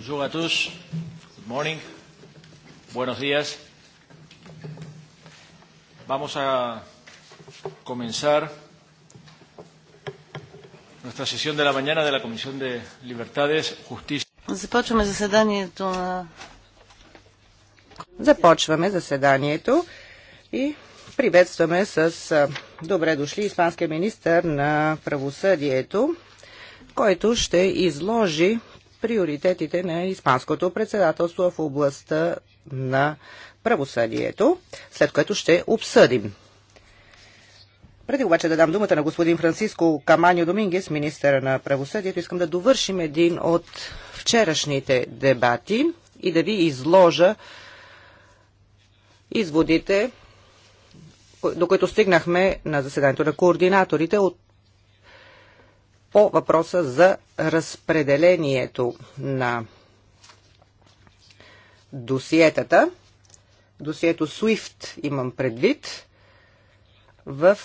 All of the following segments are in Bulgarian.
Bonjour à tous. Good morning. Buenos días. Vamos a comenzar nuestra sesión de la mañana de la Comisión de Libertades, Justicia. Започваме заседанието на... Започваме заседанието и приветстваме с добре дошли испанския министър на правосъдието, който ще изложи приоритетите на Испанското председателство в областта на правосъдието, след което ще обсъдим. Преди обаче да дам думата на господин Франциско Каманьо Домингес, министър на правосъдието, искам да довършим един от вчерашните дебати и да ви изложа изводите, до които стигнахме на заседанието на координаторите от по въпроса за разпределението на досиетата, досието SWIFT имам предвид, в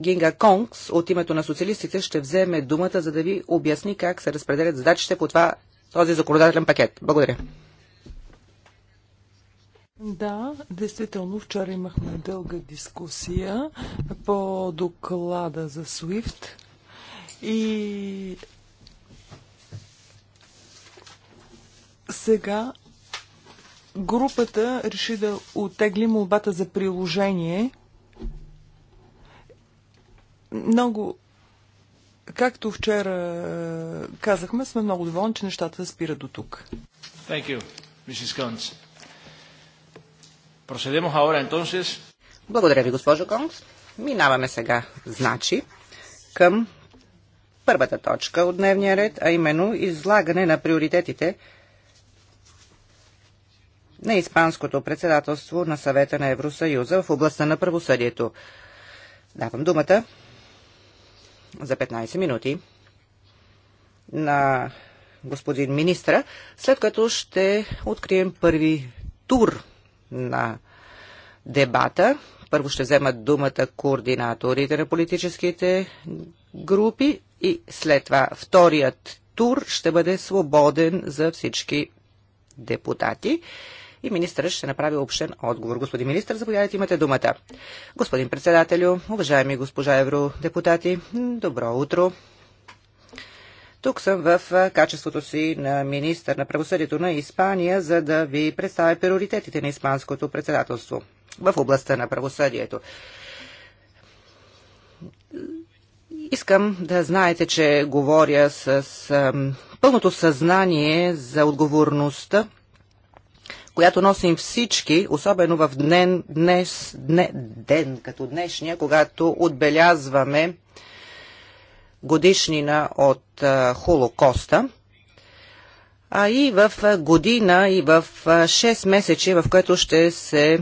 Гинга Конгс от името на социалистите ще вземе думата, за да ви обясни как се разпределят задачите по това, този законодателен пакет. Благодаря. Да, действително вчера имахме дълга дискусия по доклада за SWIFT и сега групата реши да отегли молбата за приложение. Много както вчера казахме, сме много доволни, че нещата спират до тук. Thank you, Mrs. Guns. Procedemos ahora entonces. Благодаря ви, госпожо Конгс. Минаваме сега, значи, към първата точка от дневния ред, а именно излагане на приоритетите на Испанското председателство на съвета на Евросъюза в областта на правосъдието. Давам думата за 15 минути на господин министра, след като ще открием първи тур на дебата. Първо ще вземат думата координаторите на политическите групи и след това вторият тур ще бъде свободен за всички депутати и министърът ще направи общен отговор. Господин министър, заповядайте, имате думата. Господин председателю, уважаеми госпожа евродепутати, добро утро. Тук съм в качеството си на министър на правосъдието на Испания, за да ви представя приоритетите на Испанското председателство в областта на правосъдието. Искам да знаете, че говоря с пълното съзнание за отговорността, която носим всички, особено в ден, днес, дне, ден като днешния, когато отбелязваме годишнина от Холокоста, а и в година и в 6 месечи, в което ще се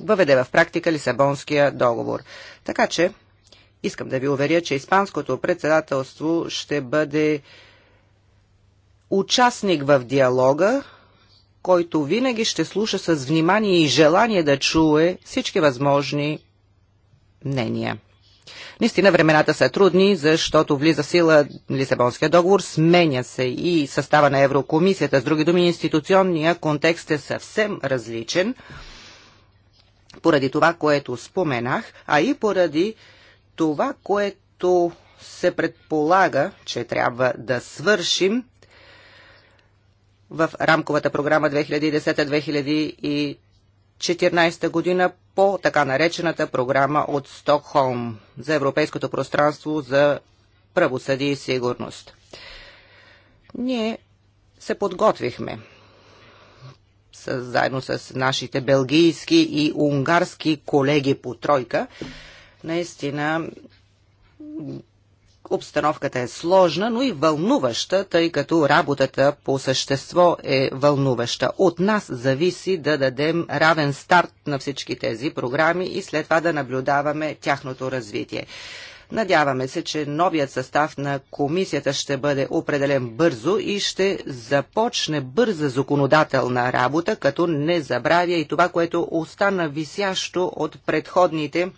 въведе в практика Лисабонския договор. Така че, искам да ви уверя, че Испанското председателство ще бъде участник в диалога, който винаги ще слуша с внимание и желание да чуе всички възможни мнения. Наистина времената са трудни, защото влиза сила Лисабонския договор, сменя се и състава на Еврокомисията. С други думи, институционния контекст е съвсем различен поради това, което споменах, а и поради това, което се предполага, че трябва да свършим в рамковата програма 2010-2013 2014 година по така наречената програма от Стокхолм за Европейското пространство за правосъдие и сигурност. Ние се подготвихме с, заедно с нашите белгийски и унгарски колеги по тройка. Наистина Обстановката е сложна, но и вълнуваща, тъй като работата по същество е вълнуваща. От нас зависи да дадем равен старт на всички тези програми и след това да наблюдаваме тяхното развитие. Надяваме се, че новият състав на комисията ще бъде определен бързо и ще започне бърза законодателна работа, като не забравя и това, което остана висящо от предходните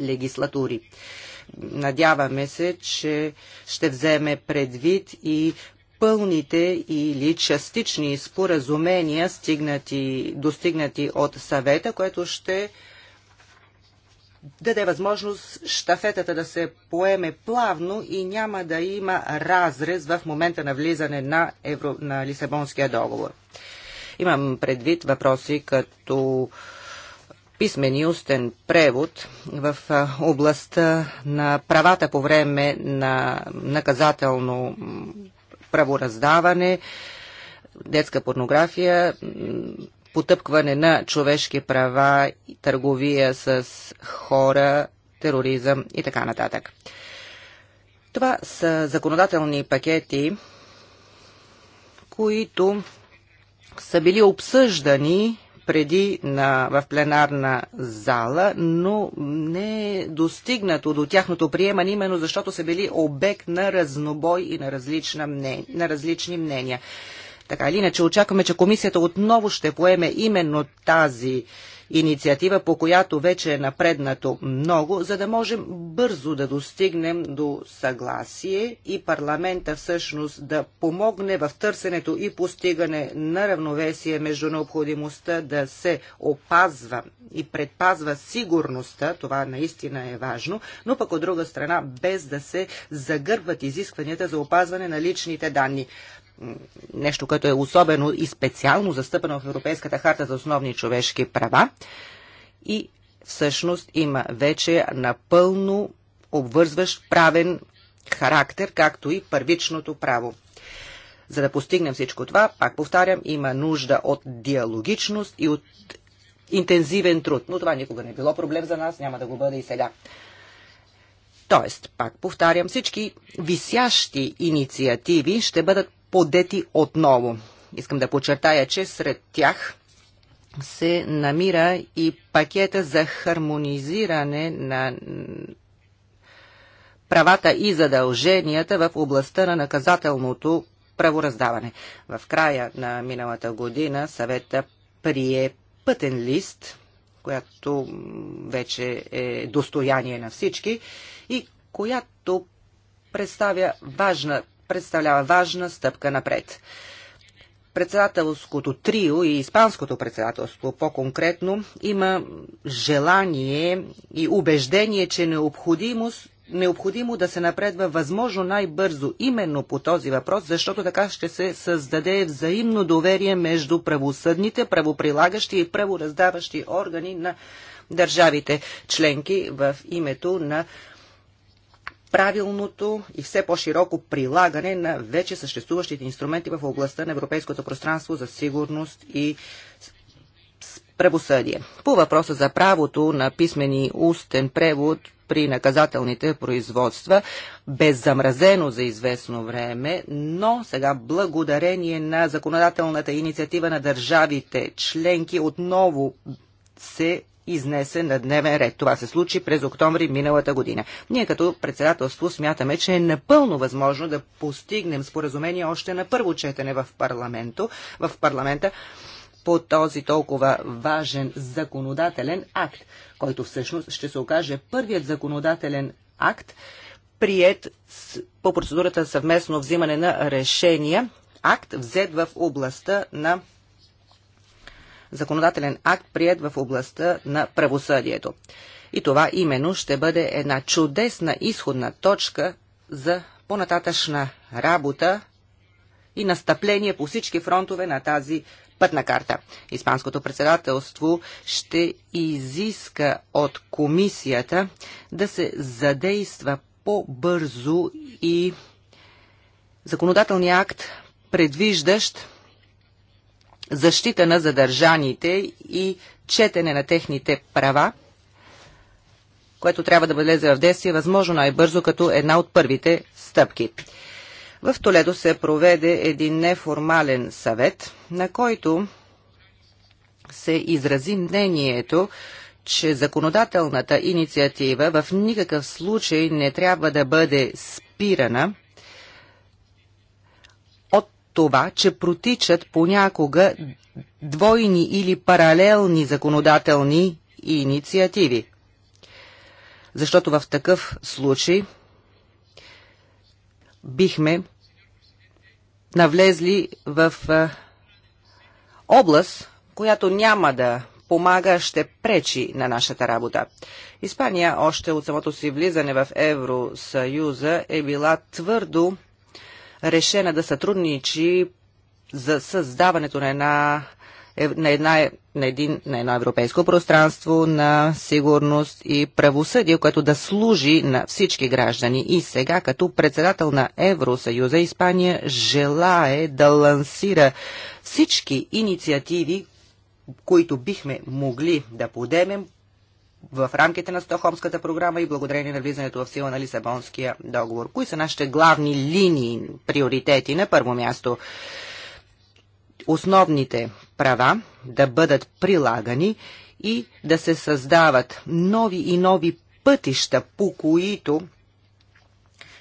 легислатури. Надяваме се, че ще вземе предвид и пълните или частични споразумения, стигнати, достигнати от съвета, което ще даде възможност штафетата да се поеме плавно и няма да има разрез в момента на влизане на, Евро, на Лисабонския договор. Имам предвид въпроси като писмен и устен превод в областта на правата по време на наказателно правораздаване, детска порнография, потъпкване на човешки права, търговия с хора, тероризъм и така нататък. Това са законодателни пакети, които са били обсъждани преди на, в пленарна зала, но не е достигнато до тяхното приемане, именно защото са били обект на разнобой и на, различна мнение, на различни мнения. Така или иначе, очакваме, че комисията отново ще поеме именно тази инициатива, по която вече е напреднато много, за да можем бързо да достигнем до съгласие и парламента всъщност да помогне в търсенето и постигане на равновесие между необходимостта да се опазва и предпазва сигурността, това наистина е важно, но пък от друга страна без да се загърбват изискванията за опазване на личните данни нещо, което е особено и специално застъпено в Европейската харта за основни човешки права и всъщност има вече напълно обвързващ правен характер, както и първичното право. За да постигнем всичко това, пак повтарям, има нужда от диалогичност и от интензивен труд. Но това никога не е било проблем за нас, няма да го бъде и сега. Тоест, пак повтарям, всички висящи инициативи ще бъдат подети отново. Искам да подчертая, че сред тях се намира и пакета за хармонизиране на правата и задълженията в областта на наказателното правораздаване. В края на миналата година съвета прие пътен лист, която вече е достояние на всички и която представя важна представлява важна стъпка напред. Председателското трио и Испанското председателство по-конкретно има желание и убеждение, че необходимост необходимо да се напредва възможно най-бързо именно по този въпрос, защото така ще се създаде взаимно доверие между правосъдните, правоприлагащи и правораздаващи органи на държавите членки в името на правилното и все по-широко прилагане на вече съществуващите инструменти в областта на Европейското пространство за сигурност и правосъдие. По въпроса за правото на писмени устен превод при наказателните производства, беззамразено за известно време, но сега благодарение на законодателната инициатива на държавите членки отново се изнесе на дневен ред. Това се случи през октомври миналата година. Ние като председателство смятаме, че е напълно възможно да постигнем споразумение още на първо четене в, парламенту, в парламента по този толкова важен законодателен акт, който всъщност ще се окаже първият законодателен акт, прият по процедурата съвместно взимане на решения, акт взет в областта на законодателен акт, прият в областта на правосъдието. И това именно ще бъде една чудесна изходна точка за понататъчна работа и настъпление по всички фронтове на тази пътна карта. Испанското председателство ще изиска от комисията да се задейства по-бързо и законодателния акт, предвиждащ защита на задържаните и четене на техните права, което трябва да бъде в действие възможно най-бързо като една от първите стъпки. В Толедо се проведе един неформален съвет, на който се изрази мнението, че законодателната инициатива в никакъв случай не трябва да бъде спирана това, че протичат понякога двойни или паралелни законодателни инициативи. Защото в такъв случай бихме навлезли в област, която няма да помага, ще пречи на нашата работа. Испания още от самото си влизане в Евросъюза е била твърдо решена да сътрудничи за създаването на една на, една, на, един, на едно европейско пространство на сигурност и правосъдие, което да служи на всички граждани. И сега, като председател на Евросъюза, Испания желае да лансира всички инициативи, които бихме могли да подемем в рамките на Стохомската програма и благодарение на влизането в сила на Лисабонския договор. Кои са нашите главни линии, приоритети? На първо място основните права да бъдат прилагани и да се създават нови и нови пътища, по които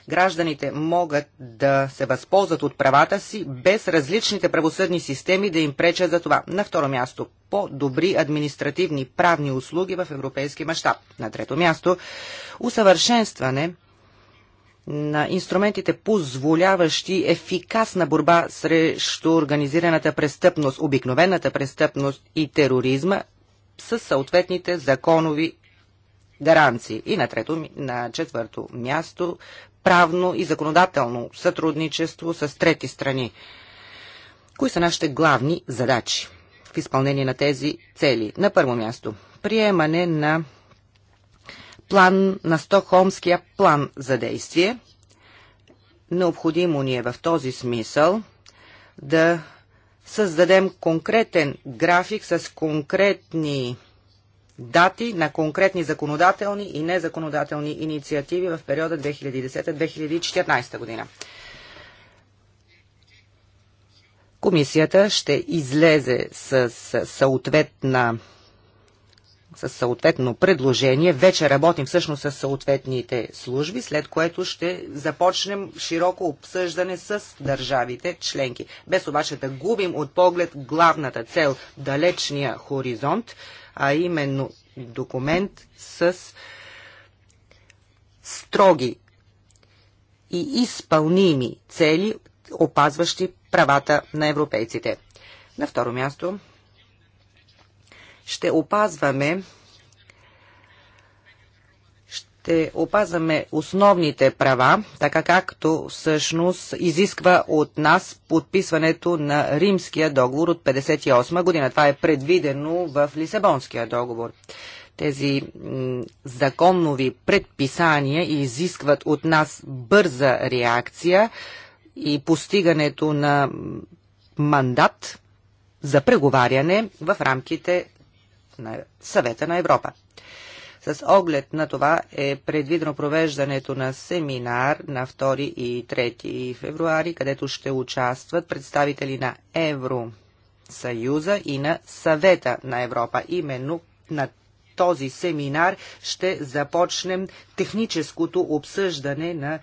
Гражданите могат да се възползват от правата си без различните правосъдни системи да им пречат за това. На второ място, по-добри административни правни услуги в европейски мащаб. На трето място, усъвършенстване на инструментите, позволяващи ефикасна борба срещу организираната престъпност, обикновената престъпност и тероризма с съответните законови гаранции. И на, трето, на четвърто място правно и законодателно сътрудничество с трети страни. Кои са нашите главни задачи в изпълнение на тези цели? На първо място, приемане на план на Стокхолмския план за действие. Необходимо ни е в този смисъл да създадем конкретен график с конкретни дати на конкретни законодателни и незаконодателни инициативи в периода 2010-2014 година. Комисията ще излезе с съответна със съответно предложение. Вече работим всъщност с съответните служби, след което ще започнем широко обсъждане с държавите членки. Без обаче да губим от поглед главната цел – далечния хоризонт – а именно документ с строги и изпълними цели, опазващи правата на европейците. На второ място ще опазваме ще опазваме основните права, така както всъщност изисква от нас подписването на Римския договор от 1958 година. Това е предвидено в Лисабонския договор. Тези законови предписания изискват от нас бърза реакция и постигането на мандат за преговаряне в рамките на съвета на Европа. С оглед на това е предвидено провеждането на семинар на 2 и 3 февруари, където ще участват представители на Евросъюза и на Съвета на Европа. Именно на този семинар ще започнем техническото обсъждане на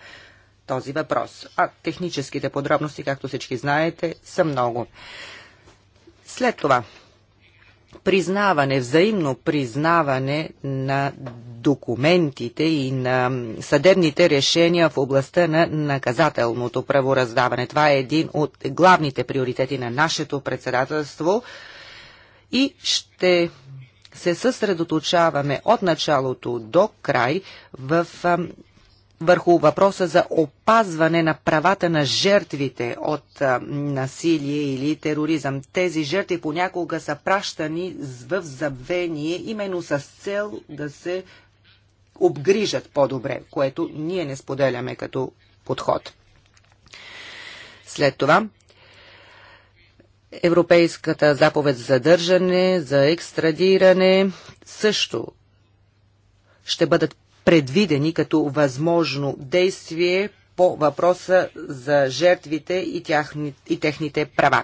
този въпрос. А техническите подробности, както всички знаете, са много. След това признаване, взаимно признаване на документите и на съдебните решения в областта на наказателното правораздаване. Това е един от главните приоритети на нашето председателство и ще се съсредоточаваме от началото до край в върху въпроса за опазване на правата на жертвите от а, насилие или тероризъм. Тези жертви понякога са пращани в забвение именно с цел да се обгрижат по-добре, което ние не споделяме като подход. След това Европейската заповед за задържане, за екстрадиране също ще бъдат предвидени като възможно действие по въпроса за жертвите и, тяхни, и техните права.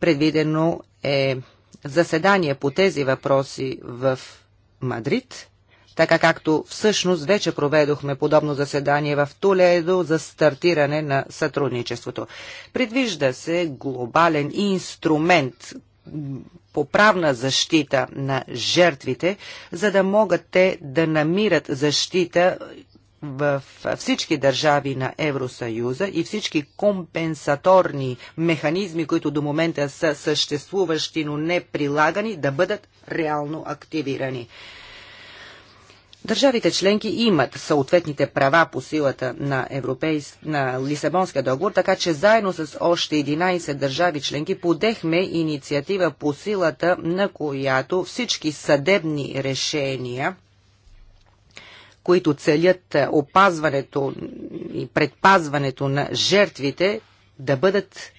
Предвидено е заседание по тези въпроси в Мадрид, така както всъщност вече проведохме подобно заседание в Толедо за стартиране на сътрудничеството. Предвижда се глобален инструмент, поправна защита на жертвите, за да могат те да намират защита в всички държави на Евросъюза и всички компенсаторни механизми, които до момента са съществуващи, но не прилагани, да бъдат реално активирани. Държавите членки имат съответните права по силата на, европейс... на Лисабонския договор, така че заедно с още 11 държави членки подехме инициатива по силата на която всички съдебни решения които целят е, опазването и предпазването на жертвите, да бъдат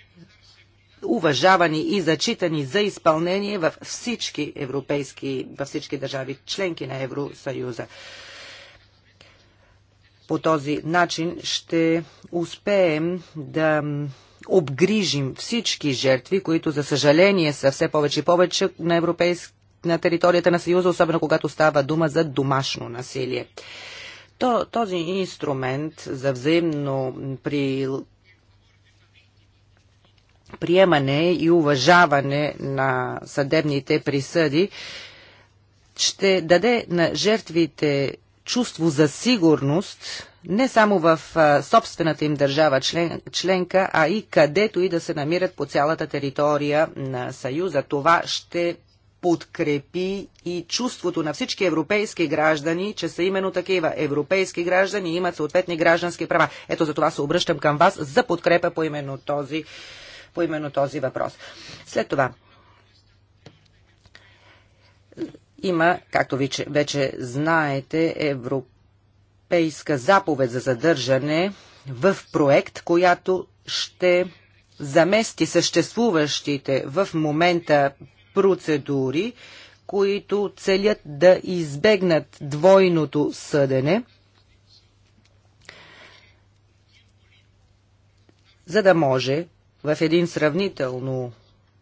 уважавани и зачитани за изпълнение във всички европейски, във всички държави, членки на Евросъюза. По този начин ще успеем да обгрижим всички жертви, които за съжаление са все повече и повече на, европейск... на територията на Съюза, особено когато става дума за домашно насилие. То, този инструмент за взаимно при приемане и уважаване на съдебните присъди ще даде на жертвите чувство за сигурност не само в собствената им държава член, членка, а и където и да се намират по цялата територия на Съюза. Това ще подкрепи и чувството на всички европейски граждани, че са именно такива европейски граждани и имат съответни граждански права. Ето за това се обръщам към вас за подкрепа по именно този по именно този въпрос. След това, има, както вече, вече знаете, европейска заповед за задържане в проект, която ще замести съществуващите в момента процедури, които целят да избегнат двойното съдене, за да може в един сравнително,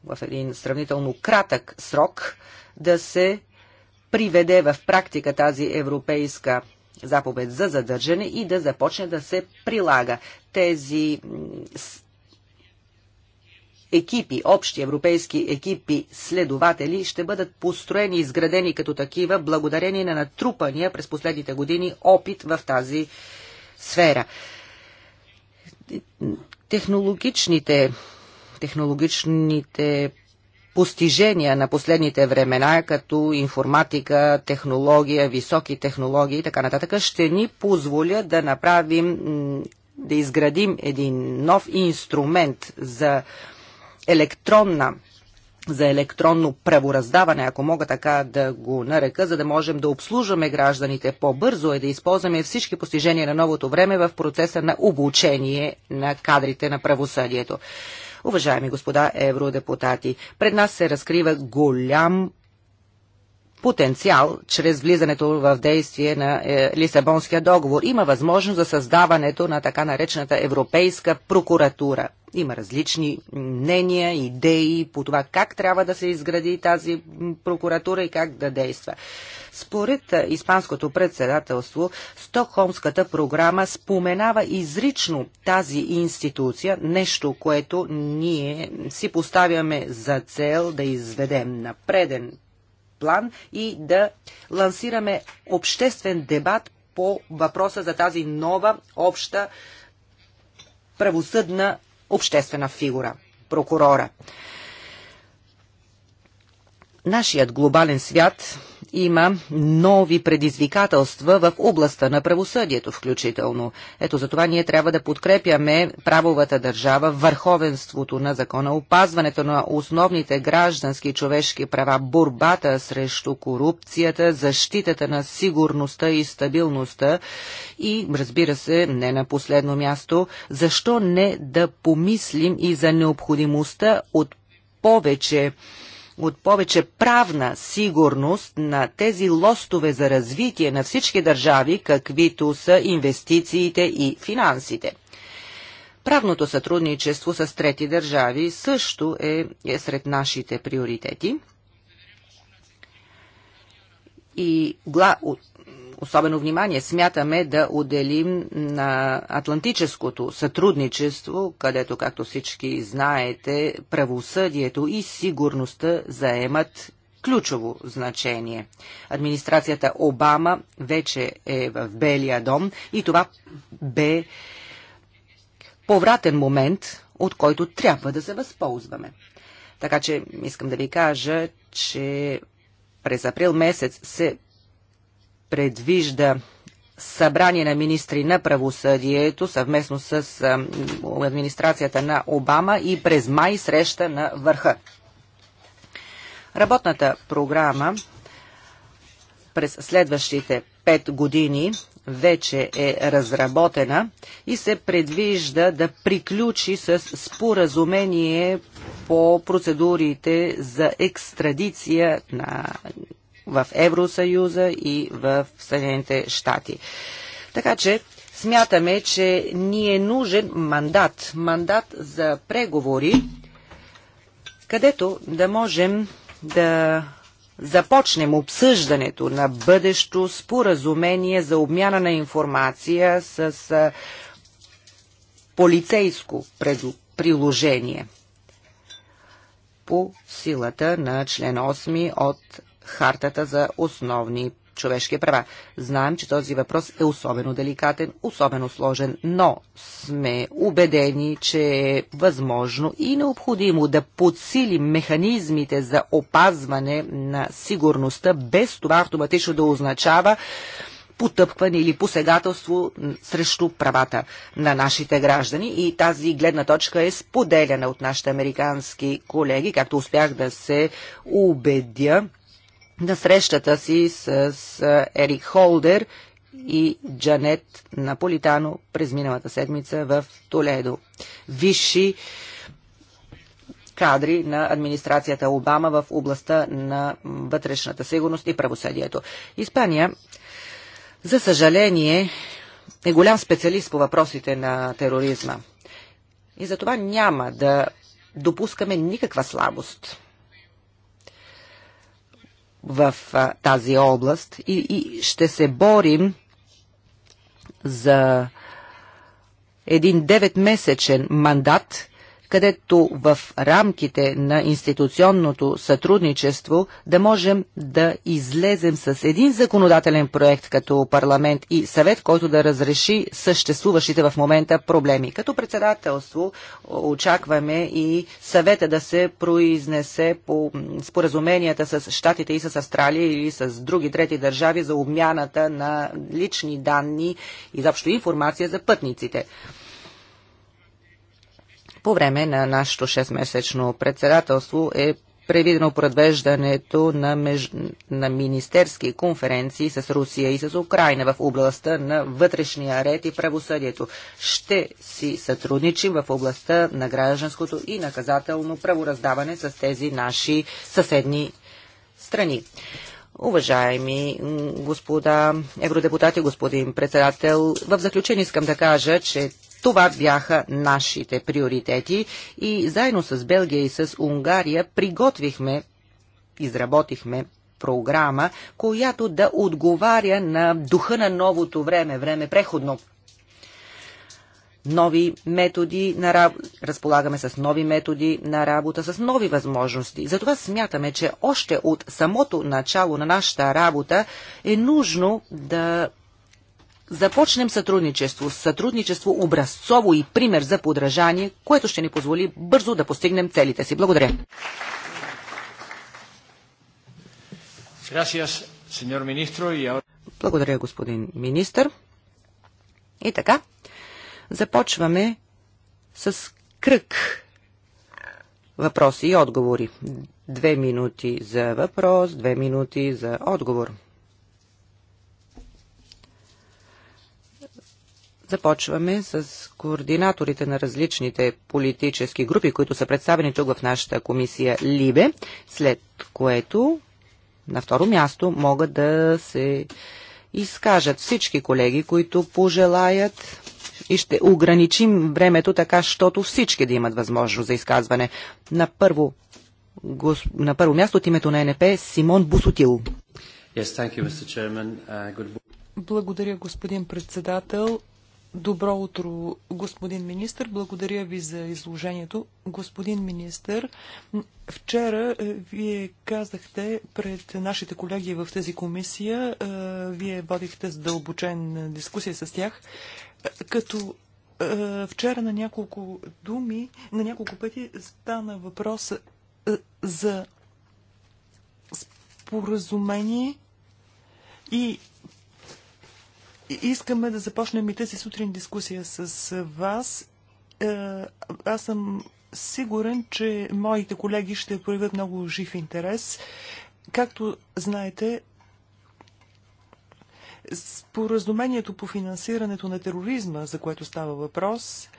в един сравнително кратък срок да се приведе в практика тази европейска заповед за задържане и да започне да се прилага. Тези екипи, общи европейски екипи следователи ще бъдат построени и изградени като такива благодарение на натрупания през последните години опит в тази сфера технологичните, технологичните постижения на последните времена, като информатика, технология, високи технологии и така нататък, ще ни позволя да направим, да изградим един нов инструмент за електронна за електронно правораздаване, ако мога така да го нарека, за да можем да обслужваме гражданите по-бързо и да използваме всички постижения на новото време в процеса на обучение на кадрите на правосъдието. Уважаеми господа евродепутати, пред нас се разкрива голям потенциал чрез влизането в действие на е, Лисабонския договор. Има възможност за създаването на така наречената Европейска прокуратура. Има различни мнения, идеи по това как трябва да се изгради тази прокуратура и как да действа. Според Испанското председателство, Стокхолмската програма споменава изрично тази институция, нещо, което ние си поставяме за цел да изведем на преден план и да лансираме обществен дебат по въпроса за тази нова обща правосъдна обществена фигура – прокурора. Нашият глобален свят има нови предизвикателства в областта на правосъдието включително. Ето за това ние трябва да подкрепяме правовата държава, върховенството на закона, опазването на основните граждански и човешки права, борбата срещу корупцията, защитата на сигурността и стабилността и, разбира се, не на последно място, защо не да помислим и за необходимостта от повече от повече правна сигурност на тези лостове за развитие на всички държави, каквито са инвестициите и финансите. Правното сътрудничество с трети държави също е, е сред нашите приоритети. И особено внимание смятаме да отделим на атлантическото сътрудничество, където, както всички знаете, правосъдието и сигурността заемат ключово значение. Администрацията Обама вече е в Белия дом и това бе повратен момент, от който трябва да се възползваме. Така че искам да ви кажа, че през април месец се предвижда събрание на министри на правосъдието съвместно с администрацията на Обама и през май среща на върха. Работната програма през следващите пет години вече е разработена и се предвижда да приключи с споразумение по процедурите за екстрадиция на в Евросъюза и в Съединените щати. Така че смятаме, че ни е нужен мандат, мандат за преговори, където да можем да започнем обсъждането на бъдещо споразумение за обмяна на информация с полицейско приложение по силата на член 8 от хартата за основни човешки права. Знаем, че този въпрос е особено деликатен, особено сложен, но сме убедени, че е възможно и необходимо да подсилим механизмите за опазване на сигурността, без това автоматично да означава потъпкване или посегателство срещу правата на нашите граждани и тази гледна точка е споделяна от нашите американски колеги, както успях да се убедя на срещата си с, Ерик Холдер и Джанет Наполитано през миналата седмица в Толедо. Висши кадри на администрацията Обама в областта на вътрешната сигурност и правосъдието. Испания, за съжаление, е голям специалист по въпросите на тероризма. И за това няма да допускаме никаква слабост в а, тази област и, и ще се борим за един 9-месечен мандат, където в рамките на институционното сътрудничество да можем да излезем с един законодателен проект като парламент и съвет, който да разреши съществуващите в момента проблеми. Като председателство очакваме и съвета да се произнесе по споразуменията с Штатите и с Австралия или с други трети държави за обмяната на лични данни и заобщо информация за пътниците. По време на нашето 6-месечно председателство е предвидено провеждането на, меж... на министерски конференции с Русия и с Украина в областта на вътрешния ред и правосъдието. Ще си сътрудничим в областта на гражданското и наказателно правораздаване с тези наши съседни страни. Уважаеми господа евродепутати, господин председател, в заключение искам да кажа, че това бяха нашите приоритети и заедно с Белгия и с Унгария приготвихме, изработихме програма, която да отговаря на духа на новото време, време преходно. Нови методи на раб... разполагаме с нови методи на работа, с нови възможности. Затова смятаме, че още от самото начало на нашата работа е нужно да започнем сътрудничество, сътрудничество образцово и пример за подражание, което ще ни позволи бързо да постигнем целите си. Благодаря. Благодаря, господин министр. И така, започваме с кръг въпроси и отговори. Две минути за въпрос, две минути за отговор. Започваме с координаторите на различните политически групи, които са представени тук в нашата комисия Либе, след което на второ място могат да се изкажат всички колеги, които пожелаят и ще ограничим времето така, щото всички да имат възможност за изказване. На първо, гос... на първо място от името на НП Симон Бусотил. Yes, you, uh, Благодаря, господин председател. Добро утро, господин министр. Благодаря ви за изложението. Господин министр, вчера е, вие казахте пред нашите колеги в тази комисия, е, вие водихте задълбочен дискусия с тях, е, като вчера на няколко думи, на няколко пъти стана въпрос за споразумение и Искаме да започнем и тази сутрин дискусия с вас. Е, аз съм сигурен, че моите колеги ще проявят много жив интерес. Както знаете, Споразумението по финансирането на тероризма, за което става въпрос,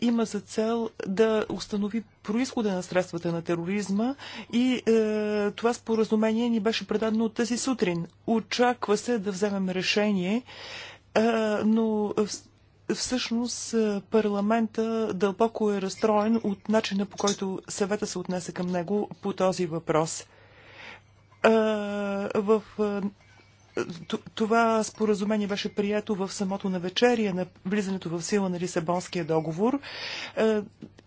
има за цел да установи происхода на средствата на тероризма и това споразумение ни беше предадено от тази сутрин. Очаква се да вземем решение, но всъщност парламента дълбоко е разстроен от начина по който съвета се отнесе към него по този въпрос в това споразумение беше прието в самото навечерие на влизането в сила на Лисабонския договор е,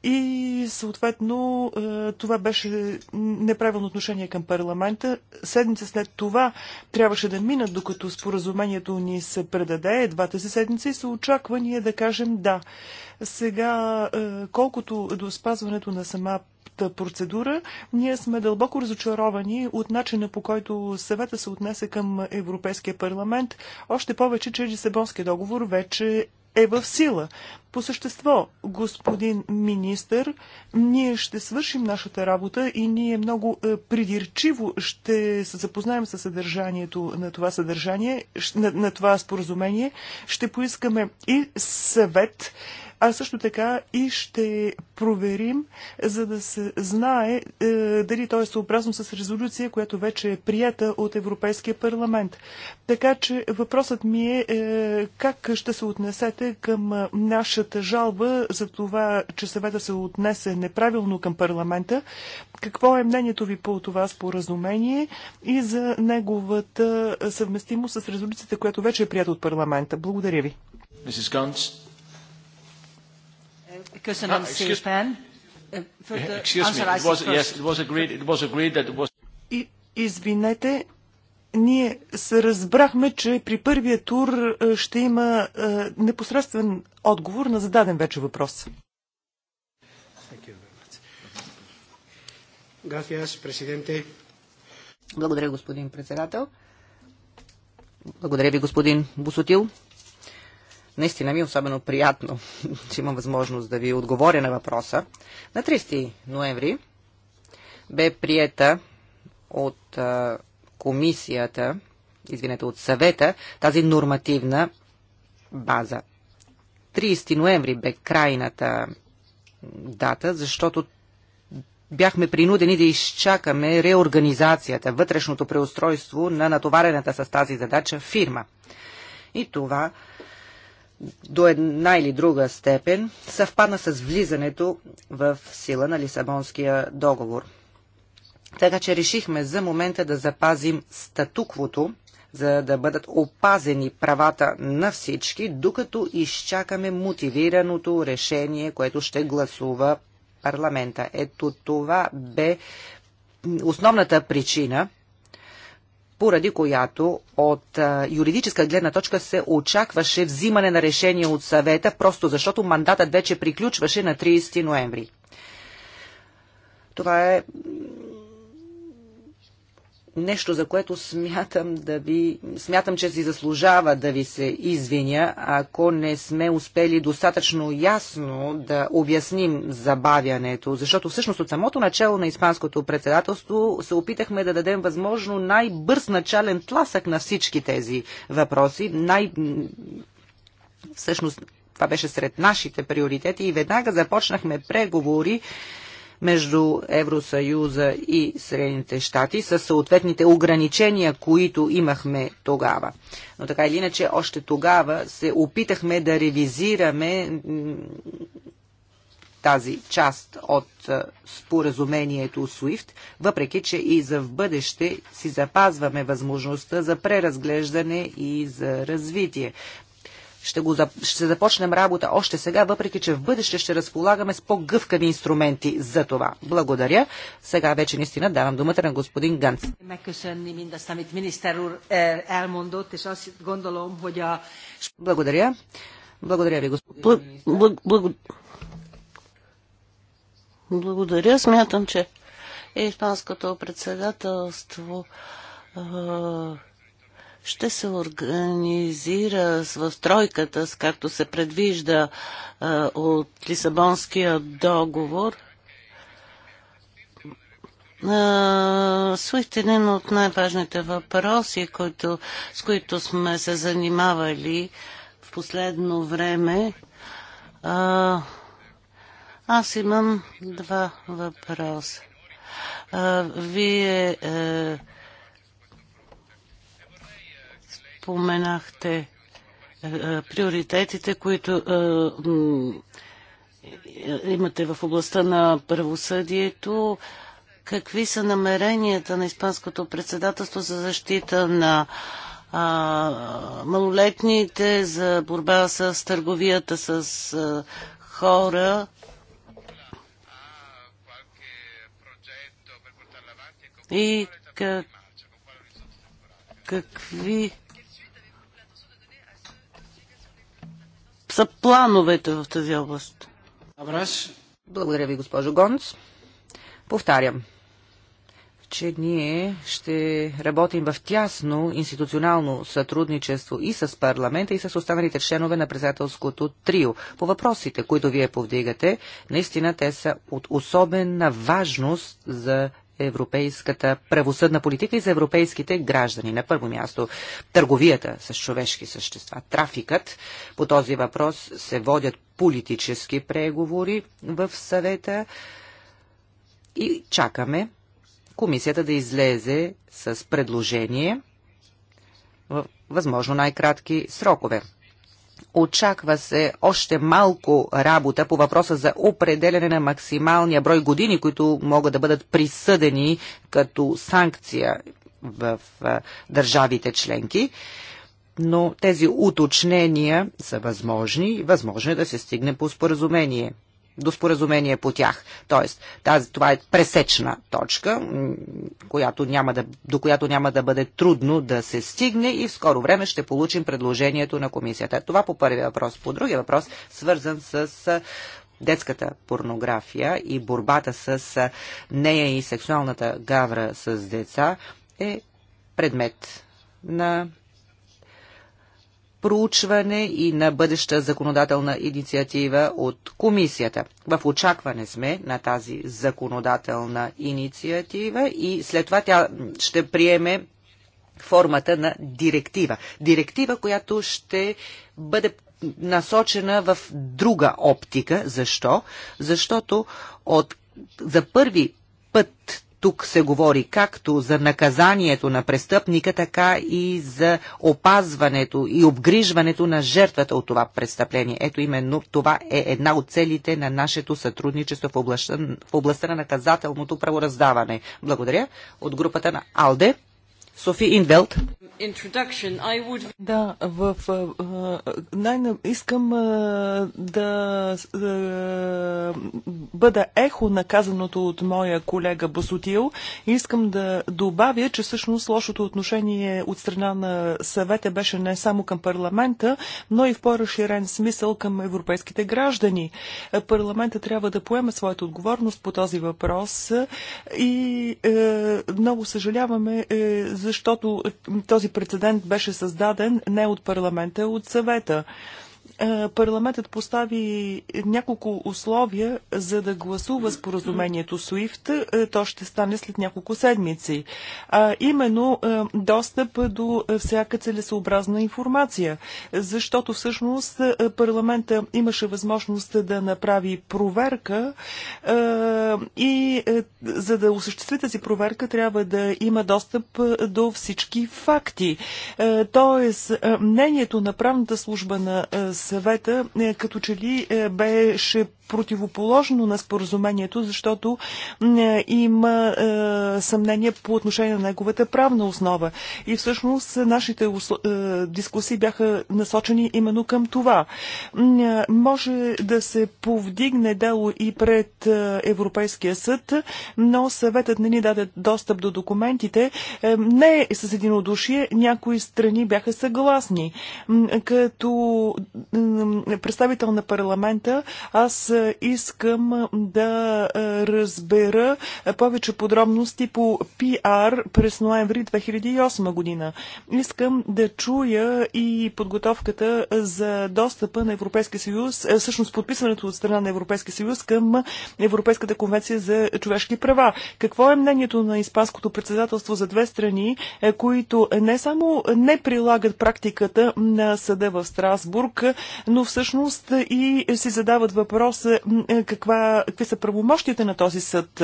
и съответно е, това беше неправилно отношение към парламента. Седмица след това трябваше да минат, докато споразумението ни се предаде, е двата си седмица, и се очаква ние да кажем да. Сега, колкото до спазването на сама цялата процедура. Ние сме дълбоко разочаровани от начина по който съвета се отнесе към Европейския парламент, още повече, че Лисабонския договор вече е в сила. По същество, господин министър, ние ще свършим нашата работа и ние много е, придирчиво ще се запознаем с съдържанието на това съдържание, на, на това споразумение. Ще поискаме и съвет а също така и ще проверим, за да се знае е, дали то е съобразно с резолюция, която вече е прията от Европейския парламент. Така че въпросът ми е, е как ще се отнесете към нашата жалба за това, че съвета се отнесе неправилно към парламента. Какво е мнението ви по това споразумение и за неговата съвместимост с резолюцията, която вече е прията от парламента? Благодаря ви. Mrs. Guns. Köszönöm ah, szépen. Eh, извинете, ние се разбрахме, че при първия тур е, ще има е, непосредствен отговор на зададен вече въпрос. Благодаря, господин председател. Благодаря ви, господин Босотил. Наистина ми е особено приятно, че имам възможност да ви отговоря на въпроса. На 30 ноември бе приета от комисията, извинете, от съвета, тази нормативна база. 30 ноември бе крайната дата, защото бяхме принудени да изчакаме реорганизацията, вътрешното преустройство на натоварената с тази задача фирма. И това до една или друга степен съвпадна с влизането в сила на Лисабонския договор. Така че решихме за момента да запазим статуквото, за да бъдат опазени правата на всички, докато изчакаме мотивираното решение, което ще гласува парламента. Ето това бе основната причина поради която от юридическа гледна точка се очакваше взимане на решение от съвета, просто защото мандатът вече приключваше на 30 ноември. Това е нещо, за което смятам, да ви, смятам, че си заслужава да ви се извиня, ако не сме успели достатъчно ясно да обясним забавянето, защото всъщност от самото начало на Испанското председателство се опитахме да дадем възможно най-бърз начален тласък на всички тези въпроси, най- всъщност това беше сред нашите приоритети и веднага започнахме преговори между Евросъюза и Средните щати с съответните ограничения, които имахме тогава. Но така или иначе, още тогава се опитахме да ревизираме тази част от споразумението SWIFT, въпреки че и за в бъдеще си запазваме възможността за преразглеждане и за развитие. Ще, го, ще започнем работа още сега, въпреки че в бъдеще ще разполагаме с по-гъвкави инструменти за това. Благодаря. Сега вече наистина давам думата на господин Ганц. Е, благодаря. Благодаря ви, господин Благодаря. Смятам, че Испанското председателство ще се организира в тройката, както се предвижда от Лисабонския договор. Суит един от най-важните въпроси, който, с които сме се занимавали в последно време. А, аз имам два въпроса. вие е, Споменахте е, е, приоритетите, които е, имате в областта на правосъдието. Какви са намеренията на Испанското председателство за защита на малолетните, за борба с търговията с хора? И как, какви са плановете в тази област? Абраш. Благодаря ви, госпожо Гонц. Повтарям, че ние ще работим в тясно институционално сътрудничество и с парламента, и с останалите членове на председателското трио. По въпросите, които вие повдигате, наистина те са от особена важност за европейската правосъдна политика и за европейските граждани. На първо място търговията с човешки същества, трафикът. По този въпрос се водят политически преговори в съвета и чакаме комисията да излезе с предложение в възможно най-кратки срокове. Очаква се още малко работа по въпроса за определене на максималния брой години, които могат да бъдат присъдени като санкция в държавите членки но тези уточнения са възможни и възможно е да се стигне по споразумение до споразумение по тях. Тоест, тази, това е пресечна точка, която няма да, до която няма да бъде трудно да се стигне и в скоро време ще получим предложението на комисията. Това по първия въпрос. По другия въпрос, свързан с детската порнография и борбата с нея и сексуалната гавра с деца, е предмет на проучване и на бъдеща законодателна инициатива от комисията. В очакване сме на тази законодателна инициатива и след това тя ще приеме формата на директива. Директива, която ще бъде насочена в друга оптика. Защо? Защото от, за първи път тук се говори както за наказанието на престъпника, така и за опазването и обгрижването на жертвата от това престъпление. Ето именно това е една от целите на нашето сътрудничество в областта, в областта на наказателното правораздаване. Благодаря от групата на АЛДЕ. Софи Инвелт. Would... Да, в, най искам да, да бъда ехо наказаното от моя колега Басотил. Искам да добавя, че всъщност лошото отношение от страна на съвета беше не само към парламента, но и в по-разширен смисъл към европейските граждани. Парламента трябва да поеме своята отговорност по този въпрос и е, много съжаляваме е, за защото този прецедент беше създаден не от парламента, а от съвета. Е, парламентът постави няколко условия за да гласува споразумението SWIFT. Е, то ще стане след няколко седмици. А, именно е, достъп до всяка целесообразна информация, защото всъщност парламента имаше възможност да направи проверка и за да осъществи тази проверка трябва да има достъп до всички факти. Тоест, мнението на правната служба на съвета е, като че ли е, беше противоположно на споразумението, защото е, има е, съмнение по отношение на неговата правна основа. И всъщност е, нашите дискусии бяха насочени именно към това. Може да се повдигне дело и пред Европейския съд, но съветът не ни даде достъп до документите. Не с единодушие, някои страни бяха съгласни. Като представител на парламента, аз искам да разбера повече подробности по PR през ноември 2008 година. Искам да чуя и подготовката за достъпа на Европейския съюз, всъщност подписването от страна на Европейския съюз към Европейската конвенция за човешки права. Какво е мнението на Испанското председателство за две страни, които не само не прилагат практиката на съда в Страсбург, но всъщност и си задават въпрос е, е, каква, какви са правомощите на този съд.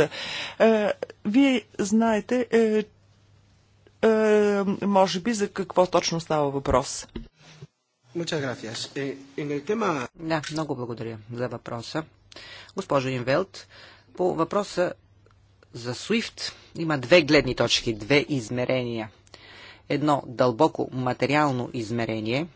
Е, вие знаете, може би, за какво точно става въпрос. Eh, да, много благодаря за въпроса. Госпожо Инвелт, по въпроса за SWIFT има две гледни точки, две измерения. Едно дълбоко материално измерение,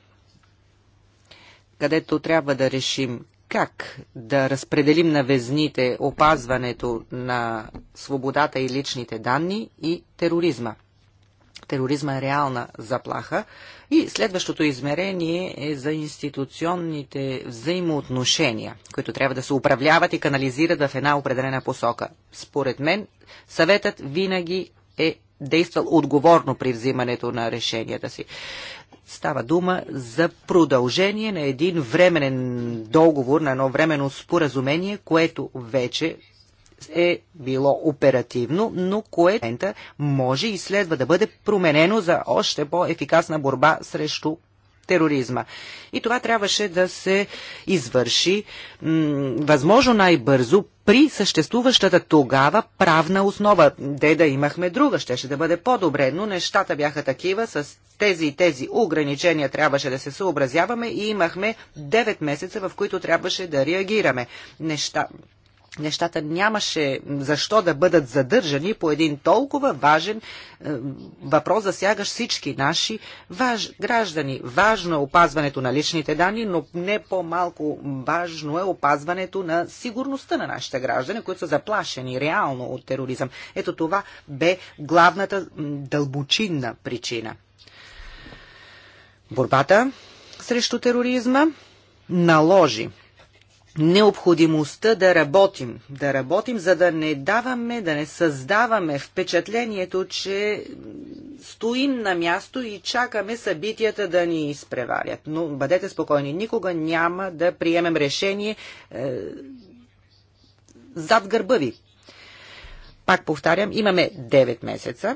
където трябва да решим как да разпределим на везните опазването на свободата и личните данни и тероризма. Тероризма е реална заплаха. И следващото измерение е за институционните взаимоотношения, които трябва да се управляват и канализират в една определена посока. Според мен, съветът винаги е действал отговорно при взимането на решенията си. Става дума за продължение на един временен договор, на едно временно споразумение, което вече е било оперативно, но което може и следва да бъде променено за още по-ефикасна борба срещу тероризма. И това трябваше да се извърши възможно най-бързо при съществуващата тогава правна основа. Де да имахме друга, щеше да бъде по-добре, но нещата бяха такива, с тези и тези ограничения трябваше да се съобразяваме и имахме 9 месеца, в които трябваше да реагираме. Неща, нещата нямаше защо да бъдат задържани по един толкова важен е, въпрос, засягащ всички наши важ, граждани. Важно е опазването на личните данни, но не по-малко важно е опазването на сигурността на нашите граждани, които са заплашени реално от тероризъм. Ето това бе главната дълбочинна причина. Борбата срещу тероризма наложи необходимостта да работим. Да работим, за да не даваме, да не създаваме впечатлението, че стоим на място и чакаме събитията да ни изпреварят. Но бъдете спокойни, никога няма да приемем решение е, зад гърба ви. Пак повтарям, имаме 9 месеца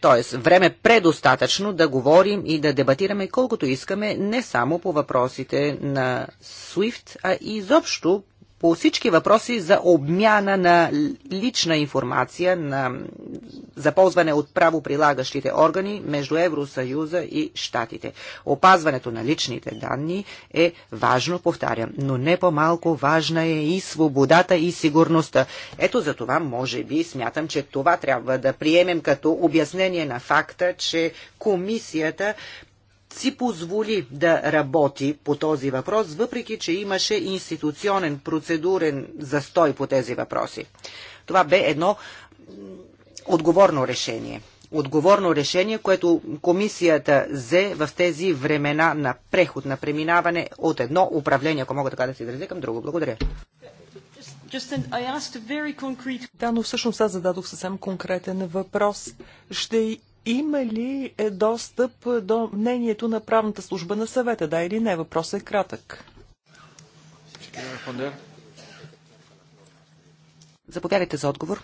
т.е. време предостатъчно да говорим и да дебатираме колкото искаме, не само по въпросите на SWIFT, а и изобщо по всички въпроси за обмяна на лична информация на, за ползване от правоприлагащите органи между Евросъюза и Штатите. Опазването на личните данни е важно, повтарям, но не по-малко важна е и свободата и сигурността. Ето за това, може би, смятам, че това трябва да приемем като обяснение на факта, че комисията си позволи да работи по този въпрос, въпреки че имаше институционен, процедурен застой по тези въпроси. Това бе едно отговорно решение. Отговорно решение, което комисията взе в тези времена на преход, на преминаване от едно управление, ако мога така да се изразя, към друго. Благодаря. Да, но всъщност аз зададох съвсем конкретен въпрос. Ще има ли е, достъп е, до мнението на правната служба на съвета, да или не? Въпросът е кратък. Заповядайте за отговор.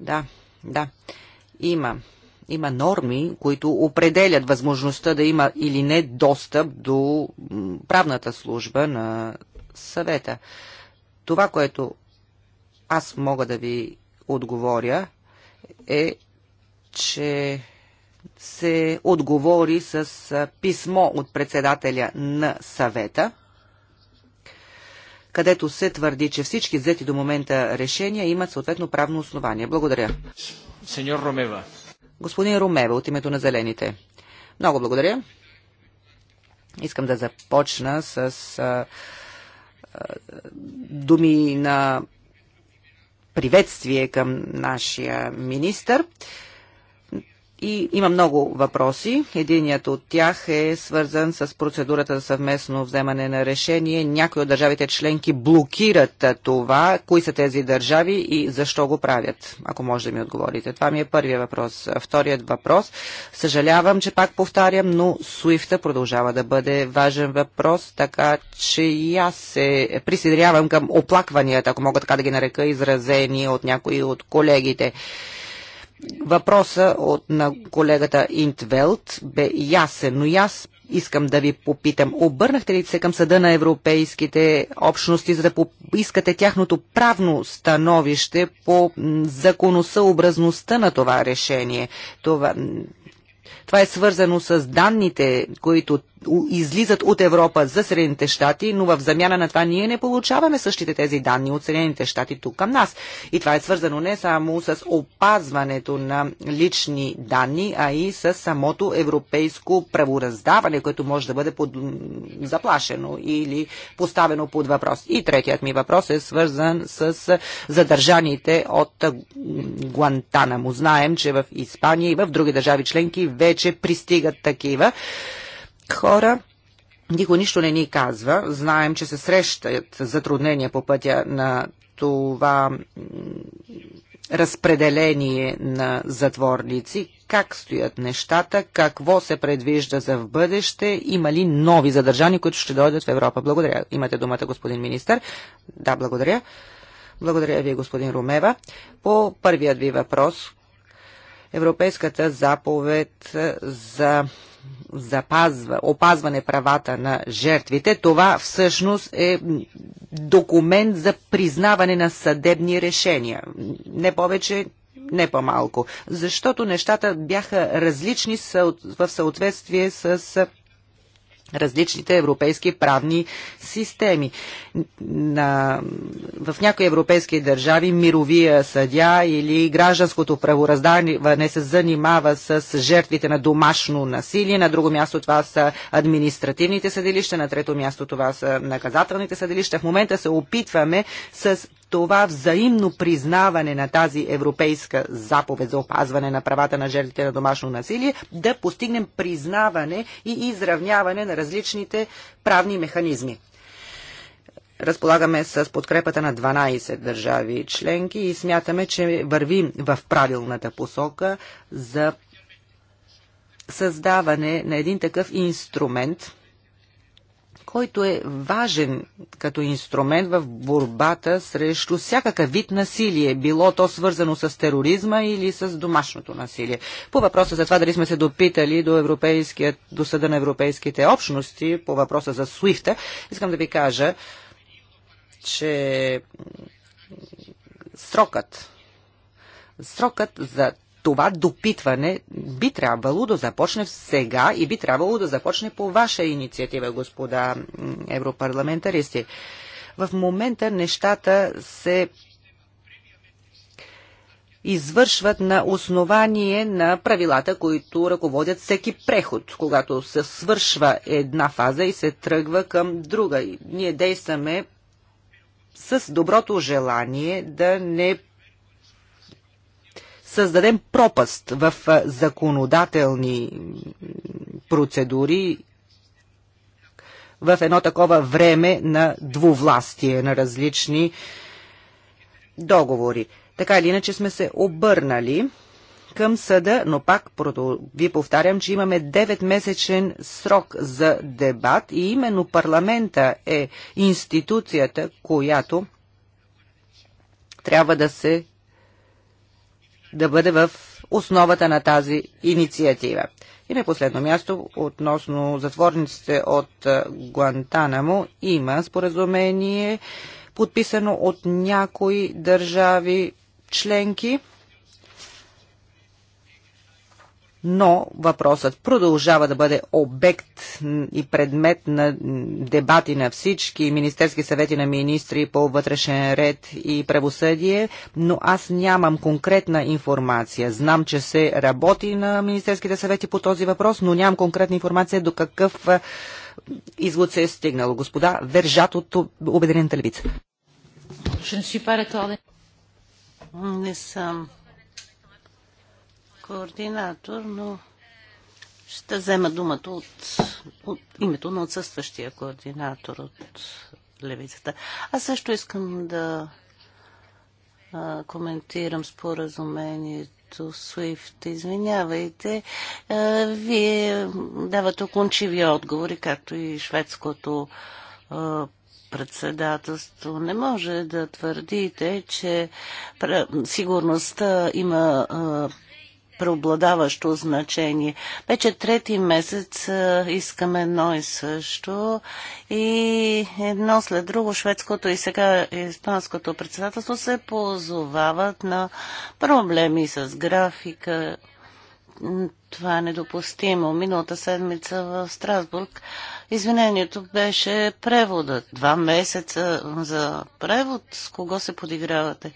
Да, да. Има. Има норми, които определят възможността да има или не достъп до правната служба на съвета. Това, което аз мога да ви отговоря е, че се отговори с писмо от председателя на съвета, където се твърди, че всички взети до момента решения имат съответно правно основание. Благодаря. Сеньор Ромева. Господин Ромева от името на Зелените. Много благодаря. Искам да започна с думи на приветствие към нашия министър. И има много въпроси. Единият от тях е свързан с процедурата за съвместно вземане на решение. Някои от държавите членки блокират това. Кои са тези държави и защо го правят? Ако може да ми отговорите. Това ми е първият въпрос. Вторият въпрос. Съжалявам, че пак повтарям, но swift продължава да бъде важен въпрос, така че и аз се присъединявам към оплакванията, ако мога така да ги нарека, изразени от някои от колегите. Въпроса от, на колегата Интвелт бе ясен, но аз искам да ви попитам. Обърнахте ли се към съда на европейските общности, за да поискате тяхното правно становище по законосъобразността на това решение? Това, това е свързано с данните, които излизат от Европа за Съединените щати, но в замяна на това ние не получаваме същите тези данни от Съединените щати тук към нас. И това е свързано не само с опазването на лични данни, а и с самото европейско правораздаване, което може да бъде под... заплашено или поставено под въпрос. И третият ми въпрос е свързан с задържаните от Гуантанамо. Знаем, че в Испания и в други държави членки вече пристигат такива хора. Никой нищо не ни казва. Знаем, че се срещат затруднения по пътя на това разпределение на затворници, как стоят нещата, какво се предвижда за в бъдеще, има ли нови задържани, които ще дойдат в Европа. Благодаря. Имате думата, господин министр. Да, благодаря. Благодаря ви, господин Румева. По първият ви въпрос, Европейската заповед за запазва, опазване правата на жертвите, това всъщност е документ за признаване на съдебни решения. Не повече, не по-малко. Защото нещата бяха различни в съответствие с различните европейски правни системи. На, в някои европейски държави мировия съдя или гражданското правораздаване се занимава с жертвите на домашно насилие, на друго място това са административните съдилища, на трето място това са наказателните съдилища. В момента се опитваме с това взаимно признаване на тази европейска заповед за опазване на правата на жертвите на домашно насилие, да постигнем признаване и изравняване на различните правни механизми. Разполагаме с подкрепата на 12 държави членки и смятаме, че вървим в правилната посока за създаване на един такъв инструмент – който е важен като инструмент в борбата срещу всякакъв вид насилие, било то свързано с тероризма или с домашното насилие. По въпроса за това дали сме се допитали до, до съда на европейските общности, по въпроса за Суифта, искам да ви кажа, че срокът срокът за това допитване би трябвало да започне сега и би трябвало да започне по ваша инициатива, господа европарламентаристи. В момента нещата се извършват на основание на правилата, които ръководят всеки преход, когато се свършва една фаза и се тръгва към друга. Ние действаме с доброто желание да не създадем пропаст в законодателни процедури в едно такова време на двувластие, на различни договори. Така или иначе сме се обърнали към съда, но пак ви повтарям, че имаме 9-месечен срок за дебат и именно парламента е институцията, която трябва да се да бъде в основата на тази инициатива. И на последно място, относно затворниците от Гуантанамо, има споразумение, подписано от някои държави членки – но въпросът продължава да бъде обект и предмет на дебати на всички Министерски съвети на министри по вътрешен ред и правосъдие, но аз нямам конкретна информация. Знам, че се работи на Министерските съвети по този въпрос, но нямам конкретна информация до какъв извод се е стигнало. Господа вържат от Обединената левица. Не съм координатор, но ще взема думата от, от името на отсъстващия координатор от левицата. Аз също искам да а, коментирам споразумението SWIFT. Извинявайте, а, вие давате окончиви отговори, както и шведското а, председателство. Не може да твърдите, че сигурността има а, преобладаващо значение. Вече трети месец искаме едно и също и едно след друго шведското и сега испанското председателство се позовават на проблеми с графика. Това е недопустимо. Миналата седмица в Страсбург извинението беше превода. Два месеца за превод. С кого се подигравате?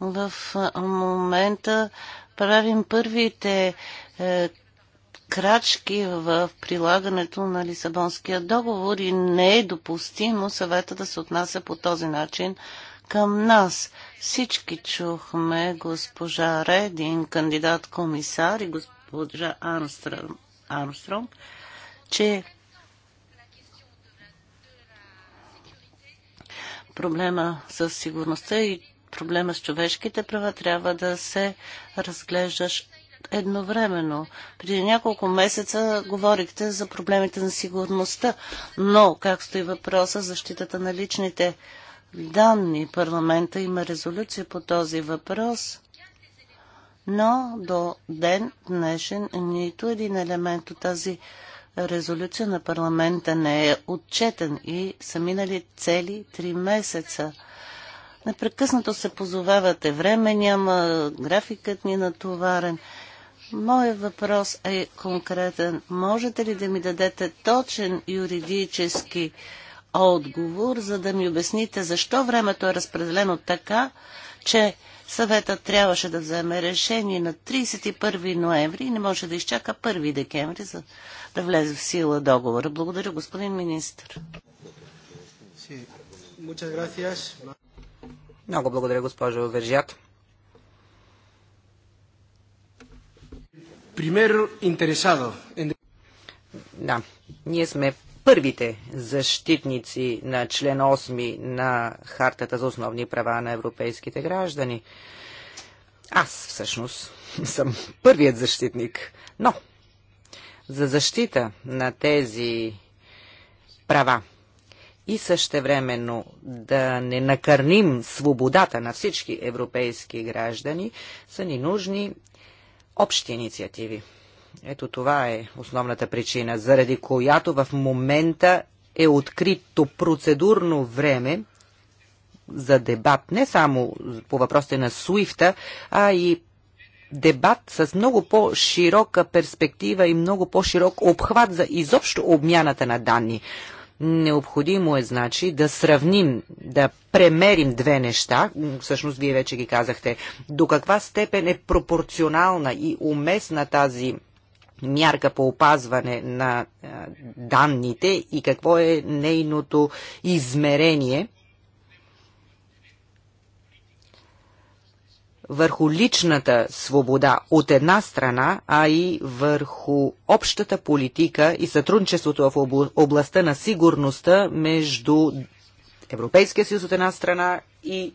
В момента правим първите е, крачки в прилагането на Лисабонския договор и не е допустимо съвета да се отнася по този начин към нас. Всички чухме госпожа Редин, кандидат комисар и госпожа Армстронг, Армстронг че проблема с сигурността и проблема с човешките права трябва да се разглеждаш едновременно. Преди няколко месеца говорихте за проблемите на сигурността, но как стои въпроса защитата на личните данни? Парламента има резолюция по този въпрос, но до ден днешен нито един елемент от тази резолюция на парламента не е отчетен и са минали цели три месеца. Непрекъснато се позовавате време, няма графикът ни е натоварен. Моят въпрос е конкретен. Можете ли да ми дадете точен юридически отговор, за да ми обясните защо времето е разпределено така, че съветът трябваше да вземе решение на 31 ноември и не може да изчака 1 декември, за да влезе в сила договора. Благодаря, господин министр. Много благодаря, госпожо Вержият. Пример интересадо. Да, ние сме първите защитници на член 8 на Хартата за основни права на европейските граждани. Аз всъщност съм първият защитник. Но за защита на тези права и същевременно да не накърним свободата на всички европейски граждани, са ни нужни общи инициативи. Ето това е основната причина, заради която в момента е открито процедурно време за дебат не само по въпросите на Суифта, а и дебат с много по-широка перспектива и много по-широк обхват за изобщо обмяната на данни. Необходимо е, значи, да сравним, да премерим две неща, всъщност вие вече ги казахте, до каква степен е пропорционална и уместна тази мярка по опазване на данните и какво е нейното измерение върху личната свобода от една страна, а и върху общата политика и сътрудничеството в областта на сигурността между Европейския съюз от една страна и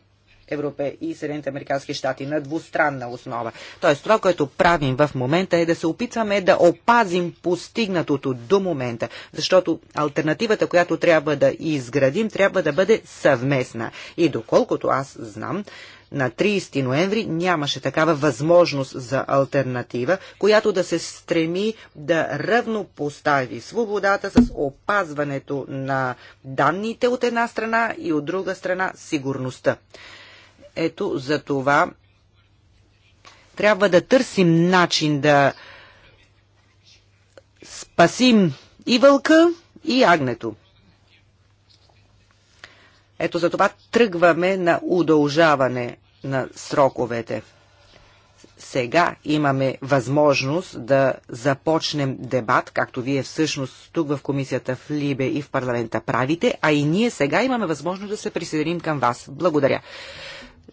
Европе и Съединените Американски щати на двустранна основа. Тоест това, което правим в момента е да се опитваме да опазим постигнатото до момента, защото альтернативата, която трябва да изградим, трябва да бъде съвместна. И доколкото аз знам, на 30 ноември нямаше такава възможност за альтернатива, която да се стреми да равнопостави свободата с опазването на данните от една страна и от друга страна сигурността. Ето за това трябва да търсим начин да спасим и вълка, и агнето. Ето за това тръгваме на удължаване на сроковете. Сега имаме възможност да започнем дебат, както вие всъщност тук в комисията в Либе и в парламента правите, а и ние сега имаме възможност да се присъединим към вас. Благодаря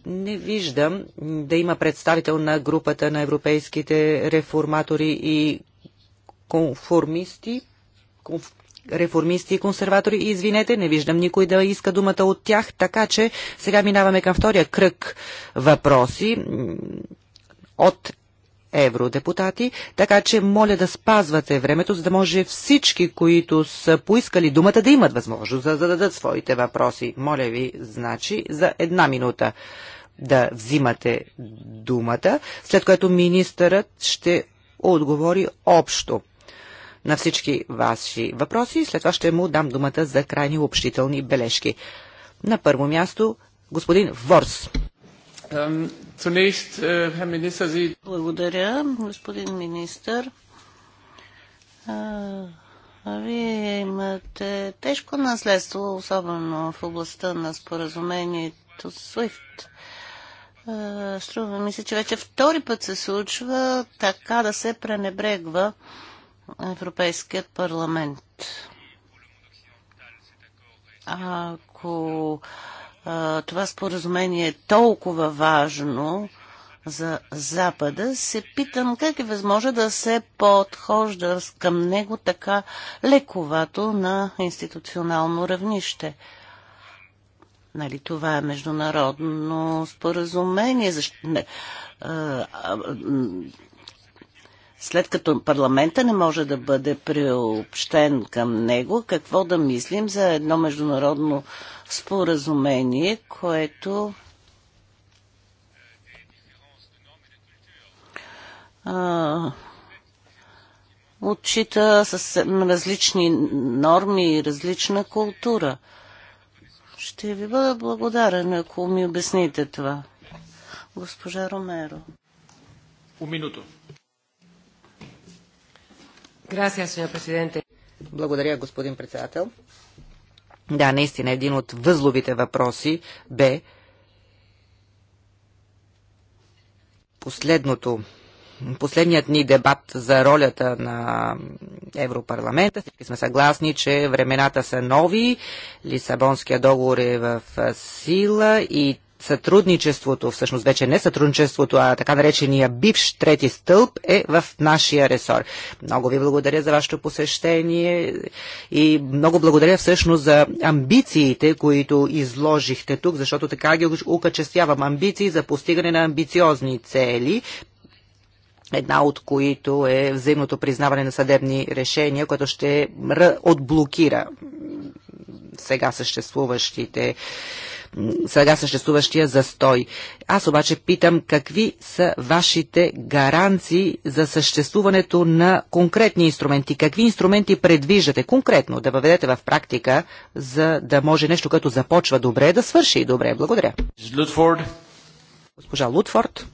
не виждам да има представител на групата на европейските реформатори и конформисти, реформисти и консерватори. И извинете, не виждам никой да иска думата от тях, така че сега минаваме към втория кръг въпроси от евродепутати, така че моля да спазвате времето, за да може всички, които са поискали думата, да имат възможност да зададат своите въпроси. Моля ви, значи, за една минута да взимате думата, след което министърът ще отговори общо на всички ваши въпроси след това ще му дам думата за крайни общителни бележки. На първо място господин Ворс. Е, Благодаря, господин министър. Вие имате тежко наследство, особено в областта на споразумението SWIFT. Струва ми се, че вече втори път се случва така да се пренебрегва Европейският парламент. Ако това споразумение е толкова важно за Запада, се питам как е възможно да се подхожда към него така лековато на институционално равнище. Нали, това е международно споразумение. Защо? Не. А, а, след като парламента не може да бъде приобщен към него, какво да мислим за едно международно споразумение, което а, отчита с различни норми и различна култура. Ще ви бъда благодарен, ако ми обясните това. Госпожа Ромеро. Un minuto. Благодаря, господин председател. Да, наистина, един от възловите въпроси бе последното последният ни дебат за ролята на Европарламента. Всички сме съгласни, че времената са нови, Лисабонския договор е в сила и сътрудничеството, всъщност вече не сътрудничеството, а така наречения бивш трети стълб е в нашия ресор. Много ви благодаря за вашето посещение и много благодаря всъщност за амбициите, които изложихте тук, защото така ги укачествявам. Амбиции за постигане на амбициозни цели, една от които е взаимното признаване на съдебни решения, което ще отблокира сега съществуващите сега съществуващия застой. Аз обаче питам какви са вашите гаранции за съществуването на конкретни инструменти? Какви инструменти предвиждате конкретно да въведете в практика, за да може нещо, като започва добре, да свърши и добре? Благодаря. Лутфорд. Госпожа Лутфорд.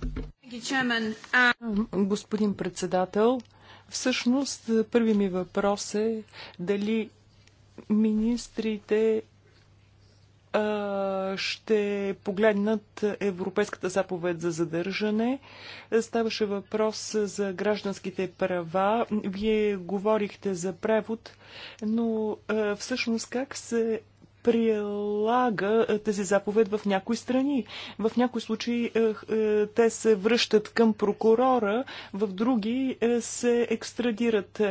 Uh, Господин председател, всъщност първи ми въпрос е дали министрите ще погледнат Европейската заповед за задържане. Ставаше въпрос за гражданските права. Вие говорихте за превод, но всъщност как се прилага е, тази заповед в някои страни. В някои случаи е, е, те се връщат към прокурора, в други се екстрадират.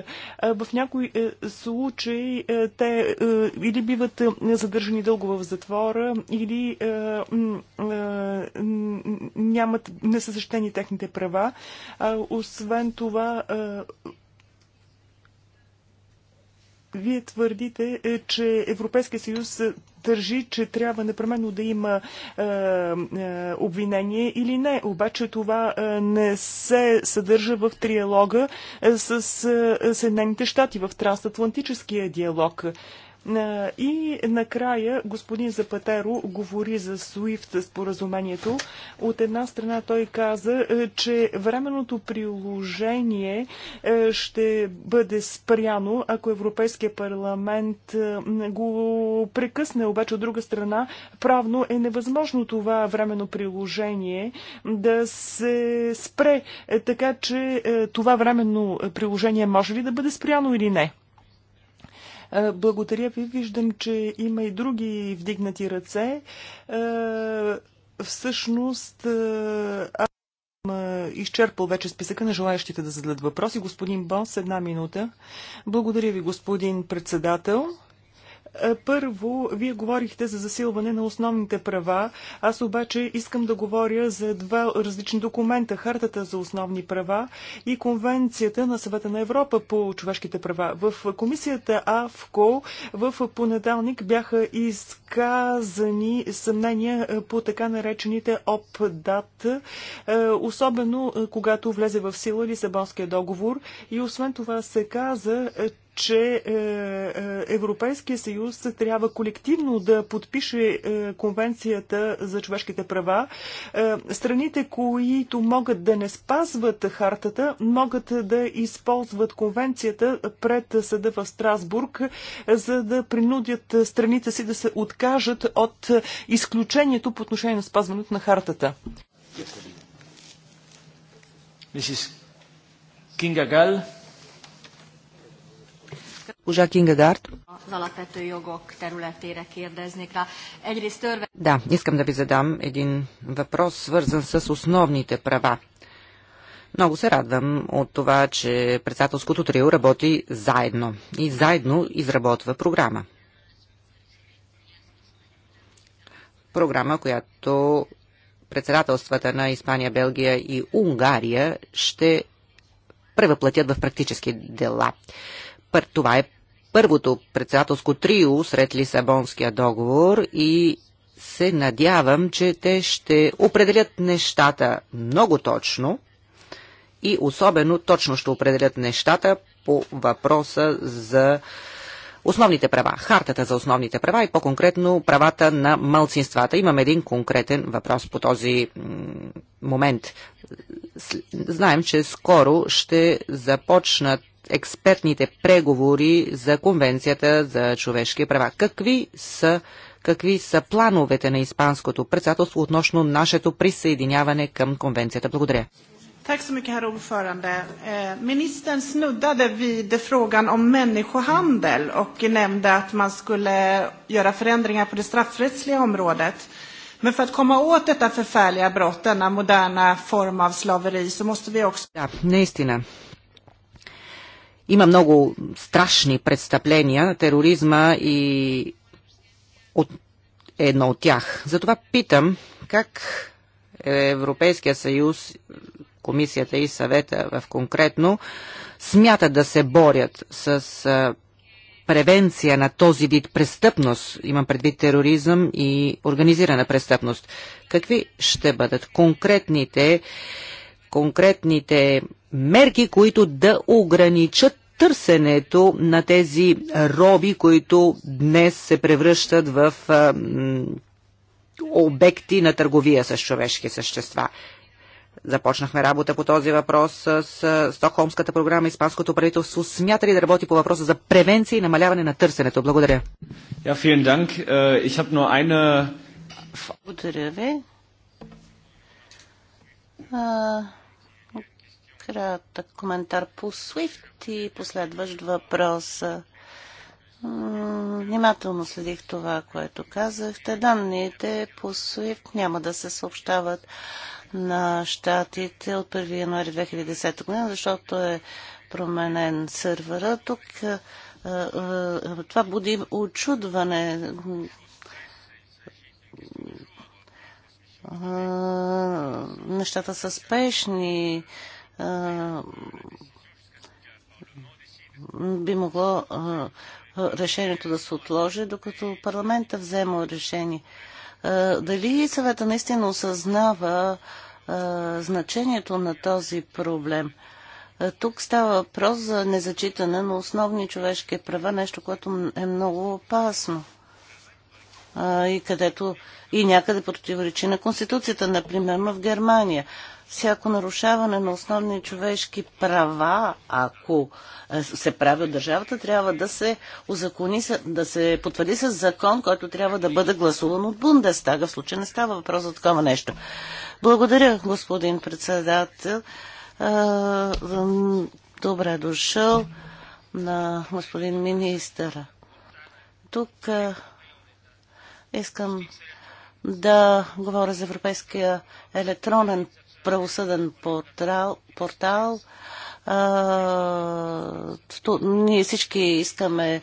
В някои случаи те или биват задържани дълго в затвора, или нямат, не са защитени техните права. Освен това, вие твърдите, е, че Европейския съюз държи, че трябва непременно да има е, е, обвинение или не. Обаче това е, не се съдържа в триалога е, с е, Съединените щати, в трансатлантическия диалог. И накрая господин Запатеро говори за SWIFT споразумението. От една страна той каза, е, че временното приложение е, ще бъде спряно, ако Европейския парламент е, го прекъсне. Обаче от друга страна правно е невъзможно това временно приложение да се спре. Така че това временно приложение може ли да бъде спряно или не? Е, благодаря ви. Виждам, че има и други вдигнати ръце. Е, всъщност, е, аз съм изчерпал вече списъка на желаящите да зададат въпроси. Господин Бонс, една минута. Благодаря ви, господин председател. Е, първо, вие говорихте за засилване на основните права. Аз обаче искам да говоря за два различни документа. Хартата за основни права и Конвенцията на Съвета на Европа по човешките права. В комисията АВКО в понеделник бяха изказани съмнения е, по така наречените ОПДАТ, е, особено когато влезе в сила Лисабонския договор. И освен това се каза, че е, е, Европейския съюз трябва колективно да подпише е, Конвенцията за човешките права. Страните, които могат да не спазват хартата, могат да използват Конвенцията пред съда в Страсбург, за да принудят страните си да се откажат от изключението по отношение на спазването на хартата. Мисис Кинга Гал, Госпожа Кингагард. Да, искам да ви задам един въпрос, свързан с основните права. Много се радвам от това, че председателското трио работи заедно и заедно изработва програма. Програма, която председателствата на Испания, Белгия и Унгария ще превъплатят в практически дела това е първото председателско трио сред Лисабонския договор и се надявам, че те ще определят нещата много точно и особено точно ще определят нещата по въпроса за основните права, хартата за основните права и по-конкретно правата на малцинствата. Имам един конкретен въпрос по този момент. Знаем, че скоро ще започнат експертните преговори за Конвенцията за човешки права. Какви са, какви са плановете на Испанското председателство относно нашето присъединяване към Конвенцията? Благодаря. Tack så mycket, herr ordförande. Ministern snuddade vid frågan om människohandel och nämnde att man skulle göra förändringar på det straffrättsliga området. Men för att komma åt detta förfärliga brott, denna moderna form av slaveri, så måste vi också... Ja, наистина. Има много страшни престъпления на тероризма и от едно от тях. Затова питам как Европейския съюз, комисията и съвета в конкретно, смятат да се борят с превенция на този вид престъпност, имам предвид тероризъм и организирана престъпност. Какви ще бъдат конкретните, конкретните мерки, които да ограничат търсенето на тези роби, които днес се превръщат в обекти на търговия с човешки същества. Започнахме работа по този въпрос с Стокхолмската програма. Испанското правителство смята ли да работи по въпроса за превенция и намаляване на търсенето? Благодаря. Äh, Благодаря ви кратък коментар по SWIFT и последващ въпрос. Внимателно следих това, което казахте. Данните по SWIFT няма да се съобщават на щатите от 1 януари 2010 година, защото е променен сървъра. Тук това буди очудване. Нещата са спешни би могло решението да се отложи, докато парламента взема решение. Дали съвета наистина осъзнава значението на този проблем? Тук става въпрос за незачитане на основни човешки права, нещо, което е много опасно а, и където и някъде противоречи на Конституцията, например в Германия. Всяко нарушаване на основни човешки права, ако е, се прави от държавата, трябва да се узакони, да се потвърди с закон, който трябва да бъде гласуван от Бундестага. В случай не става въпрос за такова нещо. Благодаря, господин председател. Добре дошъл на господин министъра. Тук Искам да говоря за Европейския електронен правосъден портал. портал. А, то, ние всички искаме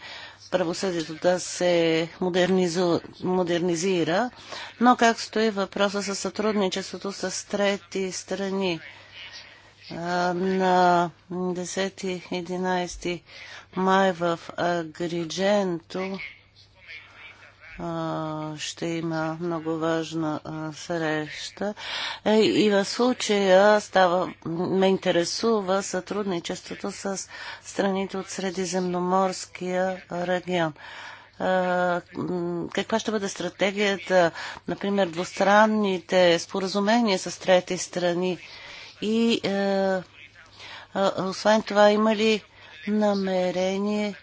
правосъдието да се модернизу, модернизира, но как стои въпроса със сътрудничеството с трети страни? А, на 10-11 май в Агридженто ще има много важна среща. Е, и в случая става, ме интересува сътрудничеството с страните от Средиземноморския регион каква ще бъде стратегията, например, двустранните споразумения с трети страни и е, е, освен това има ли намерение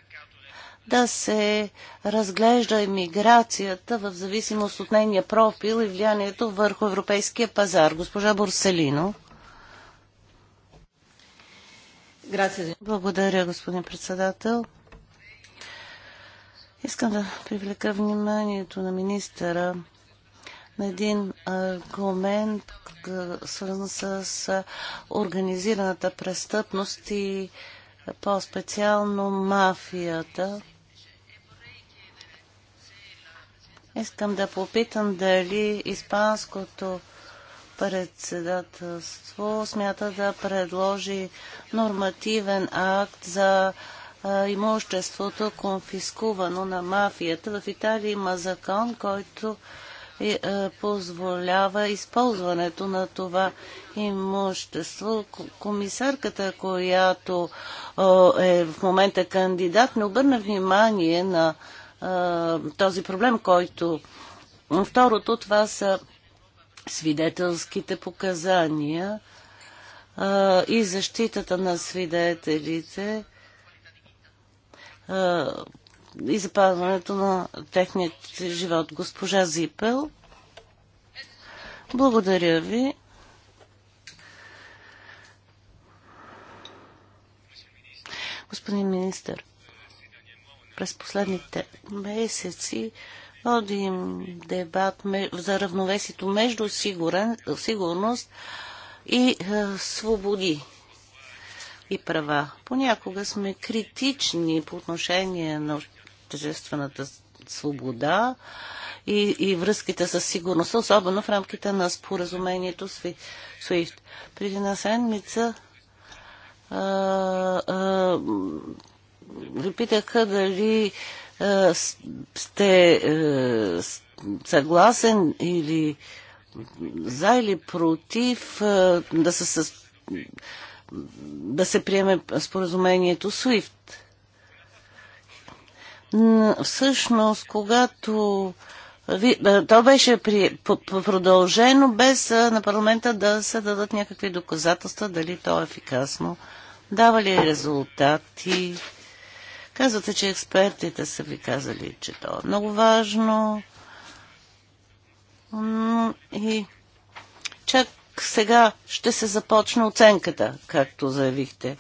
да се разглежда емиграцията в зависимост от нейния профил и влиянието върху европейския пазар. Госпожа Борселино. Благодаря, господин председател. Искам да привлека вниманието на министъра на един аргумент, свързан с организираната престъпност и по-специално мафията. Искам да попитам дали Испанското председателство смята да предложи нормативен акт за имуществото конфискувано на мафията. В Италия има закон, който позволява използването на това имущество. Комисарката, която е в момента кандидат, не обърна внимание на този проблем, който... Второто, това са свидетелските показания и защитата на свидетелите и запазването на техният живот. Госпожа Зипел, благодаря ви. Господин министър, през последните месеци водим дебат за равновесието между сигурен, сигурност и е, свободи и права. Понякога сме критични по отношение на тържествената свобода и, и връзките с сигурността, особено в рамките на споразумението SWIFT. Преди една седмица е, е, ви питаха дали е, сте е, съгласен или за или против е, да се със... да се приеме споразумението SWIFT. Всъщност, когато то беше при, продължено без на парламента да се дадат някакви доказателства дали то е ефикасно. Дава ли резултати? Казвате, че експертите са ви казали, че то е много важно. И чак сега ще се започне оценката, както заявихте.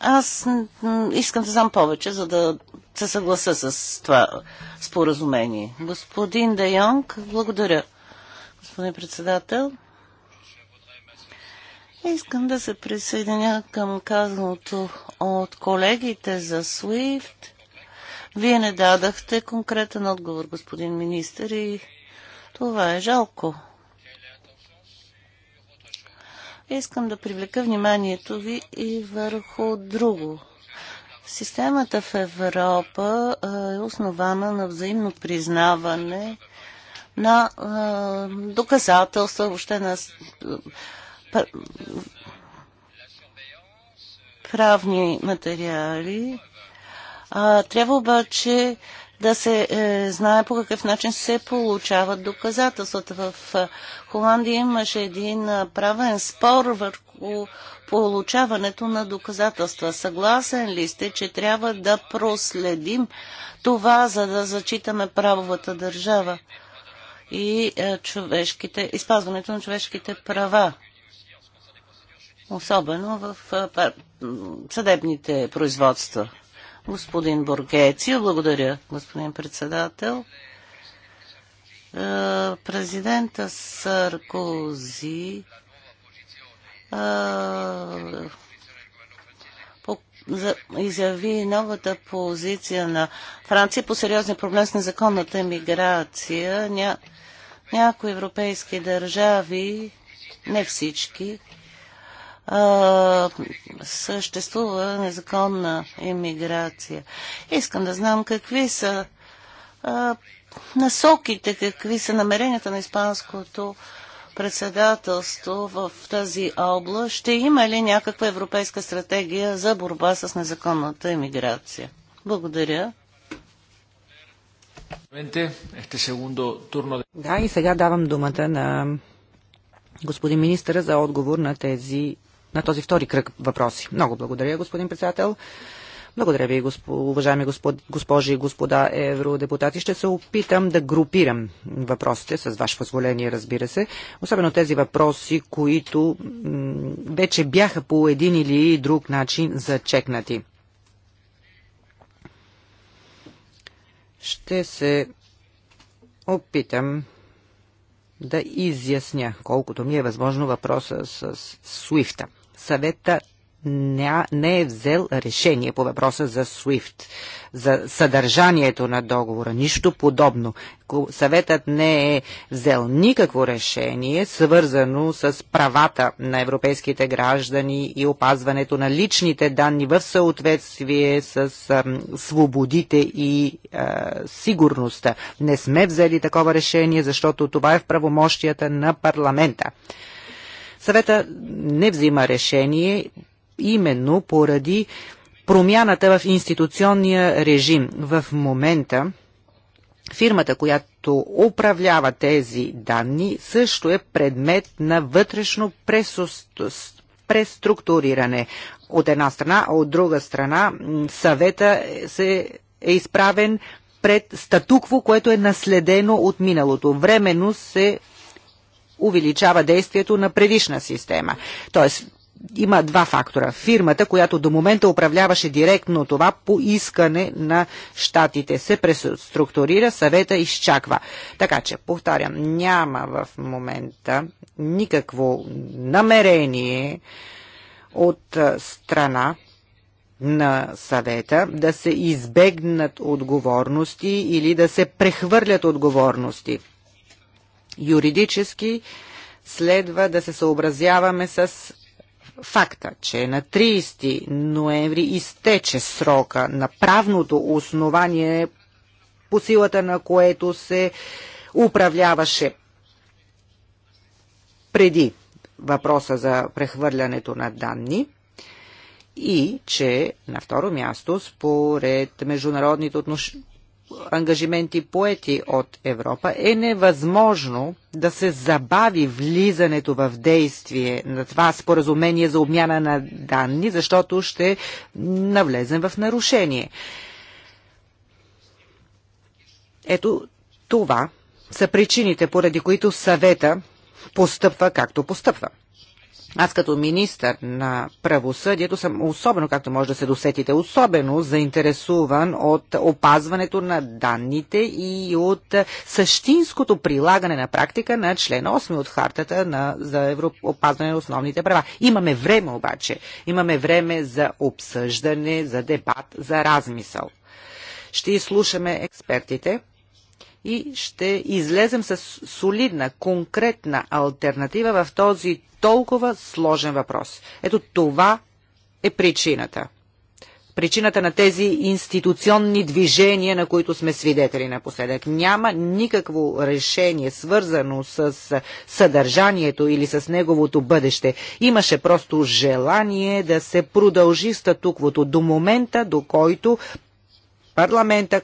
Аз искам да знам повече, за да се съгласа с това споразумение. Господин Дайонг, благодаря, господин председател. Искам да се присъединя към казаното от колегите за SWIFT. Вие не дадахте конкретен отговор, господин министр, и това е жалко. Искам да привлека вниманието ви и върху друго. Системата в Европа е основана на взаимно признаване на доказателства, въобще на правни материали. А, трябва обаче да се е, знае по какъв начин се получават доказателствата. В е, Холандия имаше един е, правен спор върху получаването на доказателства. Съгласен ли сте, че трябва да проследим това, за да зачитаме правовата държава и е, човешките, изпазването на човешките права? особено в съдебните производства. Господин Бургецио, благодаря, господин председател. Президента Саркози изяви новата позиция на Франция по сериозни проблем с незаконната миграция. Ня... Някои европейски държави, не всички, а, съществува незаконна иммиграция. Искам да знам какви са а, насоките, какви са намеренията на испанското председателство в тази област. Ще има ли някаква европейска стратегия за борба с незаконната иммиграция? Благодаря. Да, и сега давам думата на господин министъра за отговор на тези на този втори кръг въпроси. Много благодаря, господин председател. Благодаря ви, госп... уважаеми господ... госпожи и господа евродепутати. Ще се опитам да групирам въпросите, с ваше позволение, разбира се. Особено тези въпроси, които вече бяха по един или друг начин зачекнати. Ще се опитам да изясня, колкото ми е възможно, въпроса с Суифта. Съвета не е взел решение по въпроса за SWIFT, за съдържанието на договора. Нищо подобно. Съветът не е взел никакво решение, свързано с правата на европейските граждани и опазването на личните данни в съответствие с а, свободите и а, сигурността. Не сме взели такова решение, защото това е в правомощията на парламента. Съвета не взима решение, именно поради промяната в институционния режим. В момента фирмата, която управлява тези данни, също е предмет на вътрешно преструктуриране. От една страна, а от друга страна съвета се е изправен пред статукво, което е наследено от миналото. Временно се увеличава действието на предишна система. Тоест, има два фактора. Фирмата, която до момента управляваше директно това по искане на щатите, се преструктурира, съвета изчаква. Така че, повтарям, няма в момента никакво намерение от страна на съвета да се избегнат отговорности или да се прехвърлят отговорности. Юридически следва да се съобразяваме с факта, че на 30 ноември изтече срока на правното основание, по силата на което се управляваше преди въпроса за прехвърлянето на данни и че на второ място според международните отношения ангажименти поети от Европа, е невъзможно да се забави влизането в действие на това споразумение за обмяна на данни, защото ще навлезем в нарушение. Ето това са причините, поради които съвета постъпва както постъпва. Аз като министър на правосъдието съм особено, както може да се досетите, особено заинтересуван от опазването на данните и от същинското прилагане на практика на член 8 от хартата на, за Европ... опазване на основните права. Имаме време обаче. Имаме време за обсъждане, за дебат, за размисъл. Ще изслушаме експертите и ще излезем с солидна, конкретна альтернатива в този толкова сложен въпрос. Ето това е причината. Причината на тези институционни движения, на които сме свидетели напоследък. Няма никакво решение свързано с съдържанието или с неговото бъдеще. Имаше просто желание да се продължи статуквото до момента, до който парламента,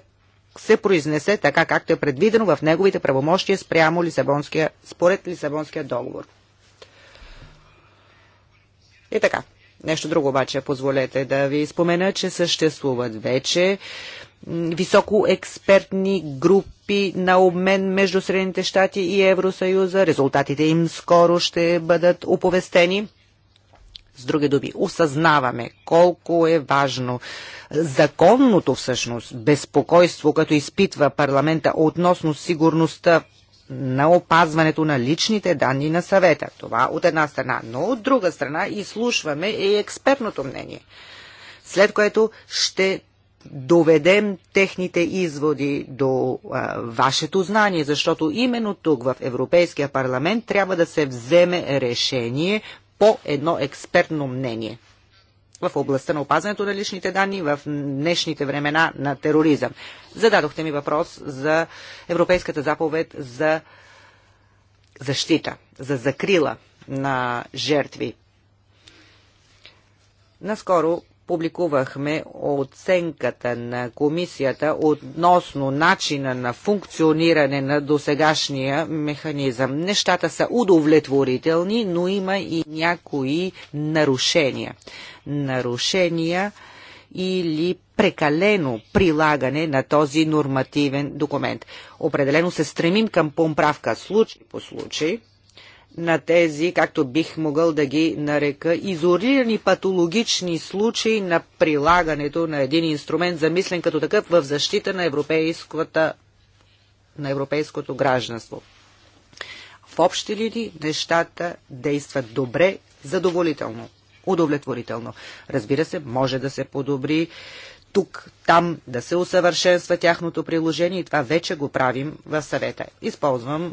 се произнесе така, както е предвидено в неговите правомощия спрямо Лисабонския, според Лисабонския договор. И така. Нещо друго обаче, позволете да ви спомена, че съществуват вече високо експертни групи на обмен между Средните щати и Евросъюза. Резултатите им скоро ще бъдат оповестени. С други думи, осъзнаваме колко е важно законното всъщност безпокойство, като изпитва парламента относно сигурността на опазването на личните данни на съвета. Това от една страна, но от друга страна изслушваме и експертното мнение, след което ще доведем техните изводи до а, вашето знание, защото именно тук в Европейския парламент трябва да се вземе решение по едно експертно мнение в областта на опазването на личните данни в днешните времена на тероризъм. Зададохте ми въпрос за Европейската заповед за защита, за закрила на жертви. Наскоро публикувахме оценката на комисията относно начина на функциониране на досегашния механизъм. Нещата са удовлетворителни, но има и някои нарушения. Нарушения или прекалено прилагане на този нормативен документ. Определено се стремим към помправка случай по случай – на тези, както бих могъл да ги нарека, изолирани патологични случаи на прилагането на един инструмент, замислен като такъв в защита на, европейската, на европейското гражданство. В общи линии нещата действат добре, задоволително, удовлетворително. Разбира се, може да се подобри тук, там, да се усъвършенства тяхното приложение и това вече го правим в съвета. Използвам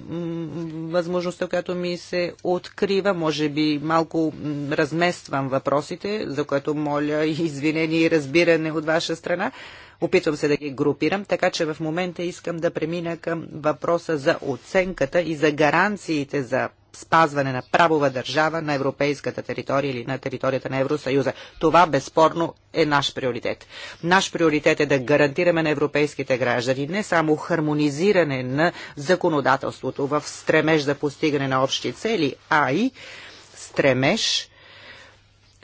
възможността, която ми се открива. Може би малко размествам въпросите, за което моля извинение и разбиране от ваша страна. Опитвам се да ги групирам, така че в момента искам да премина към въпроса за оценката и за гаранциите за спазване на правова държава на европейската територия или на територията на Евросъюза. Това безспорно е наш приоритет. Наш приоритет е да гарантираме на европейските граждани не само хармонизиране на законодателството в стремеж за постигане на общи цели, а и стремеж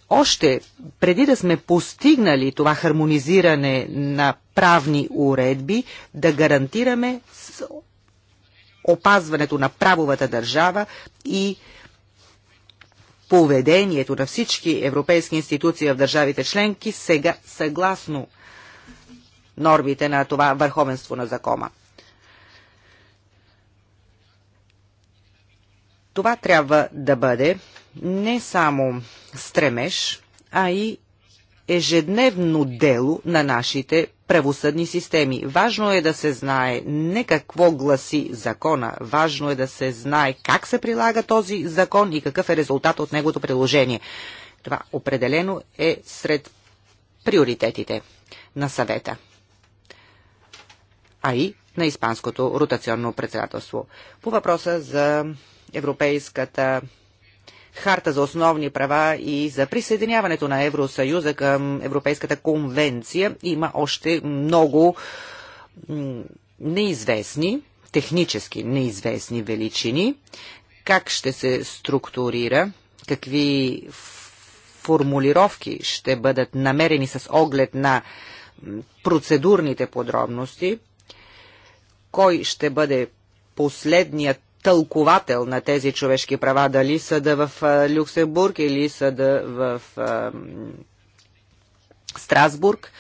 още преди да сме постигнали това хармонизиране на правни уредби, да гарантираме опазването на правовата държава и поведението на всички европейски институции в държавите членки сега съгласно нормите на това върховенство на закона. Това трябва да бъде не само стремеж, а и ежедневно дело на нашите правосъдни системи. Важно е да се знае не какво гласи закона, важно е да се знае как се прилага този закон и какъв е резултат от негото приложение. Това определено е сред приоритетите на съвета, а и на Испанското ротационно председателство. По въпроса за Европейската харта за основни права и за присъединяването на Евросъюза към Европейската конвенция има още много неизвестни, технически неизвестни величини. Как ще се структурира, какви формулировки ще бъдат намерени с оглед на процедурните подробности, кой ще бъде последният тълковател на тези човешки права, дали съда в Люксембург или съда в Страсбург.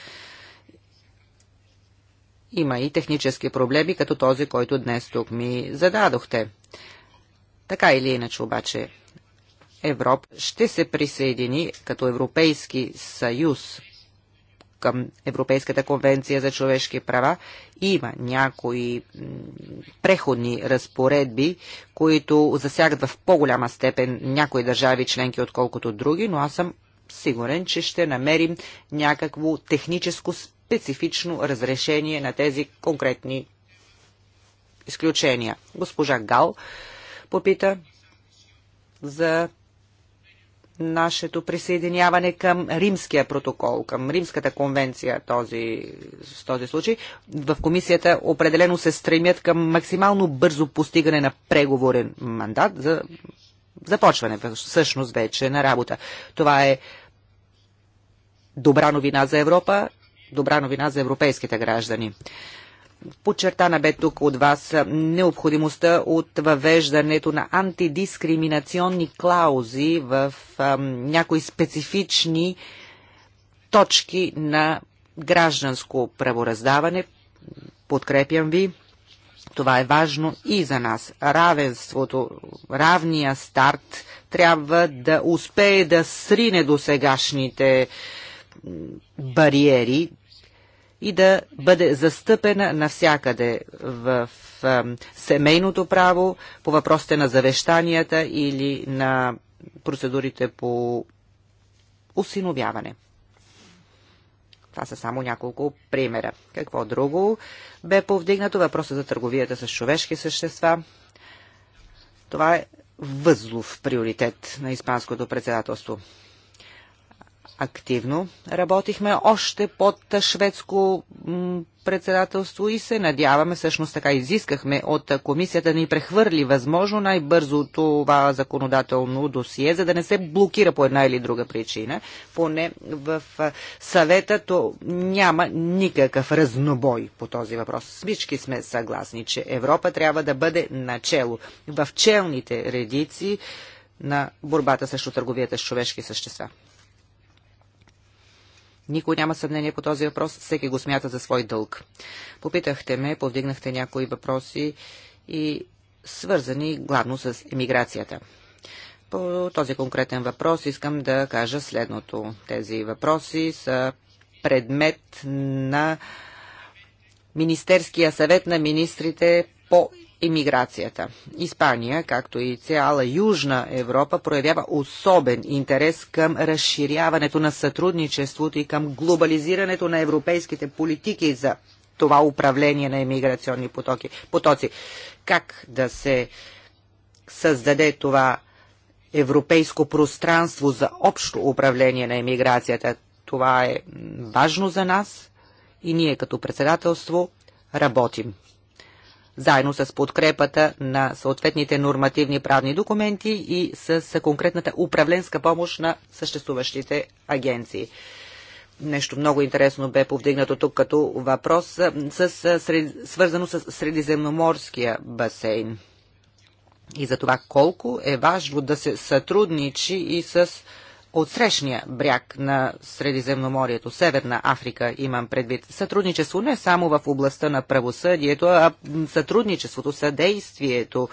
Има и технически проблеми, като този, който днес тук ми зададохте. Така или иначе обаче, Европа ще се присъедини като Европейски съюз към Европейската конвенция за човешки права, има някои преходни разпоредби, които засягат в по-голяма степен някои държави членки, отколкото други, но аз съм сигурен, че ще намерим някакво техническо специфично разрешение на тези конкретни изключения. Госпожа Гал попита за нашето присъединяване към римския протокол, към римската конвенция този, в този случай. В комисията определено се стремят към максимално бързо постигане на преговорен мандат за започване всъщност вече на работа. Това е добра новина за Европа, добра новина за европейските граждани. Подчертана бе тук от вас необходимостта от въвеждането на антидискриминационни клаузи в някои специфични точки на гражданско правораздаване. Подкрепям ви. Това е важно и за нас. Равенството, равния старт трябва да успее да срине до сегашните бариери, и да бъде застъпена навсякъде в семейното право, по въпросите на завещанията или на процедурите по осиновяване. Това са само няколко примера. Какво друго бе повдигнато? Въпроса за търговията с човешки същества. Това е възлов приоритет на Испанското председателство активно работихме още под шведско председателство и се надяваме, всъщност така изискахме от комисията да ни прехвърли възможно най-бързо това законодателно досие, за да не се блокира по една или друга причина. Поне в съвета то няма никакъв разнобой по този въпрос. Всички сме съгласни, че Европа трябва да бъде начело. В челните редици на борбата срещу търговията с човешки същества. Никой няма съмнение по този въпрос, всеки го смята за свой дълг. Попитахте ме, повдигнахте някои въпроси и свързани главно с емиграцията. По този конкретен въпрос искам да кажа следното. Тези въпроси са предмет на Министерския съвет на министрите по емиграцията. Испания, както и цяла Южна Европа, проявява особен интерес към разширяването на сътрудничеството и към глобализирането на европейските политики за това управление на емиграционни потоки, потоци. Как да се създаде това европейско пространство за общо управление на емиграцията? Това е важно за нас и ние като председателство работим заедно с подкрепата на съответните нормативни правни документи и с конкретната управленска помощ на съществуващите агенции. Нещо много интересно бе повдигнато тук като въпрос, с, свързано с Средиземноморския басейн. И за това колко е важно да се сътрудничи и с отсрещния бряг на Средиземноморието, Северна Африка имам предвид. Сътрудничество не само в областта на правосъдието, а сътрудничеството, съдействието,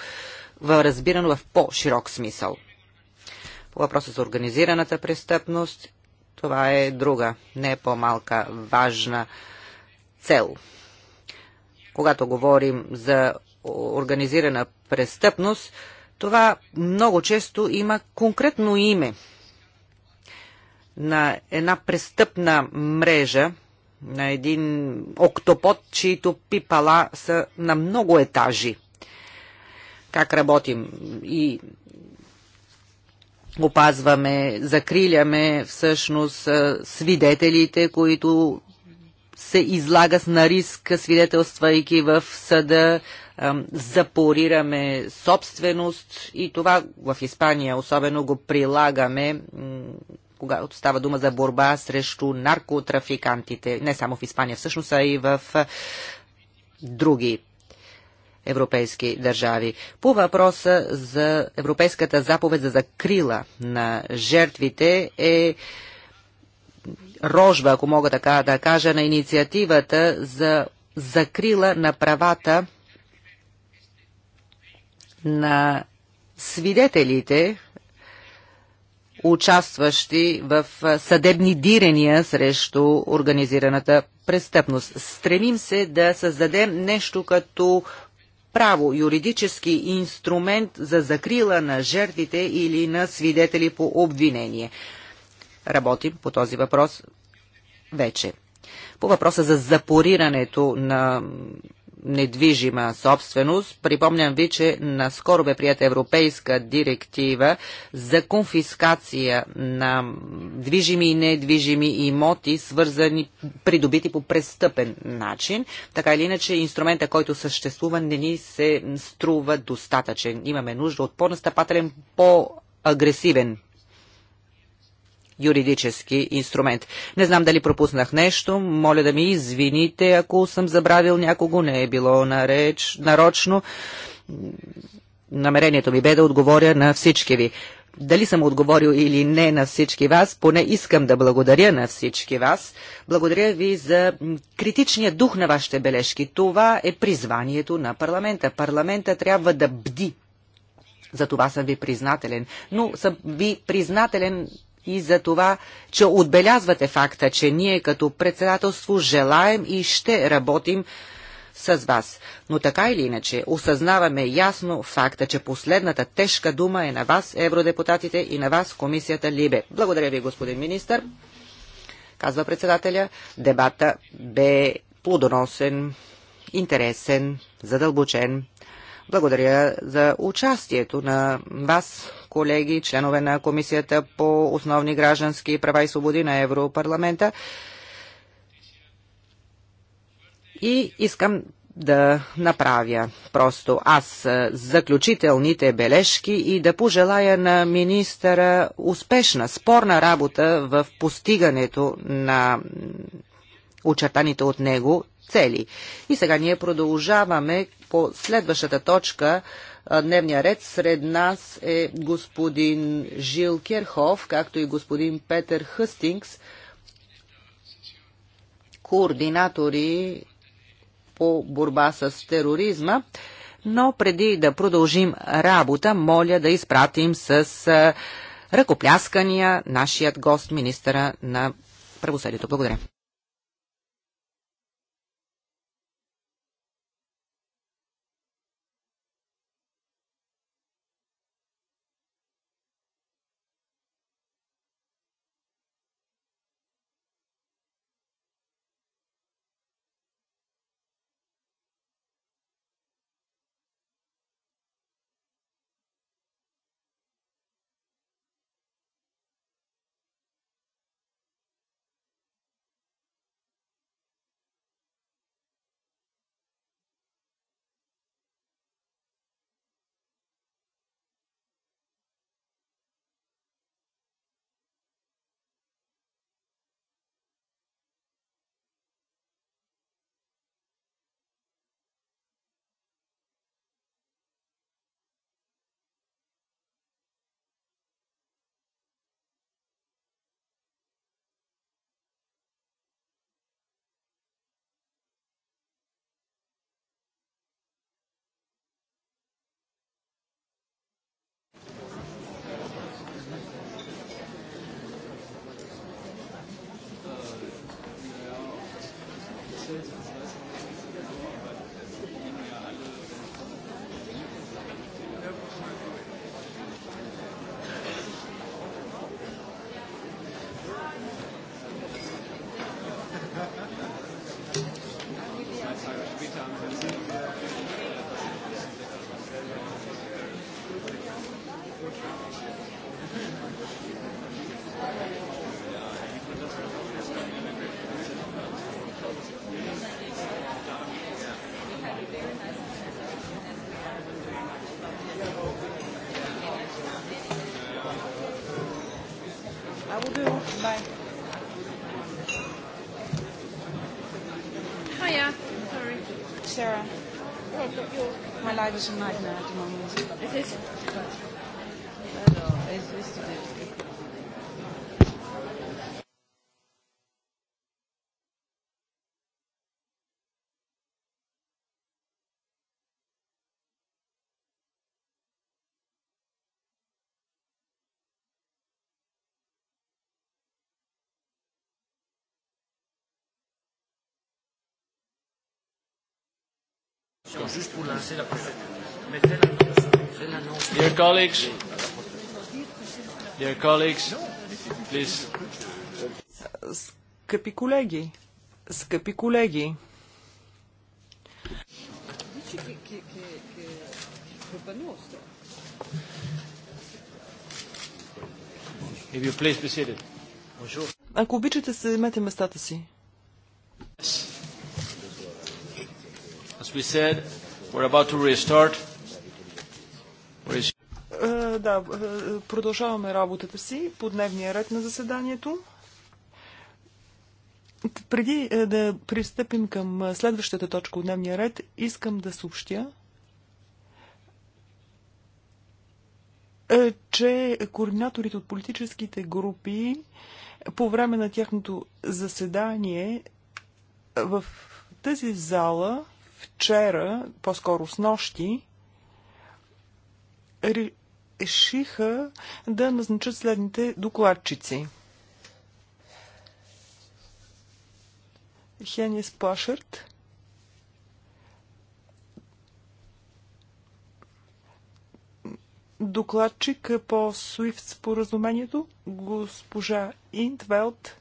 разбирано в по-широк смисъл. По въпроса за организираната престъпност, това е друга, не по-малка важна цел. Когато говорим за организирана престъпност, това много често има конкретно име – на една престъпна мрежа, на един октопод, чието пипала са на много етажи. Как работим и опазваме, закриляме всъщност свидетелите, които се излагат на риск, свидетелствайки в съда, запорираме собственост и това в Испания особено го прилагаме когато става дума за борба срещу наркотрафикантите, не само в Испания всъщност, а и в други европейски държави. По въпроса за Европейската заповед за закрила на жертвите е рожба, ако мога така да кажа, на инициативата за закрила на правата на свидетелите участващи в съдебни дирения срещу организираната престъпност. Стремим се да създадем нещо като право, юридически инструмент за закрила на жертвите или на свидетели по обвинение. Работим по този въпрос вече. По въпроса за запорирането на недвижима собственост. Припомням ви, че наскоро бе прията европейска директива за конфискация на движими и недвижими имоти, свързани, придобити по престъпен начин. Така или иначе, инструмента, който съществува, не ни се струва достатъчен. Имаме нужда от по-настъпателен, по-агресивен юридически инструмент. Не знам дали пропуснах нещо, моля да ми извините, ако съм забравил някого, не е било нареч, нарочно. Намерението ми бе да отговоря на всички ви. Дали съм отговорил или не на всички вас, поне искам да благодаря на всички вас. Благодаря ви за критичния дух на вашите бележки. Това е призванието на парламента. Парламента трябва да бди за това съм ви признателен. Но съм ви признателен и за това, че отбелязвате факта, че ние като председателство желаем и ще работим с вас. Но така или иначе, осъзнаваме ясно факта, че последната тежка дума е на вас, евродепутатите, и на вас, комисията Либе. Благодаря ви, господин министр. Казва председателя, дебата бе плодоносен, интересен, задълбочен. Благодаря за участието на вас, колеги, членове на Комисията по основни граждански права и свободи на Европарламента. И искам да направя просто аз заключителните бележки и да пожелая на министъра успешна, спорна работа в постигането на очертаните от него цели. И сега ние продължаваме по следващата точка дневния ред. Сред нас е господин Жил Керхов, както и господин Петър Хъстингс, координатори по борба с тероризма. Но преди да продължим работа, моля да изпратим с ръкопляскания нашият гост, министъра на правосъдието. Благодаря. such a nightmare at the moment. It is. Alors, juste pour lancer la préfecture. Dear colleagues, dear colleagues, please. Скъпи колеги, скъпи колеги. If you please be seated. Ако обичате, седмете местата си. As we said, we're about to restart. Е, да, е, продължаваме работата си по дневния ред на заседанието. Преди е, да пристъпим към следващата точка от дневния ред, искам да съобщя, че координаторите от политическите групи по време на тяхното заседание в тази зала вчера, по-скоро с нощи, решиха да назначат следните докладчици. Хенис Пашърт, Докладчик по SWIFT споразумението госпожа Интвелт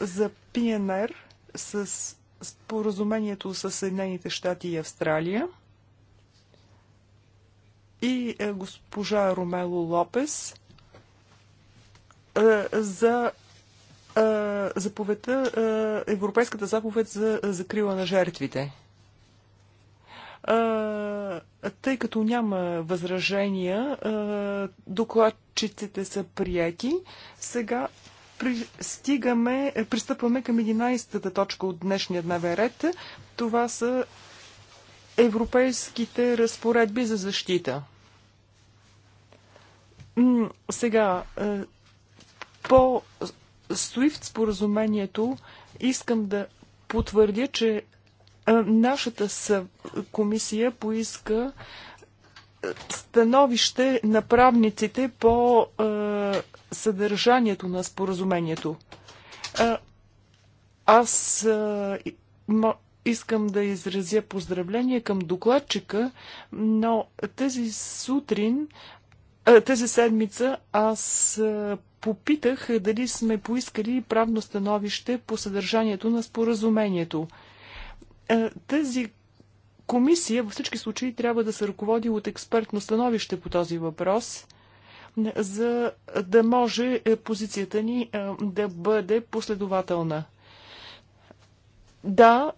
за ПНР с споразумението с Съединените щати и Австралия – и е, госпожа Ромело Лопес е, за е, заповедта, Европейската заповед за закрила на жертвите. Тъй като няма възражения, докладчиците са прияти. Сега пристигаме, пристъпваме към 11-та точка от днешния дневен ред. Това са европейските разпоредби за защита. Сега, е, по SWIFT споразумението искам да потвърдя, че е, нашата комисия поиска е, становище на правниците по съдържанието на споразумението. Аз Искам да изразя поздравление към докладчика, но тази сутрин, тази седмица аз попитах дали сме поискали правно становище по съдържанието на споразумението. Тази комисия във всички случаи трябва да се ръководи от експертно становище по този въпрос, за да може е, позицията ни е, да бъде последователна. Да,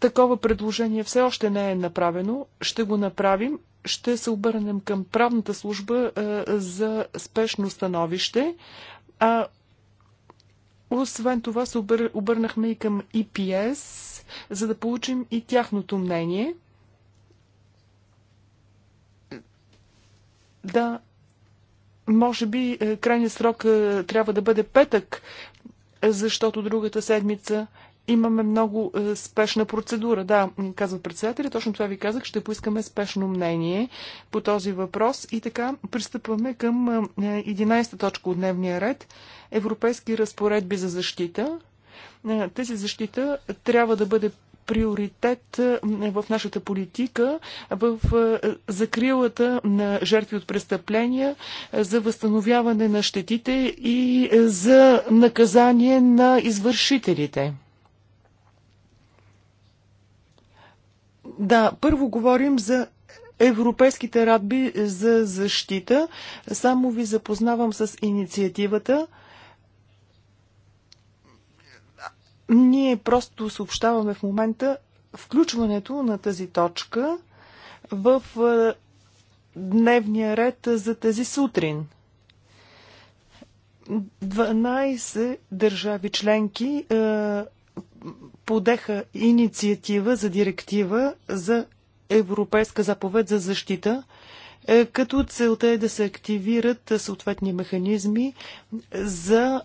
Такова предложение все още не е направено. Ще го направим. Ще се обърнем към правната служба а, е, за спешно становище. А, освен това се обър... обърнахме и към EPS, за да получим и тяхното мнение. Да, може би е, крайният срок е, трябва да бъде петък, защото другата седмица Имаме много е, спешна процедура. Да, казва председателя, точно това ви казах. Ще поискаме спешно мнение по този въпрос. И така, пристъпваме към 11-та е, точка от дневния ред. Европейски разпоредби за защита. Е, Тези защита трябва да бъде приоритет е, в нашата политика, в закрилата на жертви от престъпления, за възстановяване на щетите и за наказание на извършителите. Да, първо говорим за европейските радби за защита. Само ви запознавам с инициативата. Ние просто съобщаваме в момента включването на тази точка в е, дневния ред за тази сутрин. 12 държави членки е, подеха инициатива за директива за Европейска заповед за защита, е, като целта е да се активират съответни механизми за е,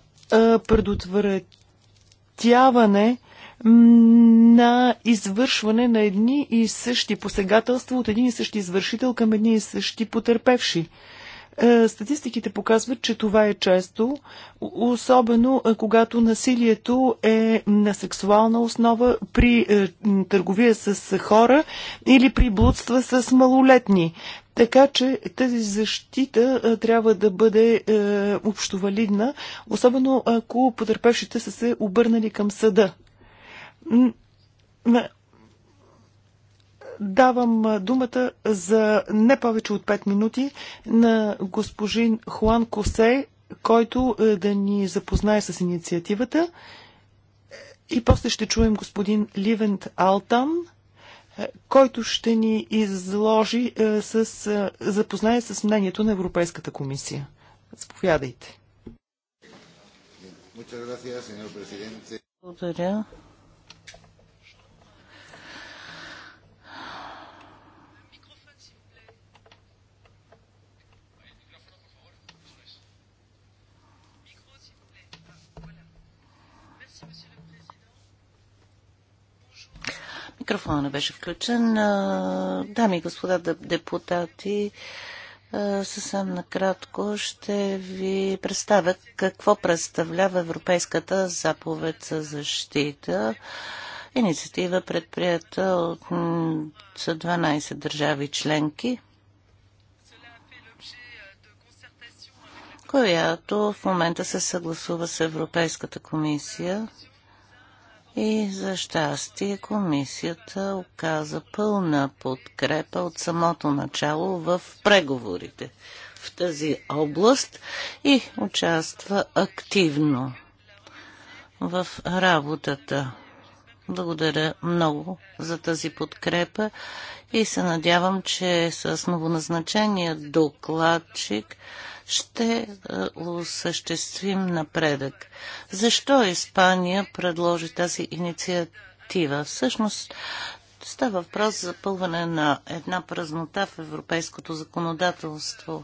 предотвратяване на извършване на едни и същи посегателства от един и същи извършител към едни и същи потерпевши. Е, статистиките показват, че това е често, особено е, когато насилието е на сексуална основа при е, търговия с хора или при блудства с малолетни. Така че тази защита трябва да бъде общовалидна, особено ако потерпевшите са се обърнали към съда. Давам думата за не повече от 5 минути на госпожин Хуан Косе, който да ни запознае с инициативата. И после ще чуем господин Ливент Алтан, който ще ни изложи с, запознае с мнението на Европейската комисия. Заповядайте. Благодаря, Микрофона беше включен. Дами и господа депутати, съвсем накратко ще ви представя какво представлява Европейската заповед за защита. Инициатива предприята от 12 държави членки, която в момента се съгласува с Европейската комисия. И за щастие комисията оказа пълна подкрепа от самото начало в преговорите в тази област и участва активно в работата. Благодаря много за тази подкрепа и се надявам, че с новоназначения докладчик ще е, осъществим напредък. Защо Испания предложи тази инициатива? Всъщност става въпрос за пълване на една празнота в европейското законодателство.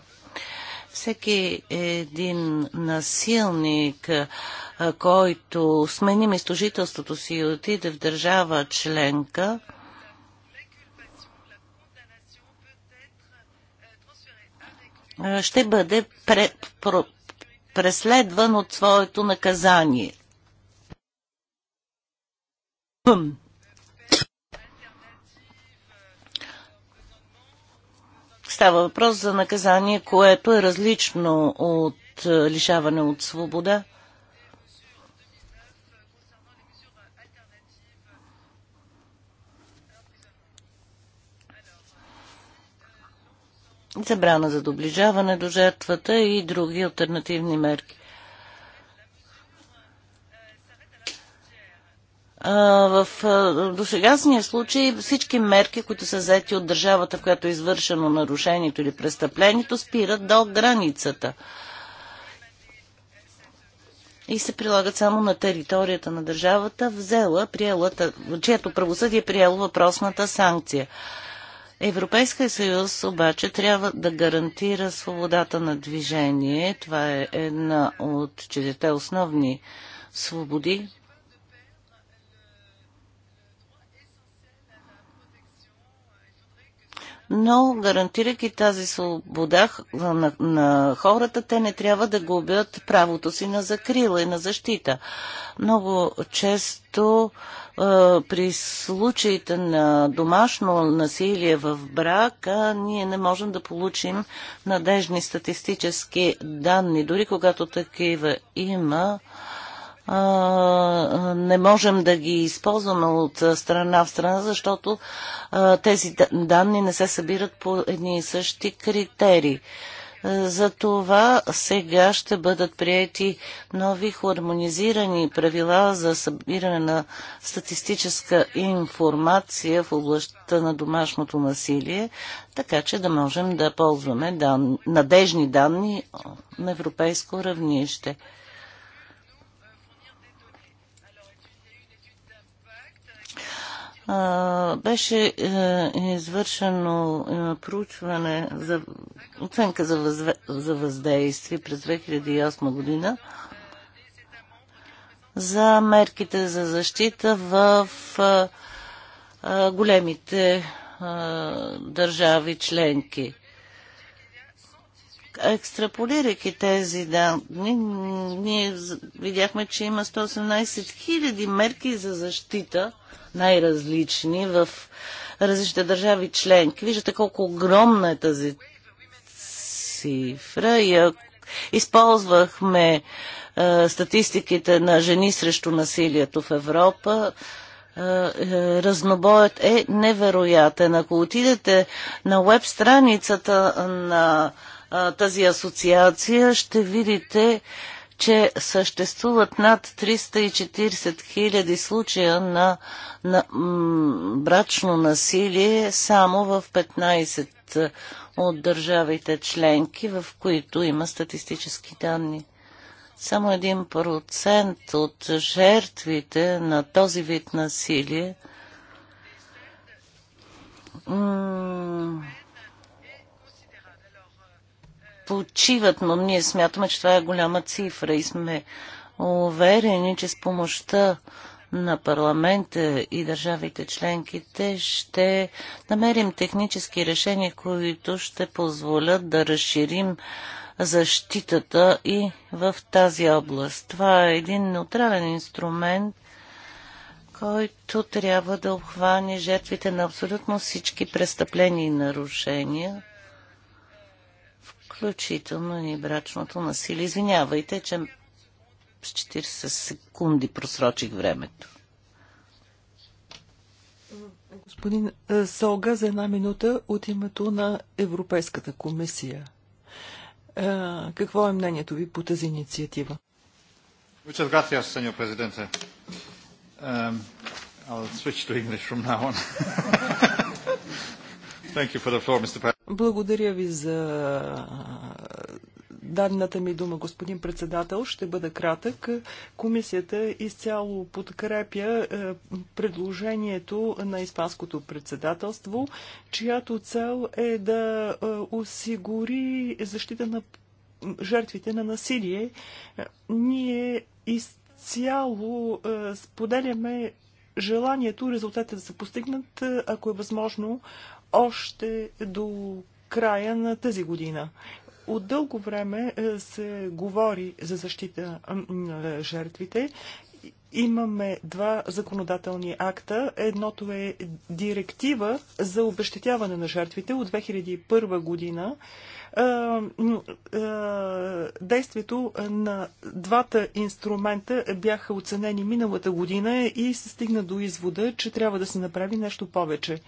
Всеки един насилник, е, който смени местожителството си и отиде в държава членка, Е, ще бъде пре, про, преследван от своето наказание. Става въпрос за наказание, което е различно от е, лишаване от свобода. забрана за доближаване до жертвата и други альтернативни мерки. В досегашния случай всички мерки, които са взети от държавата, в която е извършено нарушението или престъплението, спират до границата и се прилагат само на територията на държавата, взела, приела, чието правосъдие е приело въпросната санкция. Европейския съюз обаче трябва да гарантира свободата на движение. Това е една от четирите основни свободи, но гарантирайки тази свобода на, на хората, те не трябва да губят правото си на закрила и на защита. Много често е, при случаите на домашно насилие в брака ние не можем да получим надежни статистически данни, дори когато такива има. Е, не можем да ги използваме от страна в страна, защото тези данни не се събират по едни и същи критерии. За това сега ще бъдат приети нови хармонизирани правила за събиране на статистическа информация в областта на домашното насилие, така че да можем да ползваме дан... надежни данни на европейско равнище. беше е, извършено е, проучване за оценка за, за въздействие през 2008 година за мерките за защита в е, големите държави членки екстраполирайки тези данни, ние видяхме, че има 118 000 мерки за защита, най-различни в различните държави членки. Виждате колко огромна е тази цифра и използвахме е, статистиките на жени срещу насилието в Европа е, разнобоят е невероятен. Ако отидете на веб страницата на тази асоциация, ще видите, че съществуват над 340 хиляди случая на, на брачно насилие само в 15 от държавите членки, в които има статистически данни. Само 1% от жертвите на този вид насилие почиват, но ние смятаме, че това е голяма цифра и сме уверени, че с помощта на парламента и държавите членките ще намерим технически решения, които ще позволят да разширим защитата и в тази област. Това е един неутрален инструмент, който трябва да обхване жертвите на абсолютно всички престъпления и нарушения – включително и брачното насилие. Извинявайте, че с 40 секунди просрочих времето. Господин е, Солга за една минута от името на Европейската комисия. Е, какво е мнението ви по тази инициатива? Muchas gracias, señor presidente. Um, I'll switch to English from now on. Thank you for the floor, Mr. Благодаря ви за данната ми дума, господин председател. Ще бъда кратък. Комисията изцяло подкрепя предложението на Испанското председателство, чиято цел е да осигури защита на жертвите на насилие. Ние изцяло споделяме желанието резултатът да се постигнат, ако е възможно, още до края на тази година. От дълго време е, се говори за защита на е, жертвите. Имаме два законодателни акта. Едното е директива за обещетяване на жертвите от 2001 година. Е, действието на двата инструмента бяха оценени миналата година и се стигна до извода, че трябва да се направи нещо повече.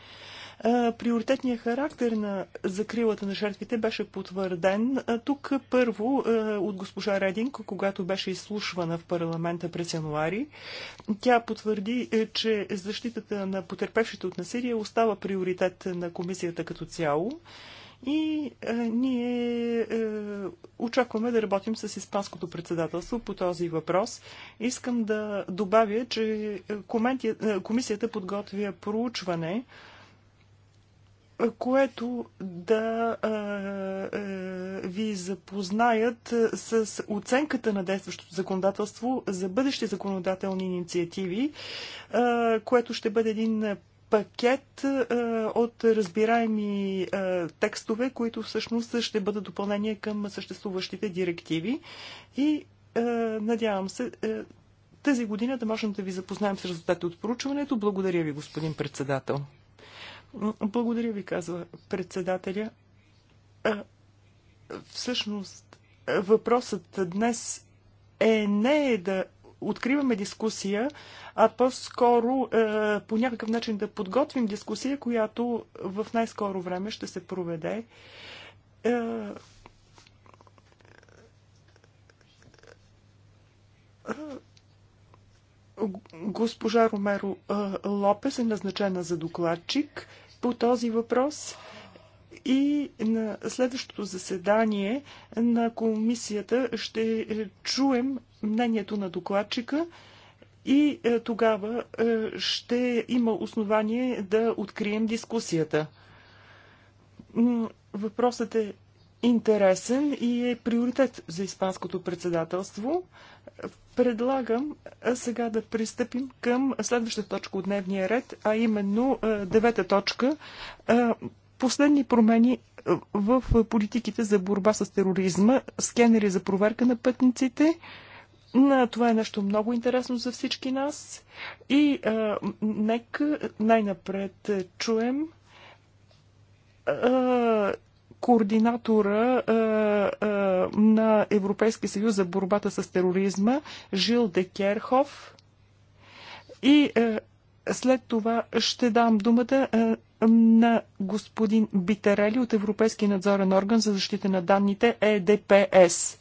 Приоритетният характер на закрилата на жертвите беше потвърден тук първо от госпожа Рединг, когато беше изслушвана в парламента през януари. Тя потвърди, е, че защитата на потерпевшите от насилие остава приоритет на комисията като цяло. И е, ние е, очакваме да работим с Испанското председателство по този въпрос. Искам да добавя, че е, коменти... Е, комисията подготвя проучване, е, което да а, а, ви запознаят с оценката на действащото законодателство за бъдещи законодателни инициативи, а, което ще бъде един пакет а, от разбираеми а, текстове, които всъщност ще бъдат допълнение към съществуващите директиви. И а, надявам се а, тази година да можем да ви запознаем с резултатите от проучването. Благодаря ви, господин председател. Благодаря ви, казва председателя. Всъщност, въпросът днес е не е да откриваме дискусия, а по-скоро е, по някакъв начин да подготвим дискусия, която в най-скоро време ще се проведе. Е, е Госпожа Ромеро Лопес е назначена за докладчик по този въпрос и на следващото заседание на комисията ще е, чуем мнението на докладчика и е, тогава е, ще има основание да открием дискусията. Въпросът е интересен и е приоритет за Испанското председателство. Предлагам сега да пристъпим към следващата точка от дневния ред, а именно девета точка последни промени в политиките за борба с тероризма, скенери за проверка на пътниците. Това е нещо много интересно за всички нас. И нека най-напред чуем координатора на Европейския съюз за борбата с тероризма Жил Декерхов. И след това ще дам думата на господин Битерели от Европейския надзорен орган за защита на данните ЕДПС.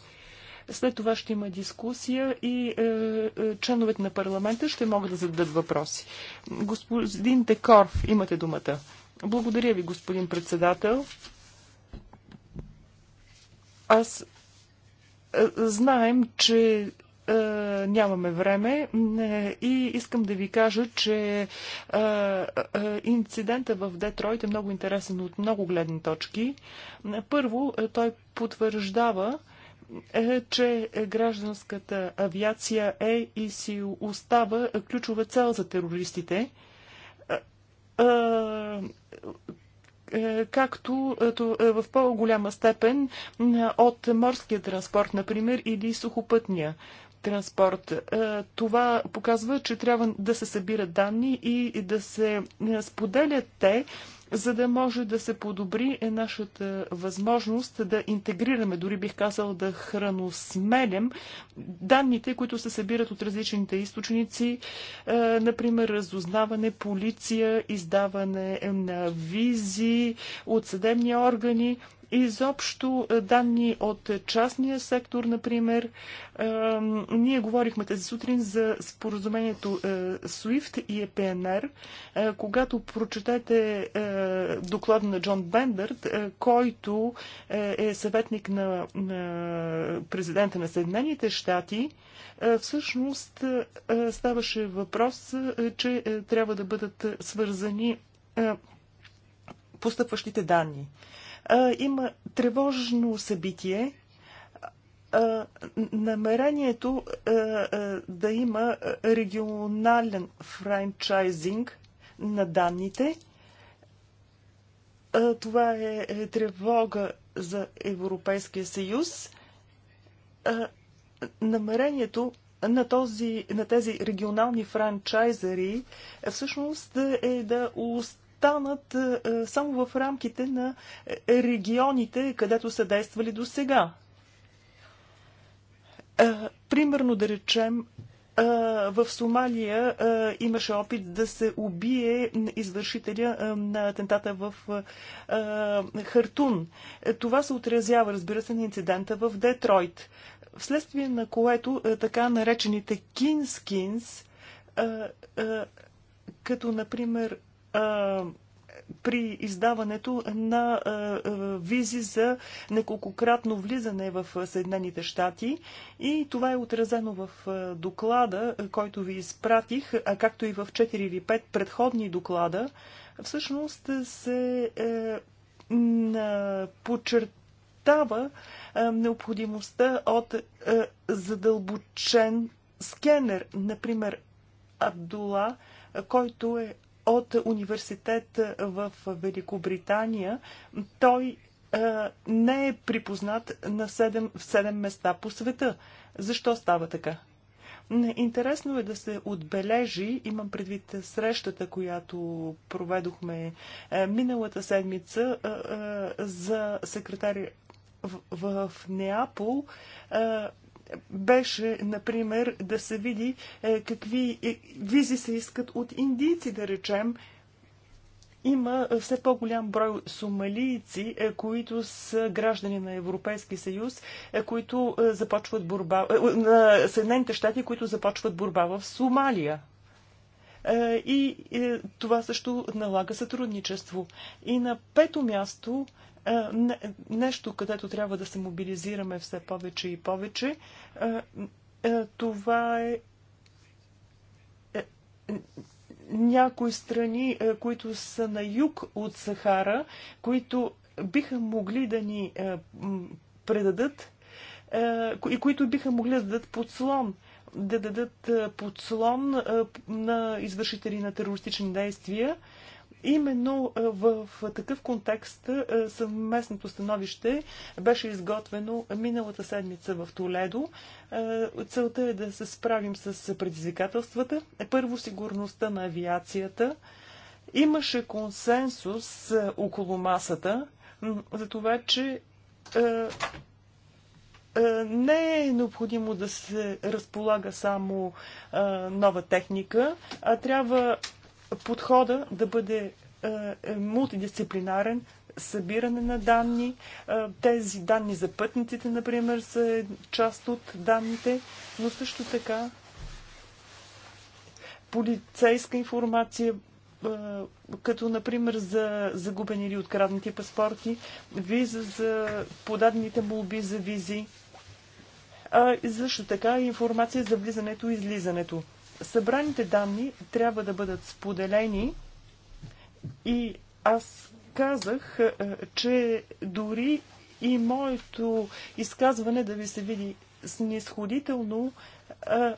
След това ще има дискусия и е, е, членовете на парламента ще могат да зададат въпроси. Господин Декорф, имате думата. Благодаря ви, господин председател. Аз е, знаем, че е, нямаме време е, и искам да ви кажа, че инцидента в Детройт е много интересен от много гледни точки. Първо, той потвърждава, че гражданската авиация е и си остава ключова цел за терористите е, както е, е, в по-голяма степен от морския транспорт, например, или сухопътния транспорт. Е, това показва, че трябва да се събират данни и да се е, споделят те, за да може да се подобри нашата възможност да интегрираме, дори бих казал да храносмелем данните, които се събират от различните източници, е, например разузнаване, полиция, издаване на визи от съдебни органи изобщо е, данни от частния сектор, например. Е, ние говорихме тази сутрин за споразумението е, SWIFT и ЕПНР. Когато прочетете доклада на Джон Бендърт, който е съветник на президента на Съединените щати, всъщност ставаше въпрос, че трябва да бъдат свързани постъпващите данни има тревожно събитие, намерението да има регионален франчайзинг на данните. Това е, е тревога за Европейския съюз. Намерението на, този, на тези регионални франчайзери всъщност е да оставят останат е, е, само в рамките на е, регионите, където са действали до сега. Примерно да речем, в Сомалия имаше опит да се убие извършителя на атентата в Хартун. Това се отразява, разбира се, на инцидента в Детройт. Вследствие на което така наречените кинскинс, като например при издаването на визи за неколкократно влизане в Съединените щати. И това е отразено в доклада, който ви изпратих, а както и в 4 или 5 предходни доклада. Всъщност се е, подчертава необходимостта от е, задълбочен скенер, например Абдула, който е от университет в Великобритания. Той е, не е припознат на 7, в 7 места по света. Защо става така? Интересно е да се отбележи, имам предвид срещата, която проведохме е, миналата седмица е, за секретари в Неапол, беше, например, да се види е, какви е, визи се искат от индийци, да речем, има е, все по-голям брой сомалийци, които са граждани на Европейски съюз, които започват борба на Съединените щати, които започват борба в Сомалия. И това също налага сътрудничество. И на пето място е, нещо, където трябва да се мобилизираме все повече и повече. Е, е, това е някои страни, които са на юг от Сахара, които биха могли да ни предадат и които биха могли да дадат подслон да дадат подслон на извършители на терористични действия Именно в такъв контекст съвместното становище беше изготвено миналата седмица в Толедо. Целта е да се справим с предизвикателствата. Първо сигурността на авиацията. Имаше консенсус около масата за това, че не е необходимо да се разполага само нова техника, а трябва подхода да бъде е, е, мултидисциплинарен, събиране на данни. Е, тези данни за пътниците, например, са част от данните, но също така полицейска информация, като, например, за загубени или откраднати паспорти, виза за подадените молби за визи, а също така информация за влизането и излизането. Събраните данни трябва да бъдат споделени и аз казах, е, че дори и моето изказване да ви се види снисходително, е,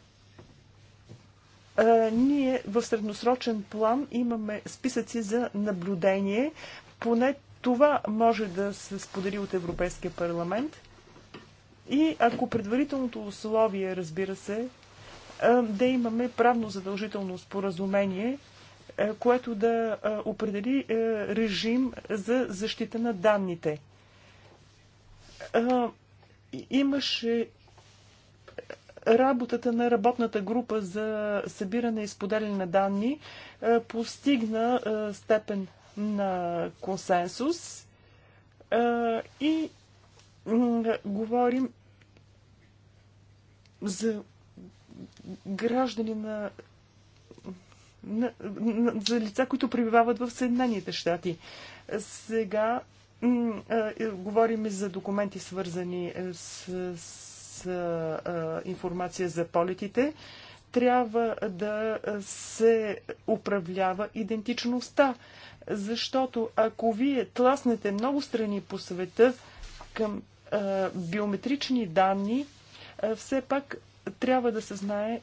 е, ние в средносрочен план имаме списъци за наблюдение. Поне това може да се сподели от Европейския парламент. И ако предварителното условие, разбира се, е, да имаме правно задължително споразумение, е, което да е, определи режим за защита на данните. Имаше работата на работната група за събиране и споделяне на данни постигна степен на консенсус и говорим за граждани на, на, на, за лица, които пребивават в Съединените щати. Сега е, говорим за документи, свързани е, с, с а, информация за полетите. Трябва да се управлява идентичността, защото ако вие тласнете много страни по света към биометрични данни, все пак трябва да се знае,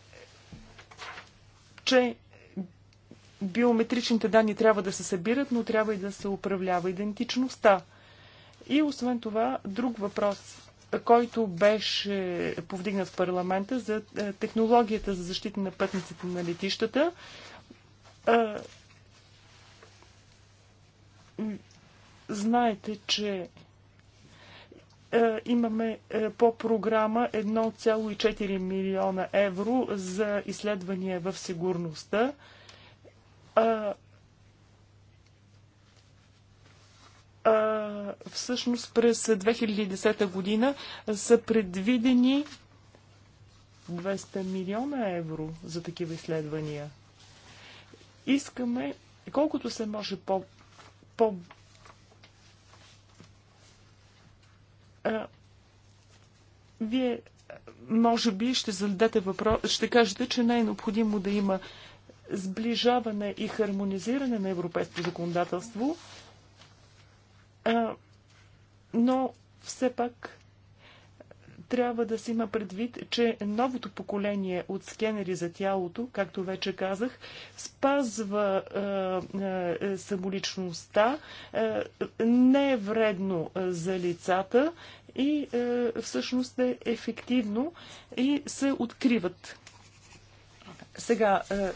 че биометричните данни трябва да се събират, но трябва и да се управлява идентичността. И освен това, друг въпрос, който беше повдигнат в парламента за е, технологията за защита на пътниците на летищата. Е, знаете, че е, имаме е, по програма 1,4 милиона евро за изследвания в сигурността. Е, всъщност през 2010 година са предвидени 200 милиона евро за такива изследвания. Искаме колкото се може по, по Вие може би ще зададете въпрос, ще кажете, че не е необходимо да има сближаване и хармонизиране на европейското законодателство, но все пак трябва да се има предвид, че новото поколение от скенери за тялото, както вече казах, спазва е, е, самоличността, е, не е вредно за лицата и е, всъщност е ефективно и се откриват. Сега, е,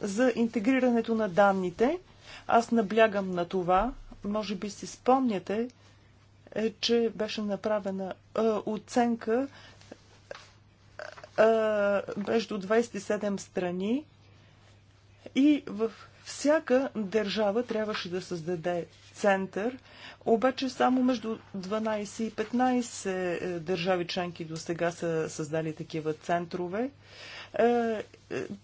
за интегрирането на данните, аз наблягам на това, може би си спомняте, е, че беше направена оценка между 27 страни и в всяка държава трябваше да създаде център, обаче само между 12 и 15 е, държави членки до сега са създали такива центрове. Е, е,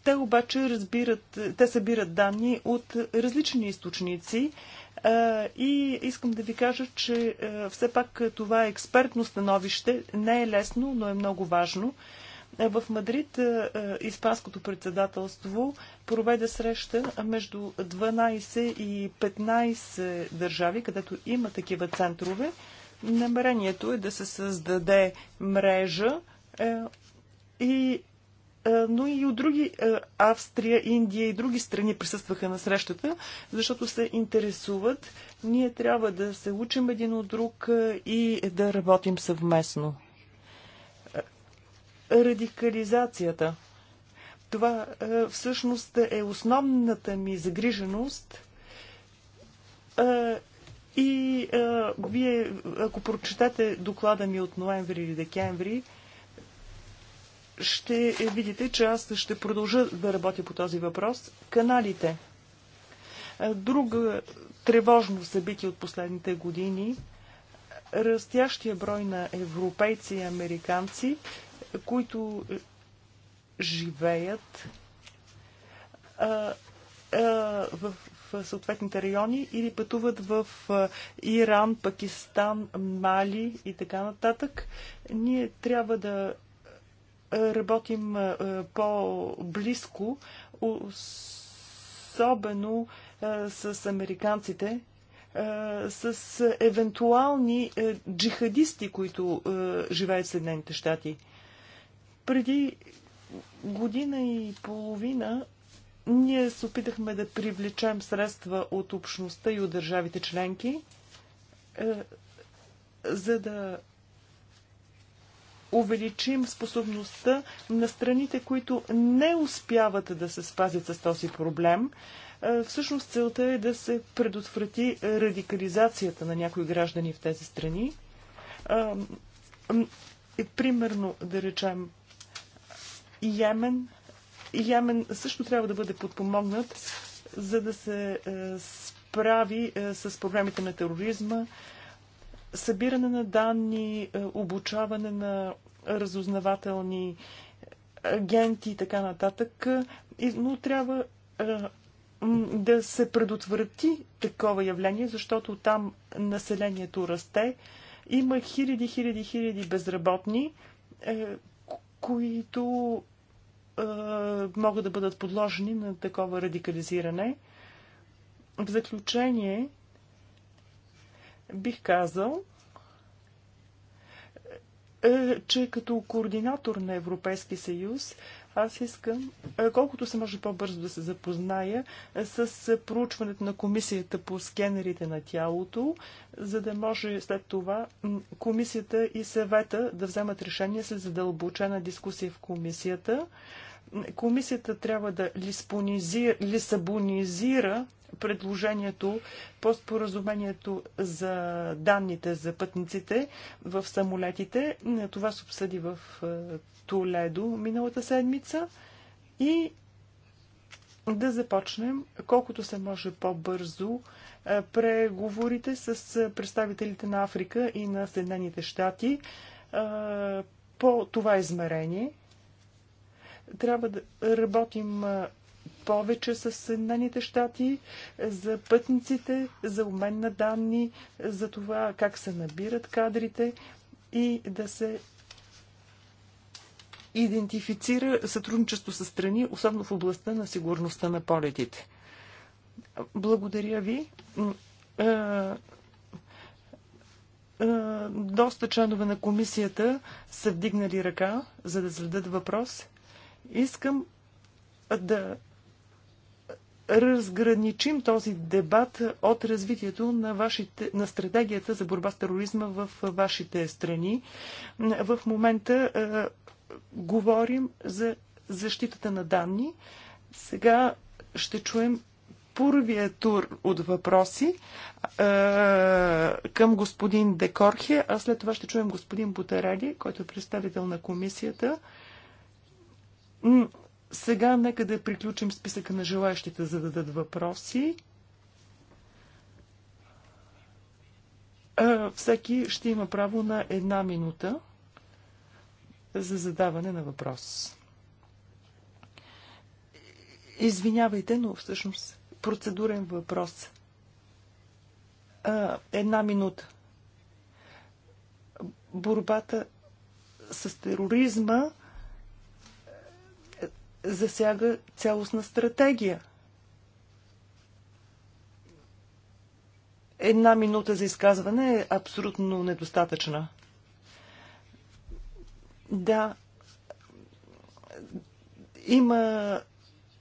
те обаче разбират, те събират данни от различни източници и искам да ви кажа, че все пак това е експертно становище. Не е лесно, но е много важно. В Мадрид Испанското председателство проведе среща между 12 и 15 държави, където има такива центрове. Намерението е да се създаде мрежа е, и е, но и от други е, Австрия, Индия и други страни присъстваха на срещата, защото се интересуват. Ние трябва да се учим един от друг е, и да работим съвместно. Радикализацията. Това всъщност е основната ми загриженост. И вие, ако прочетете доклада ми от ноември или декември, ще видите, че аз ще продължа да работя по този въпрос. Каналите. Е, Друго е, тревожно събитие от последните години растящия брой на европейци и американци, които е, живеят в, в съответните райони или пътуват в Иран, Пакистан, Мали и така нататък. Ние трябва да работим по-близко, особено с американците, с евентуални джихадисти, които живеят в Съединените щати. Преди година и половина ние се опитахме да привлечем средства от общността и от държавите членки, за да увеличим способността на страните, които не успяват да се спазят с този проблем. Всъщност целта е да се предотврати радикализацията на някои граждани в тези страни. Примерно, да речем, Йемен. Йемен също трябва да бъде подпомогнат, за да се справи с проблемите на тероризма, събиране на данни, обучаване на разузнавателни агенти и така нататък, но трябва да се предотврати такова явление, защото там населението расте. Има хиляди, хиляди, хиляди безработни, е, които могат да бъдат подложени на такова радикализиране. В заключение бих казал, е, че като координатор на Европейски съюз аз искам е, колкото се може по-бързо да се запозная е, с проучването на комисията по скенерите на тялото, за да може след това комисията и съвета да вземат решение след задълбочена дискусия в комисията. Комисията трябва да лисабонизира предложението по споразумението за данните за пътниците в самолетите. Това се обсъди в е, Толедо миналата седмица и да започнем колкото се може по-бързо е, преговорите с представителите на Африка и на Съединените щати е, по това измерение – трябва да работим повече с Съединените щати за пътниците, за обмен на данни, за това как се набират кадрите и да се идентифицира сътрудничество с страни, особено в областта на сигурността на полетите. Благодаря ви. Доста членове на комисията са вдигнали ръка, за да зададат въпрос. Искам да разграничим този дебат от развитието на, вашите, на стратегията за борба с тероризма в вашите страни. В момента е, говорим за защитата на данни. Сега ще чуем първия тур от въпроси е, към господин Декорхе, а след това ще чуем господин Бутарали, който е представител на комисията. Сега нека да приключим списъка на желаящите за да дадат въпроси. Всеки ще има право на една минута за задаване на въпрос. Извинявайте, но всъщност процедурен въпрос. Една минута. Борбата с тероризма засяга цялостна стратегия. Една минута за изказване е абсолютно недостатъчна. Да, има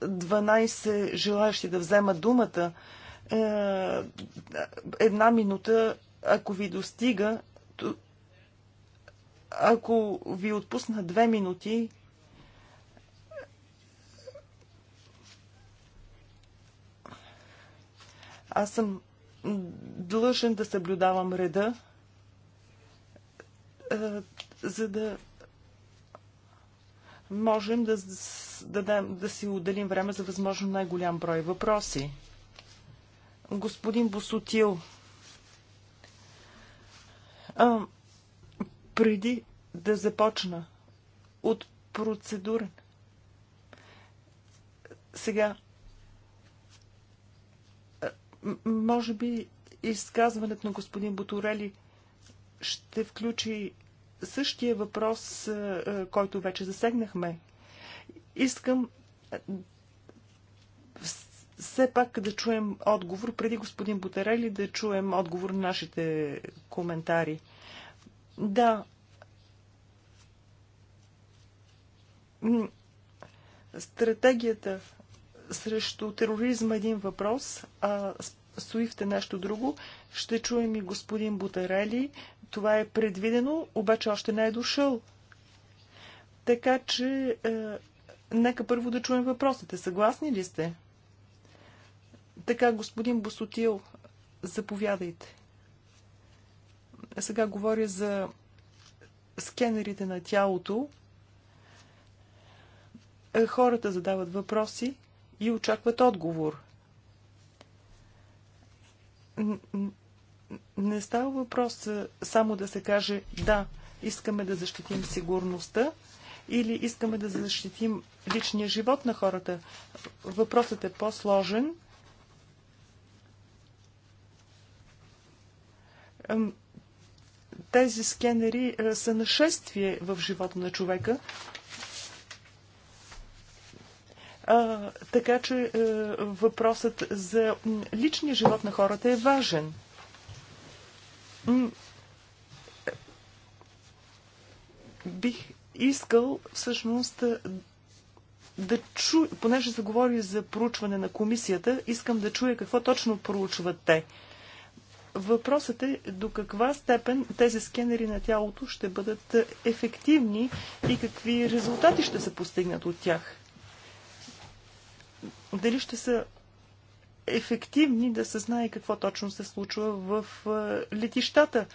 12 желаящи да вземат думата. Е, една минута, ако ви достига, ако ви отпусна две минути, Аз съм длъжен да съблюдавам реда, е, за да можем да, да, да си отделим време за възможно най-голям брой въпроси. Господин Босотил, а, преди да започна от процедурен. Сега може би изказването на господин Бутурели ще включи същия въпрос, който вече засегнахме. Искам все пак да чуем отговор, преди господин Бутерели да чуем отговор на нашите коментари. Да. Стратегията срещу тероризма един въпрос, а Суифт нещо друго. Ще чуем и господин Бутарели. Това е предвидено, обаче още не е дошъл. Така че, е, нека първо да чуем въпросите. Съгласни ли сте? Така, господин Босотил, заповядайте. Сега говоря за скенерите на тялото. Е, хората задават въпроси и очакват отговор. Не става въпрос само да се каже да, искаме да защитим сигурността или искаме да защитим личния живот на хората. Въпросът е по-сложен. Тези скенери са нашествие в живота на човека, а, така че а, е, въпросът за личния живот на хората е важен. Бих искал всъщност е, да чуя, понеже се говори за проучване на комисията, искам да чуя какво точно проучват те. Въпросът е до каква степен тези скенери на тялото ще бъдат ефективни и какви резултати ще се постигнат от тях дали ще са ефективни да се знае какво точно се случва в летищата.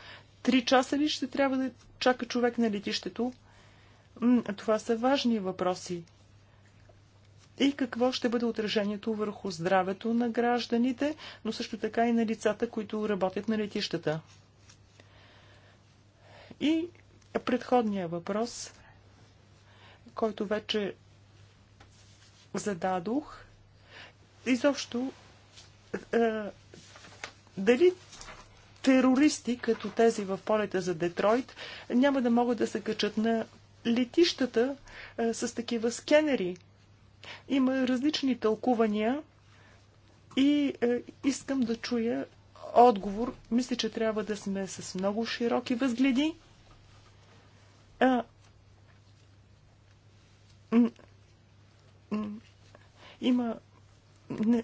Три часа ли ще трябва да чака човек на летището? Това са важни въпроси. И какво ще бъде отражението върху здравето на гражданите, но също така и на лицата, които работят на летищата? И предходния въпрос, който вече зададох – изобщо е, дали терористи, като тези в полета за Детройт, няма да могат да се качат на летищата а, е, с такива скенери. Има различни тълкувания и а, е, искам да чуя отговор. Мисля, че трябва да сме с много широки възгледи. А, има не,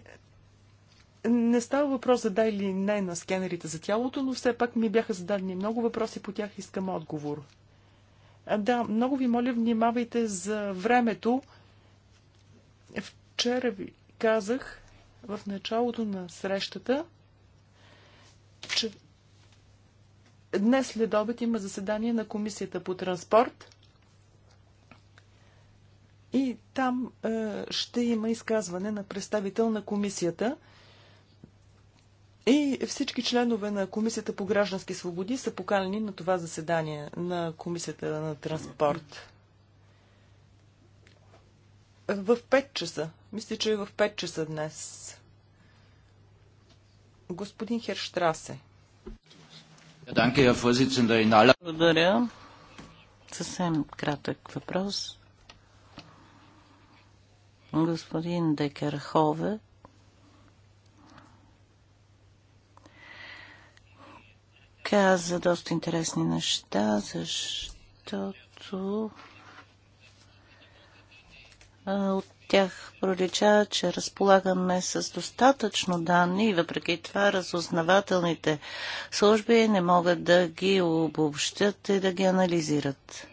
не става въпрос за да или не на скенерите за тялото, но все пак ми бяха зададени много въпроси, по тях искам отговор. Да, много ви моля, внимавайте за времето. Вчера ви казах в началото на срещата, че днес след обед има заседание на Комисията по транспорт. И там е, ще има изказване на представител на комисията. И всички членове на Комисията по граждански свободи са поканени на това заседание на Комисията на транспорт. В 5 часа. Мисля, че е в 5 часа днес. Господин Херштрасе. Благодаря. Съвсем кратък въпрос господин Декерхове. Каза доста интересни неща, защото от тях пролича, че разполагаме с достатъчно данни и въпреки това разузнавателните служби не могат да ги обобщат и да ги анализират.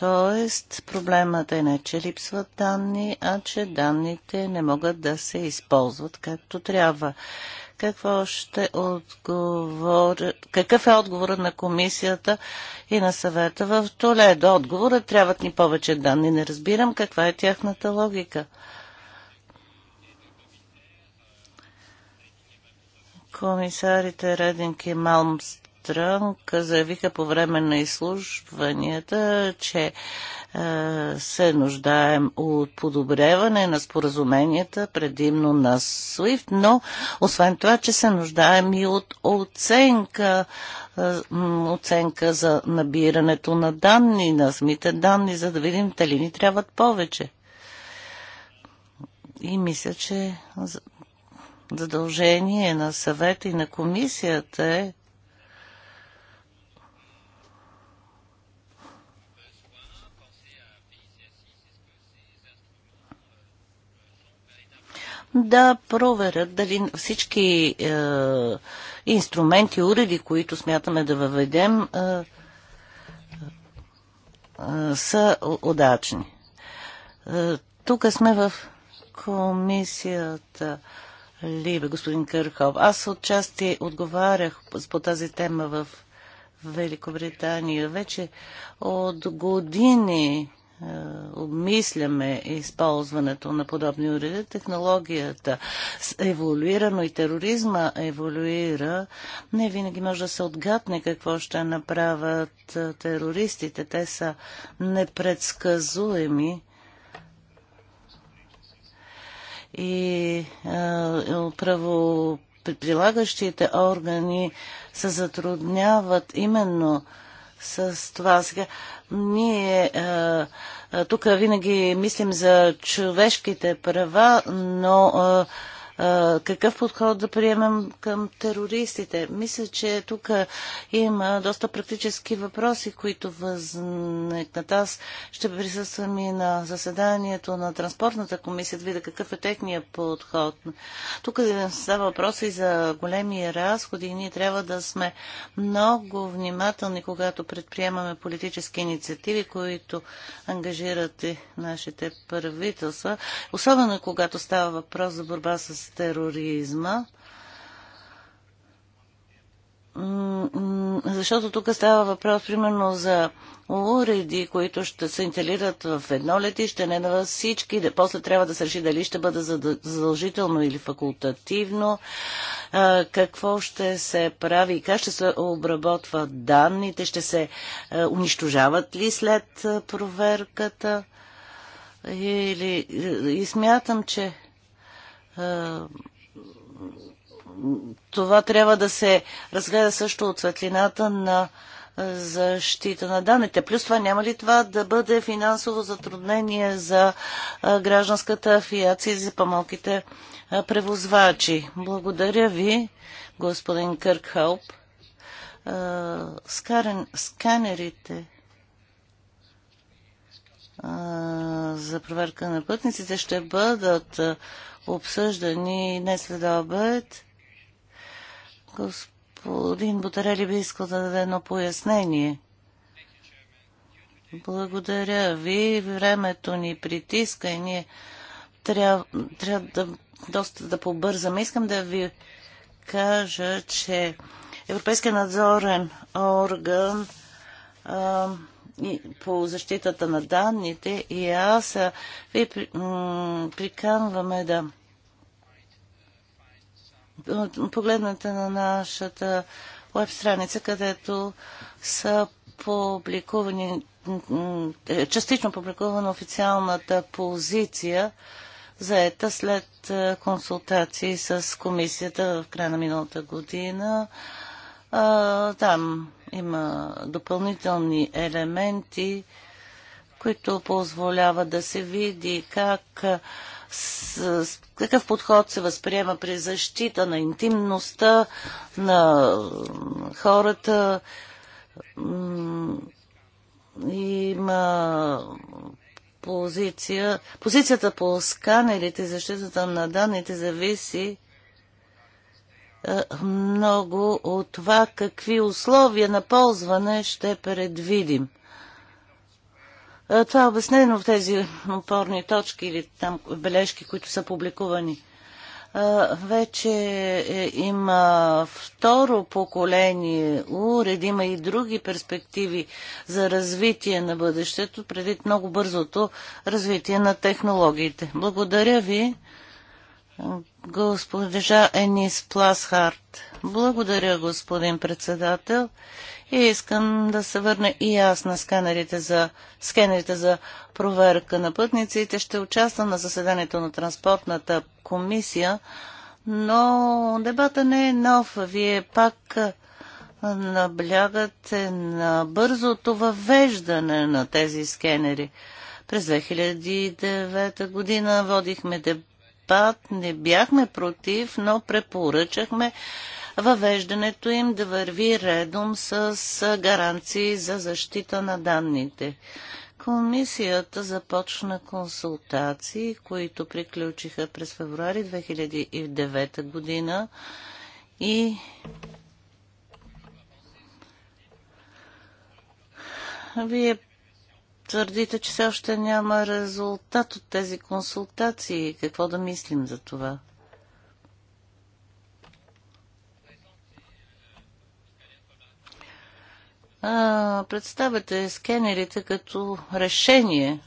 Тоест, проблемът е не, че липсват данни, а че данните не могат да се използват както трябва. Какво ще отговор... Какъв е отговорът на комисията и на съвета в Толедо? Отговорът трябват ни повече данни. Не разбирам каква е тяхната логика. Комисарите Рединг и Малмст Транк заявиха по време на изслужванията, че е, се нуждаем от подобряване на споразуменията, предимно на SWIFT, но освен това, че се нуждаем и от оценка, е, оценка за набирането на данни, на самите данни, за да видим дали ни трябват повече. И мисля, че задължение на съвета и на комисията е да проверят дали всички е, инструменти, уреди, които смятаме да въведем, е, е, са удачни. Е, тук сме в комисията. Либе, господин Кърхов. Аз отчасти отговарях по тази тема в Великобритания. Вече от години е, обмисляме използването на подобни уреди. Технологията еволюира, но и тероризма еволюира. Не винаги може да се отгадне какво ще направят е, терористите. Те са непредсказуеми и е, право прилагащите органи се затрудняват именно с това сега. Ние е, е, тук винаги мислим за човешките права, но а, е, какъв подход да приемем към терористите. Мисля, че тук има доста практически въпроси, които възникнат. Аз ще присъствам и на заседанието на Транспортната комисия, да видя какъв е техния подход. Тук става въпрос и за големи разходи и ние трябва да сме много внимателни, когато предприемаме политически инициативи, които ангажират и нашите правителства, особено когато става въпрос за борба с тероризма. Защото тук става въпрос примерно за уреди, които ще се интелират в едно летище, не на всички. После трябва да се реши дали ще бъде задължително или факултативно. Какво ще се прави и как ще се обработват данните? Ще се унищожават ли след проверката? Или, и смятам, че е, това трябва да се разгледа също от светлината на е, защита на данните. Плюс това няма ли това да бъде финансово затруднение за е, гражданската афиация и за по-малките превозвачи? Благодаря ви, господин Къркхалп. Скарен, сканерите за проверка на пътниците ще бъдат обсъждани днес след обед. Господин Бутарели би искал да даде едно пояснение. Благодаря ви. Времето ни притиска и ние трябва, трябва да, доста да побързаме. Искам да ви кажа, че Европейския надзорен орган а, по защитата на данните и аз ви приканваме да погледнете на нашата веб страница, където са публикувани, е, частично публикувана официалната позиция заета след е, консултации с комисията в края на миналата година. Там има допълнителни елементи, които позволяват да се види как с, с какъв подход се възприема при защита на интимността на хората. Има позиция. Позицията по сканерите, защитата на данните зависи е, много от това какви условия на ползване ще предвидим. Е, това е обяснено в тези опорни точки или там бележки, които са публикувани. Е, вече има второ поколение уред, има и други перспективи за развитие на бъдещето, преди много бързото развитие на технологиите. Благодаря ви. Госпожа Енис Пласхарт. Благодаря, господин председател. И искам да се върна и аз на сканерите за, скенерите за проверка на пътниците. Ще участвам на заседанието на транспортната комисия, но дебата не е нов. Вие пак наблягате на бързото въвеждане на тези скенери. През 2009 година водихме дебата дебат не бяхме против, но препоръчахме въвеждането им да върви редом с гаранции за защита на данните. Комисията започна консултации, които приключиха през февруари 2009 година и вие твърдите, че все още няма резултат от тези консултации. Какво да мислим за това? А, представете скенерите като решение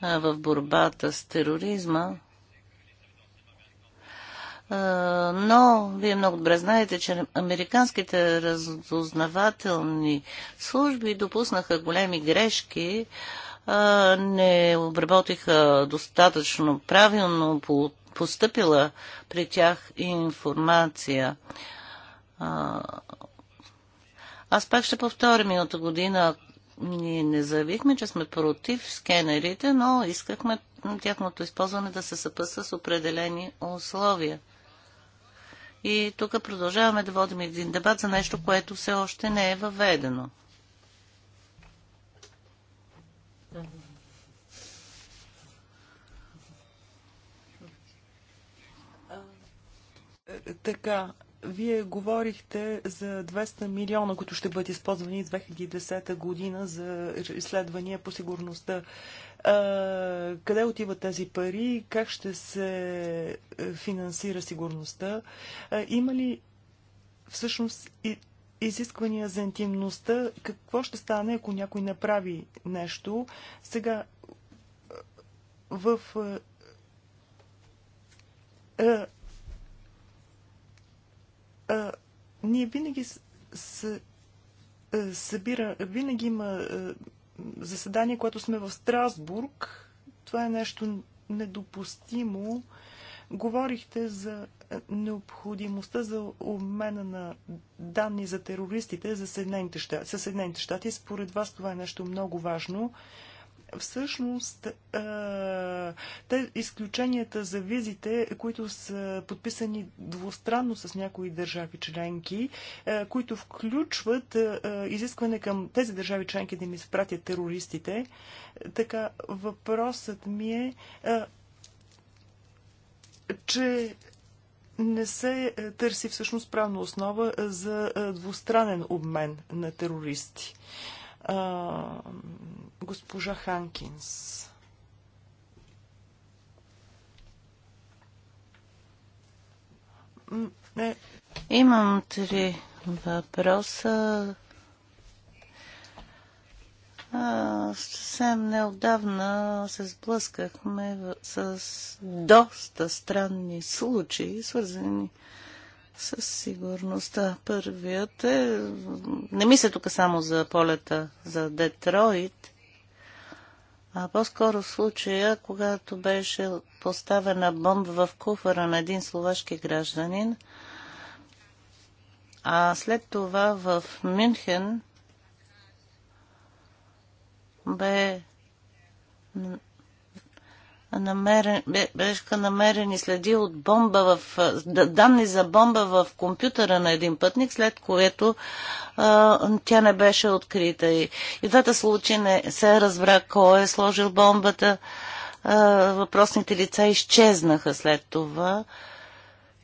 а, в борбата с тероризма но вие много добре знаете, че американските разузнавателни служби допуснаха големи грешки, не обработиха достатъчно правилно постъпила при тях информация. Аз пак ще повторя миналата година, ние не заявихме, че сме против скенерите, но искахме тяхното използване да се съпъсва с определени условия. И тук продължаваме да водим един дебат за нещо, което все още не е въведено. Така, вие говорихте за 200 милиона, които ще бъдат използвани 2010 година за изследвания по сигурността къде отиват тези пари, как ще се е, финансира сигурността, има ли всъщност и изисквания за интимността, какво ще стане, ако някой направи нещо. Сега в а, е, а, е, ние винаги а, събира, винаги има заседание, което сме в Страсбург. Това е нещо недопустимо. Говорихте за необходимостта за обмена на данни за терористите за Съединените щати. Със според вас това е нещо много важно. Всъщност, те изключенията за визите, които са подписани двустранно с някои държави членки, които включват изискване към тези държави членки да ми спратят терористите, така въпросът ми е, че не се търси всъщност правна основа за двустранен обмен на терористи а, госпожа Ханкинс. Не. Имам три въпроса. А, съвсем неодавна се сблъскахме с доста странни случаи, свързани с със сигурност Първият е... Не мисля тук само за полета за Детройт, а по-скоро случая, когато беше поставена бомба в куфара на един словашки гражданин, а след това в Мюнхен бе намерен, бяха намерени следи от бомба в, данни за бомба в компютъра на един пътник, след което а, тя не беше открита. И, и в двата случая не се разбра кой е сложил бомбата. А, въпросните лица изчезнаха след това.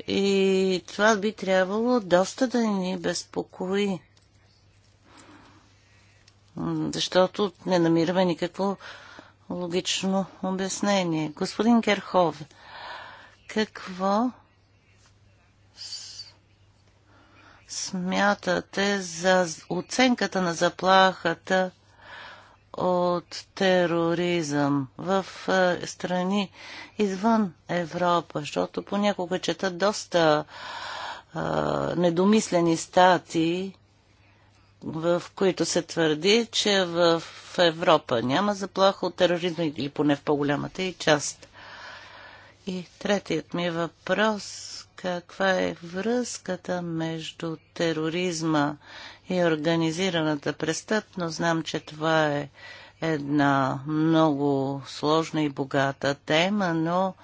И това би трябвало доста да ни безпокои. Защото не намираме никакво логично обяснение. Господин Керхов, какво смятате за оценката на заплахата от тероризъм в е, страни извън Европа, защото понякога четат доста а, е, недомислени статии в които се твърди, че в Европа няма заплаха от тероризма или поне в по-голямата и част. И третият ми въпрос каква е връзката между тероризма и организираната престъпност. Знам, че това е една много сложна и богата тема, но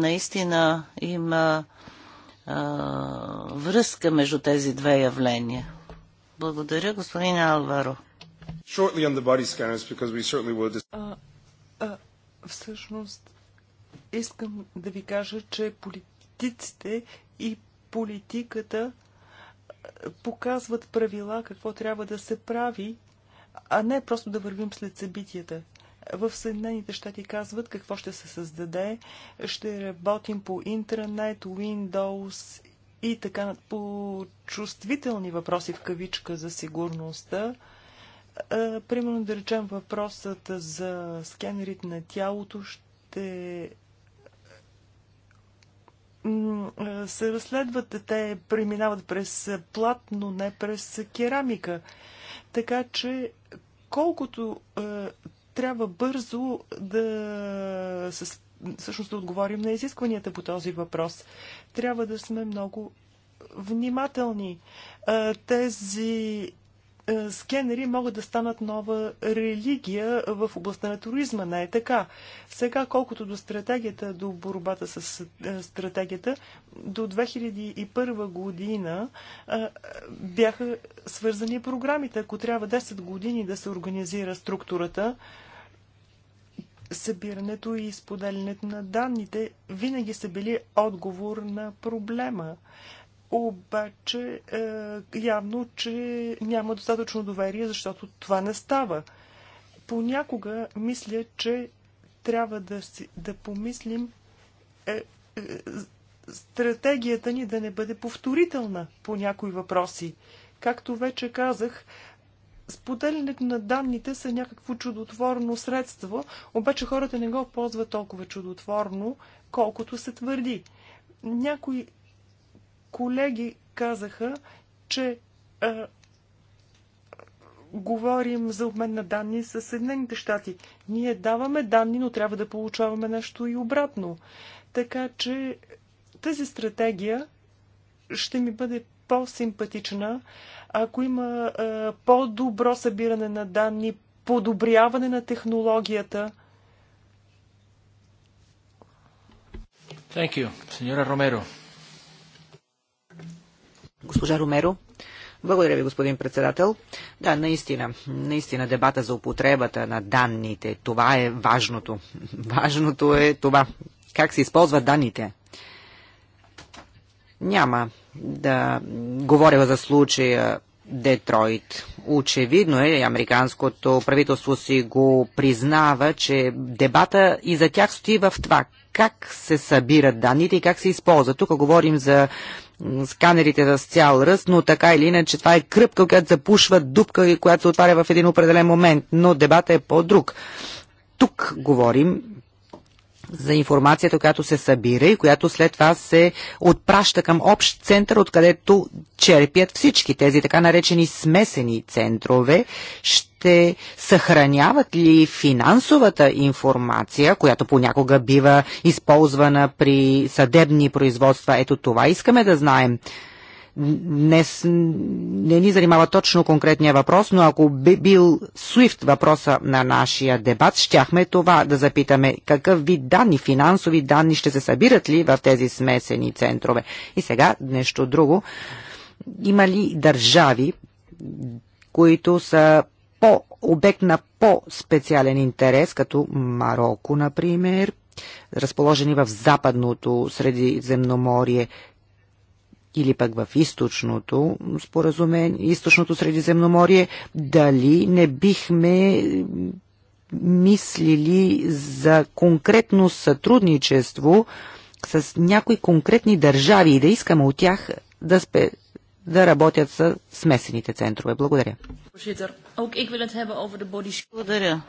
наистина има а, връзка между тези две явления. Благодаря, господин Алваро. всъщност, искам да ви кажа, че политиците и политиката показват правила какво трябва да се прави, а не просто да вървим след събитията. В Съединените щати казват какво ще се създаде. Ще работим по интернет, Windows и така по чувствителни въпроси в кавичка за сигурността. Примерно да речем въпросът за скенерите на тялото ще се разследват, те преминават през платно, не през керамика. Така че колкото трябва бързо да се всъщност да отговорим на изискванията по този въпрос. Трябва да сме много внимателни. Тези скенери могат да станат нова религия в областта на туризма. Не е така. Сега, колкото до стратегията, до борбата с стратегията, до 2001 година бяха свързани програмите. Ако трябва 10 години да се организира структурата, събирането и споделянето на данните винаги са били отговор на проблема. Обаче е, явно, че няма достатъчно доверие, защото това не става. Понякога мисля, че трябва да, си, да помислим е, е, стратегията ни да не бъде повторителна по някои въпроси. Както вече казах, Споделянето на данните са някакво чудотворно средство, обаче хората не го ползват толкова чудотворно, колкото се твърди. Някои колеги казаха, че а, говорим за обмен на данни с Съединените щати. Ние даваме данни, но трябва да получаваме нещо и обратно. Така че тази стратегия ще ми бъде по-симпатична, ако има е, по-добро събиране на данни, подобряване на технологията. Thank you. Сеньора Ромеро. Госпожа Ромеро. Благодаря ви, господин председател. Да, наистина, наистина дебата за употребата на данните, това е важното. Важното е това. Как се използват данните? Няма да говоря за случая Детройт. Очевидно е, американското правителство си го признава, че дебата и за тях стои в това как се събират данните и как се използват. Тук говорим за сканерите за цял ръст, но така или иначе това е кръпка, която запушва дупка и която се отваря в един определен момент, но дебата е по-друг. Тук говорим за информацията, която се събира и която след това се отпраща към общ център, откъдето черпят всички тези така наречени смесени центрове. Ще съхраняват ли финансовата информация, която понякога бива използвана при съдебни производства? Ето това искаме да знаем не, не ни занимава точно конкретния въпрос, но ако би бил SWIFT въпроса на нашия дебат, щяхме това да запитаме какъв вид данни, финансови данни ще се събират ли в тези смесени центрове. И сега нещо друго. Има ли държави, които са по, обект на по-специален интерес, като Марокко, например, разположени в западното средиземноморие, или пък в източното споразумение, източното Средиземноморие, дали не бихме мислили за конкретно сътрудничество с някои конкретни държави и да искаме от тях да, спе, да работят с смесените центрове. Благодаря. Благодаря.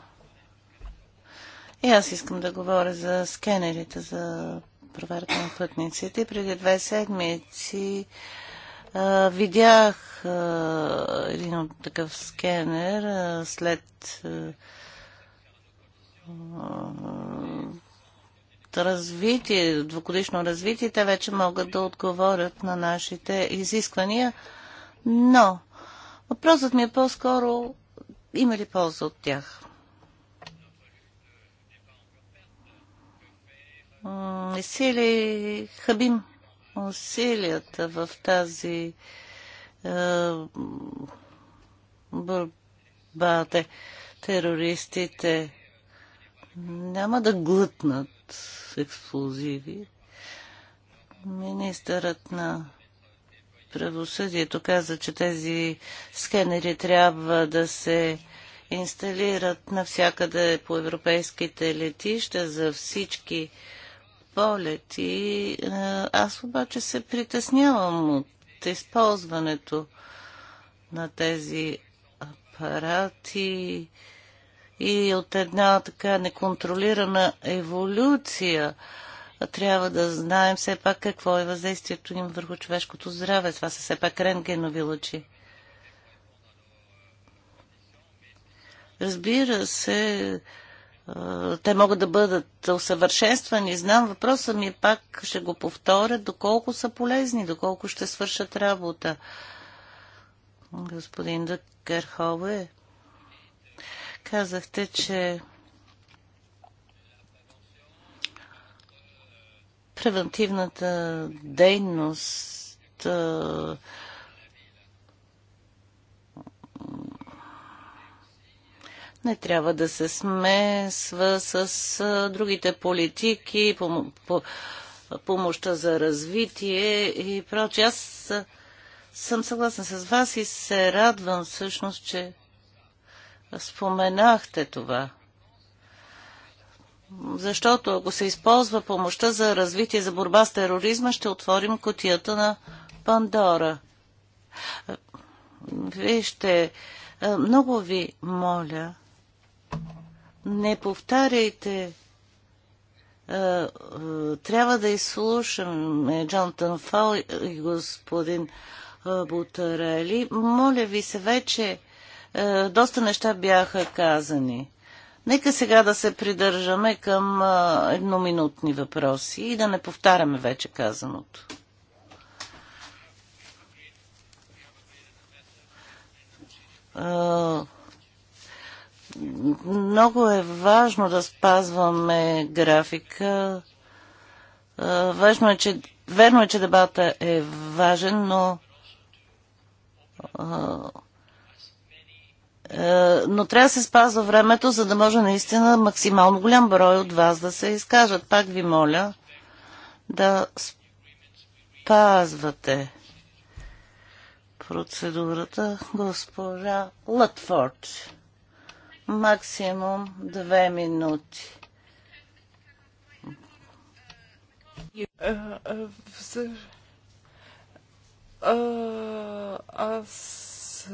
И аз искам да говоря за скенерите за проверка на пътниците. Преди две седмици а, видях а, един такъв скенер а, след развитие, двукодишно развитие, те вече могат да отговорят на нашите изисквания. Но въпросът ми е по-скоро има ли полза от тях? ли хабим усилията в тази е, борба. Те, терористите няма да глътнат експлозиви. Министърът на правосъдието каза, че тези скенери трябва да се инсталират навсякъде по европейските летища за всички полети. Е, аз обаче се притеснявам от използването на тези апарати и от една така неконтролирана еволюция. Трябва да знаем все пак какво е въздействието им върху човешкото здраве. Това са все пак рентгенови лъчи. Разбира се, те могат да бъдат усъвършенствани. Знам, въпросът ми е пак ще го повторя, доколко са полезни, доколко ще свършат работа. Господин Дъкерхове, казахте, че превентивната дейност не трябва да се смесва с другите политики, пом по помощта за развитие и прочее. Аз съм съгласна с вас и се радвам всъщност, че споменахте това. Защото ако се използва помощта за развитие за борба с тероризма, ще отворим котията на Пандора. Вижте, много ви моля, не повтаряйте. Трябва да изслушаме Джонатан Фал и господин Бутарели. Моля ви се, вече доста неща бяха казани. Нека сега да се придържаме към едноминутни въпроси и да не повтаряме вече казаното. Uh, много е важно да спазваме графика. Важно е, че, верно е, че дебата е важен, но но трябва да се спазва времето, за да може наистина максимално голям брой от вас да се изкажат. Пак ви моля да спазвате процедурата госпожа Лътфорд максимум две минути. Е, е, е, аз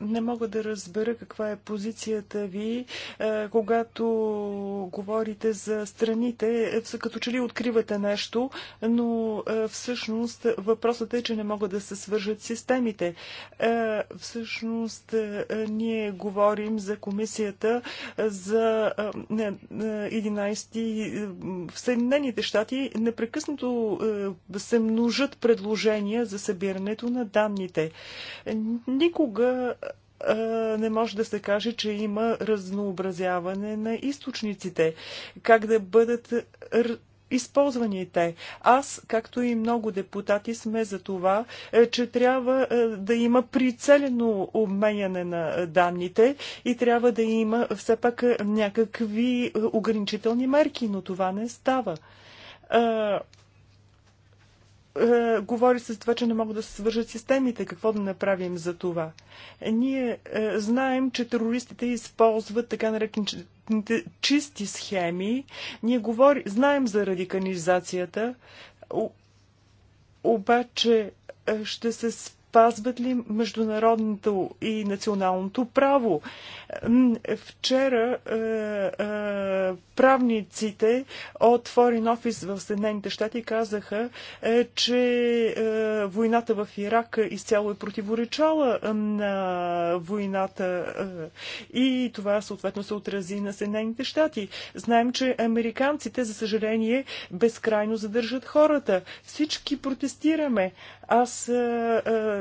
не мога да разбера каква е позицията ви, е, когато говорите за страните, е, като че ли откривате нещо, но е, всъщност въпросът е, че не могат да се свържат системите. Всъщност ние говорим за комисията за 11 в Съединените щати непрекъснато се множат предложения за събирането на данните. Никога не може да се каже, че има разнообразяване на източниците. Как да бъдат използвани те. Аз, както и много депутати, сме за това, е, че трябва е, да има прицелено обменяне на данните и трябва да има все пак е, някакви ограничителни мерки, но това не става е, говори с това, че не могат да се свържат системите. Какво да направим за това? Е, ние е, знаем, че терористите използват така наречените чисти схеми. Ние говори, знаем за радикализацията, обаче е, ще се спи спазват ли международното и националното право. Вчера е, е, правниците от Foreign Office в Съединените щати казаха, е, че е, войната в Ирак изцяло е противоречала е, на войната е, и това съответно се отрази на Съединените щати. Знаем, че американците, за съжаление, безкрайно задържат хората. Всички протестираме. Аз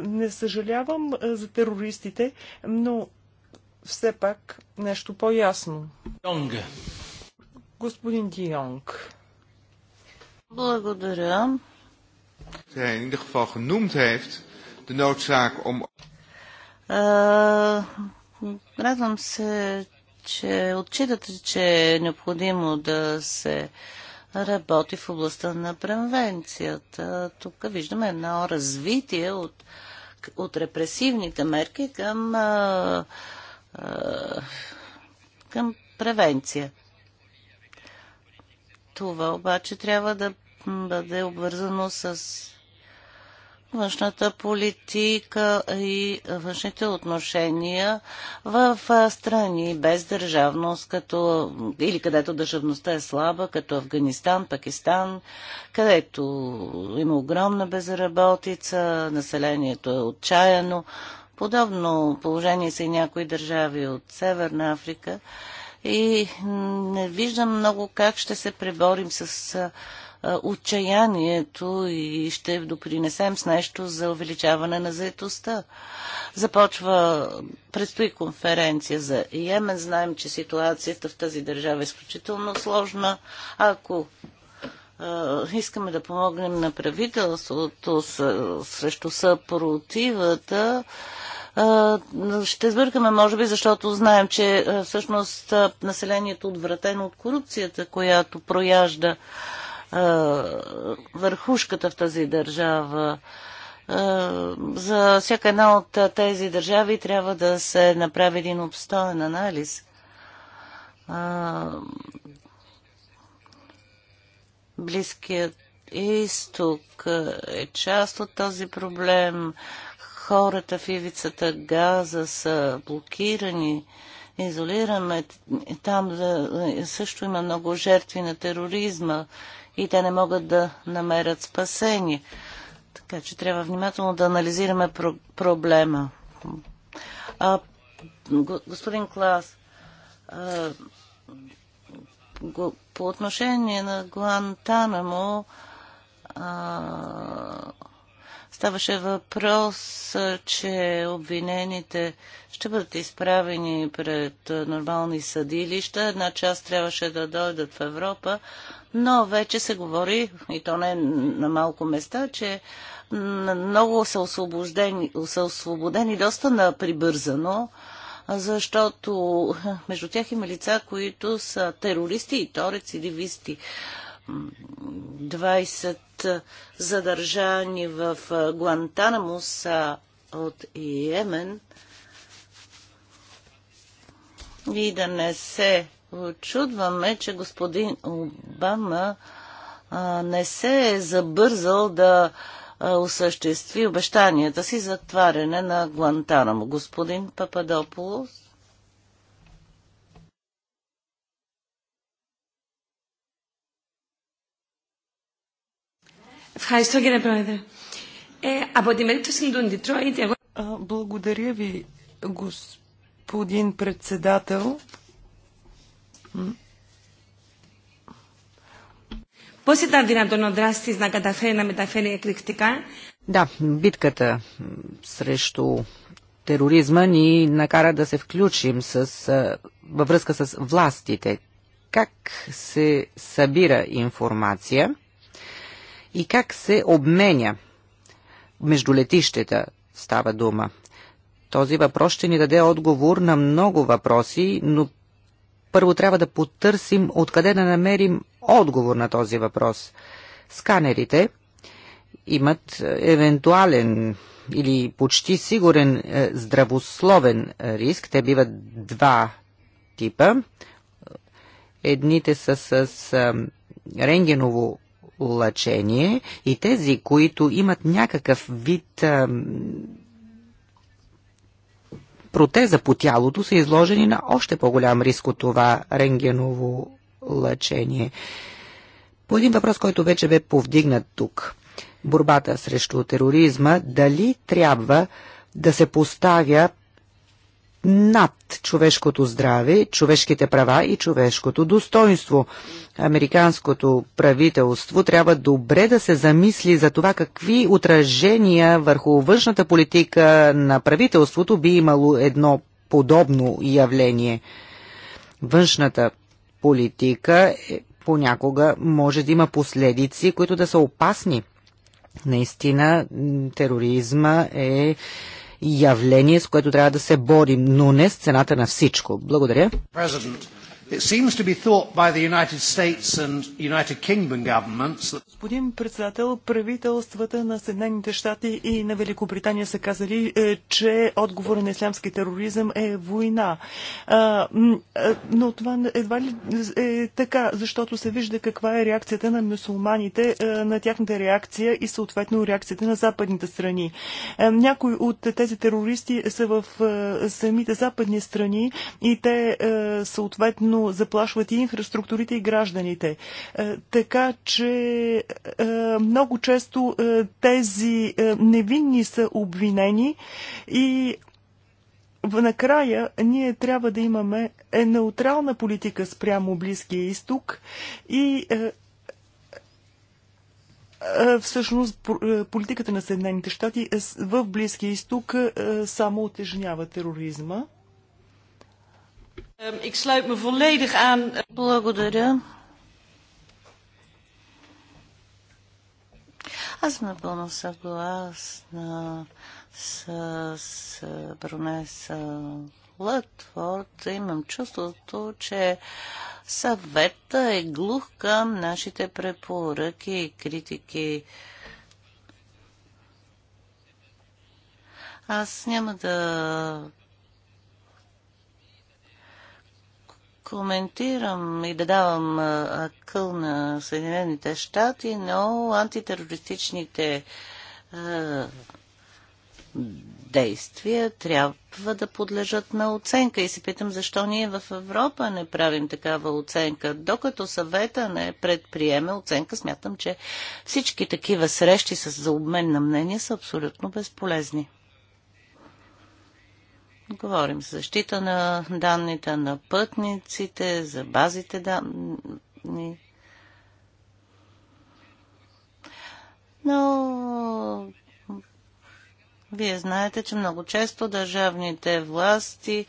не съжалявам за терористите, но все пак нещо по-ясно. Господин Дионг. Благодаря. In ieder geval genoemd heeft de noodzaak om. Радвам се, че отчитате, че е необходимо да се работи в областта на превенцията. Тук виждаме едно развитие от uh, от репресивните мерки към, а, а, към превенция. Това обаче трябва да бъде обвързано с външната политика и външните отношения в страни без държавност, като, или където държавността е слаба, като Афганистан, Пакистан, където има огромна безработица, населението е отчаяно. Подобно положение са и някои държави от Северна Африка. И не виждам много как ще се преборим с отчаянието и ще допринесем с нещо за увеличаване на заетостта. Започва, предстои конференция за Йемен. Знаем, че ситуацията в тази държава е изключително сложна. Ако искаме да помогнем на правителството срещу съпротивата, ще сбъркаме, може би, защото знаем, че всъщност населението е отвратено от корупцията, която прояжда върхушката в тази държава. За всяка една от тези държави трябва да се направи един обстоен анализ. Близкият изток е част от този проблем. Хората в ивицата Газа са блокирани, изолираме. Там също има много жертви на тероризма и те не могат да намерят спасение. Така че трябва внимателно да анализираме про- проблема. А, го, господин Клас, а, го, по отношение на Гуантанамо, а, Ставаше въпрос, че обвинените ще бъдат изправени пред нормални съдилища. Една част трябваше да дойдат в Европа, но вече се говори, и то не на малко места, че много са освободени, са освободени доста на прибързано, защото между тях има лица, които са терористи и то рецидивисти. 20 задържани в Гуантанамо са от Йемен и да не се очудваме, че господин Обама не се е забързал да осъществи обещанията си за тваряне на Гуантанамо. Господин Пападополос. Ευχαριστώ κύριε Πρόεδρε. Ε, από την περίπτωση του Ντιτρόιτ, εγώ... Благодаря ви, господин председател. Πώς ήταν δυνατόν ο δράστης να καταφέρει να μεταφέρει εκρηκτικά. Да, битката срещу тероризма ни накара да се включим с, във връзка с властите. Как се събира информация? и как се обменя между летищета става дума. Този въпрос ще ни даде отговор на много въпроси, но първо трябва да потърсим откъде да намерим отговор на този въпрос. Сканерите имат е, евентуален или почти сигурен е, здравословен риск. Те биват два типа. Едните са с е, рентгеново лъчение и тези, които имат някакъв вид а, протеза по тялото, са изложени на още по-голям риск от това рентгеново лъчение. По един въпрос, който вече бе повдигнат тук. Борбата срещу тероризма, дали трябва да се поставя над човешкото здраве, човешките права и човешкото достоинство. Американското правителство трябва добре да се замисли за това какви отражения върху външната политика на правителството би имало едно подобно явление. Външната политика е, понякога може да има последици, които да са опасни. Наистина тероризма е явление, с което трябва да се борим, но не с цената на всичко. Благодаря. President. It seems to be thought by the United States and United Kingdom governments that... Господин председател, правителствата на Съединените щати и на Великобритания са казали, е, че отговор на ислямски тероризъм е война. Но това едва ли е така, защото се вижда каква е реакцията на мусулманите, е, на тяхната реакция и съответно реакцията на западните страни. Е, някои от тези терористи са в самите западни страни и те съответно сериозно заплашват и инфраструктурите и гражданите. Е, така че е, много често е, тези невинни са обвинени и накрая ние трябва да имаме е неутрална политика спрямо Близкия изток и е, е, всъщност политиката на Съединените щати в Близкия изток е, само отежнява тероризма. Ehm, eh, Благодаря. Аз съм напълно съгласна с, с Бронеса Лътфорд. Имам чувството, че съвета е глух към нашите препоръки и критики. Аз няма да коментирам и да давам акъл на Съединените щати, но антитерористичните действия трябва да подлежат на оценка. И се питам защо ние в Европа не правим такава оценка. Докато съвета не предприеме оценка, смятам, че всички такива срещи с, за обмен на мнение са абсолютно безполезни. Говорим за защита на данните на пътниците, за базите данни. Но вие знаете, че много често държавните власти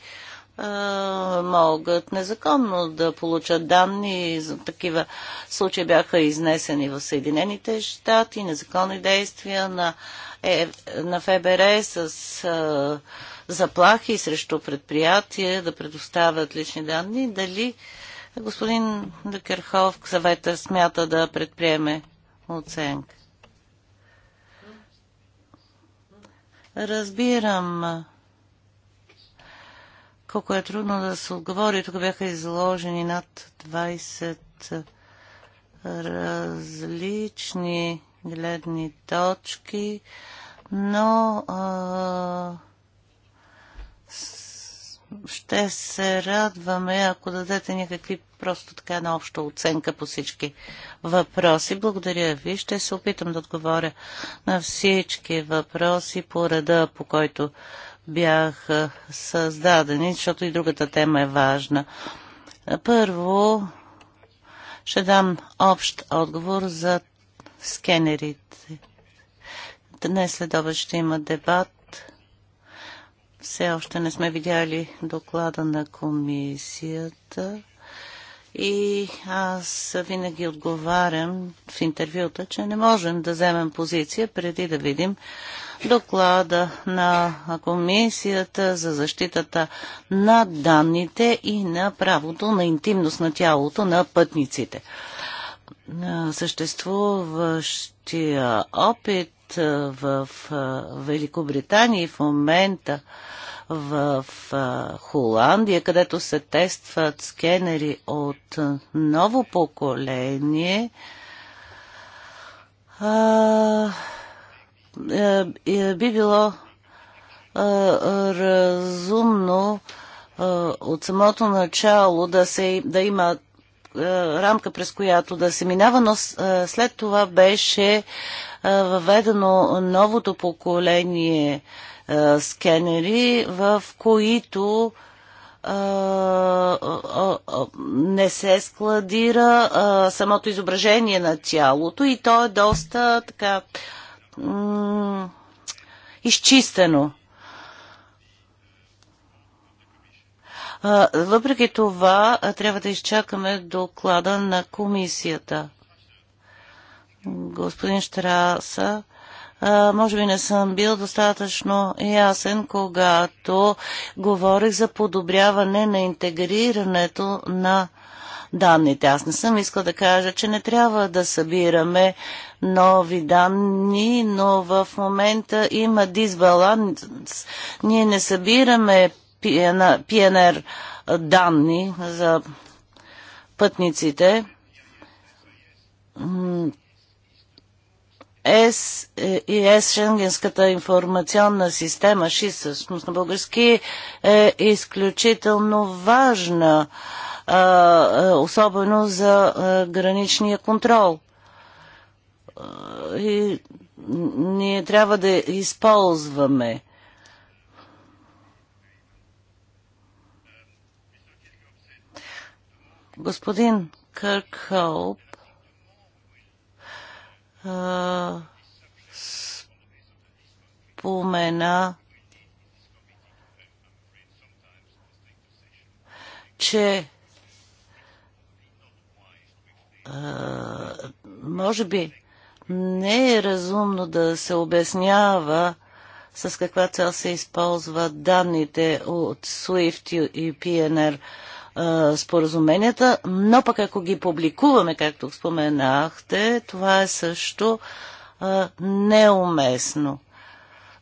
могат незаконно да получат данни. За такива случаи бяха изнесени в Съединените щати, незаконни действия на, е, на ФБР с а, заплахи срещу предприятия да предоставят лични данни. Дали господин Декерхов съвета смята да предприеме оценка? Разбирам колко е трудно да се отговори. Тук бяха изложени над 20 различни гледни точки, но а, ще се радваме, ако дадете някакви просто така на обща оценка по всички въпроси. Благодаря ви. Ще се опитам да отговоря на всички въпроси по реда, по който бях създадени, защото и другата тема е важна. Първо ще дам общ отговор за скенерите. Днес след ще има дебат все още не сме видяли доклада на комисията. И аз винаги отговарям в интервюта, че не можем да вземем позиция преди да видим доклада на Комисията за защитата на данните и на правото на интимност на тялото на пътниците. Съществуващия опит в Великобритания и в момента в Холандия, където се тестват скенери от ново поколение, е, е, би било разумно от самото начало да, се, да има рамка, през която да се минава, но след това беше въведено новото поколение скенери, в които не се складира самото изображение на тялото и то е доста така изчистено. Въпреки това, трябва да изчакаме доклада на комисията господин Штраса, може би не съм бил достатъчно ясен, когато говорих за подобряване на интегрирането на данните. Аз не съм искал да кажа, че не трябва да събираме нови данни, но в момента има дисбаланс. Ние не събираме ПНР данни за пътниците ЕС е, и ЕС Шенгенската информационна система ШИС всъщност на български е изключително важна, особено за граничния контрол. И ние трябва да използваме господин Кърк Хоуп а, спомена, че а, може би не е разумно да се обяснява с каква цел се използват данните от SWIFT и PNR споразуменията, но пък ако ги публикуваме, както споменахте, това е също а, неуместно,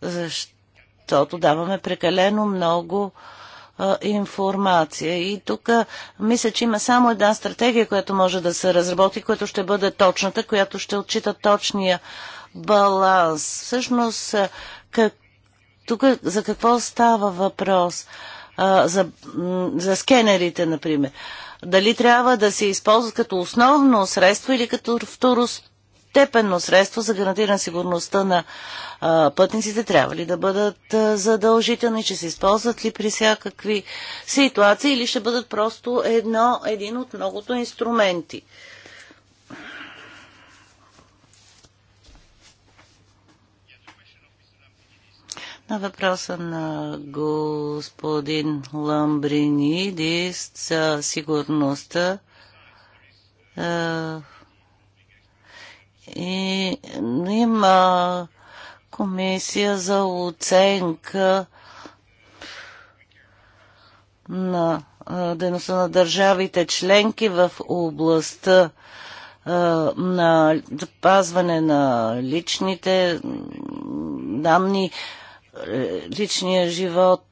защото даваме прекалено много а, информация. И тук мисля, че има само една стратегия, която може да се разработи, която ще бъде точната, която ще отчита точния баланс. Всъщност, как тук за какво става въпрос? а, за, за скенерите, например. Дали трябва да се използват като основно средство или като второстепенно средство за гарантиране сигурността на а, пътниците, трябва ли да бъдат а, задължителни, че се използват ли при всякакви ситуации или ще бъдат просто едно, един от многото инструменти. На въпроса на господин Ламбринидис за сигурността е, и има комисия за оценка на е, дейността на държавите членки в областта е, на запазване на личните данни личния живот.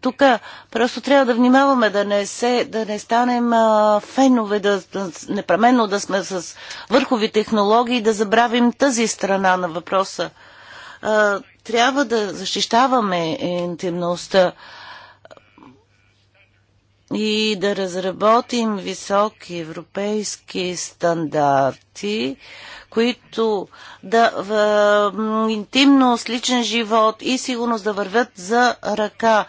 Тук просто трябва да внимаваме да не, се, да не станем а, фенове, да, да непременно да сме с върхови технологии, да забравим тази страна на въпроса. А, трябва да защищаваме интимността и да разработим високи европейски стандарти, които да в, интимно с личен живот и сигурност да вървят за ръка,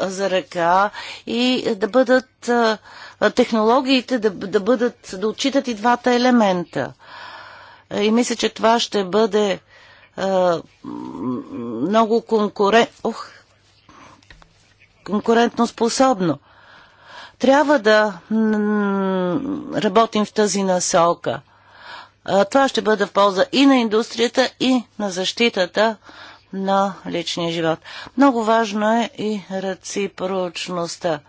за ръка и да бъдат технологиите да, да бъдат, да отчитат и двата елемента. И мисля, че това ще бъде много конкурент... Ох, конкурентно способно. Трябва да работим в тази насока. Това ще бъде в полза и на индустрията, и на защитата на личния живот. Много важно е и реципрочността.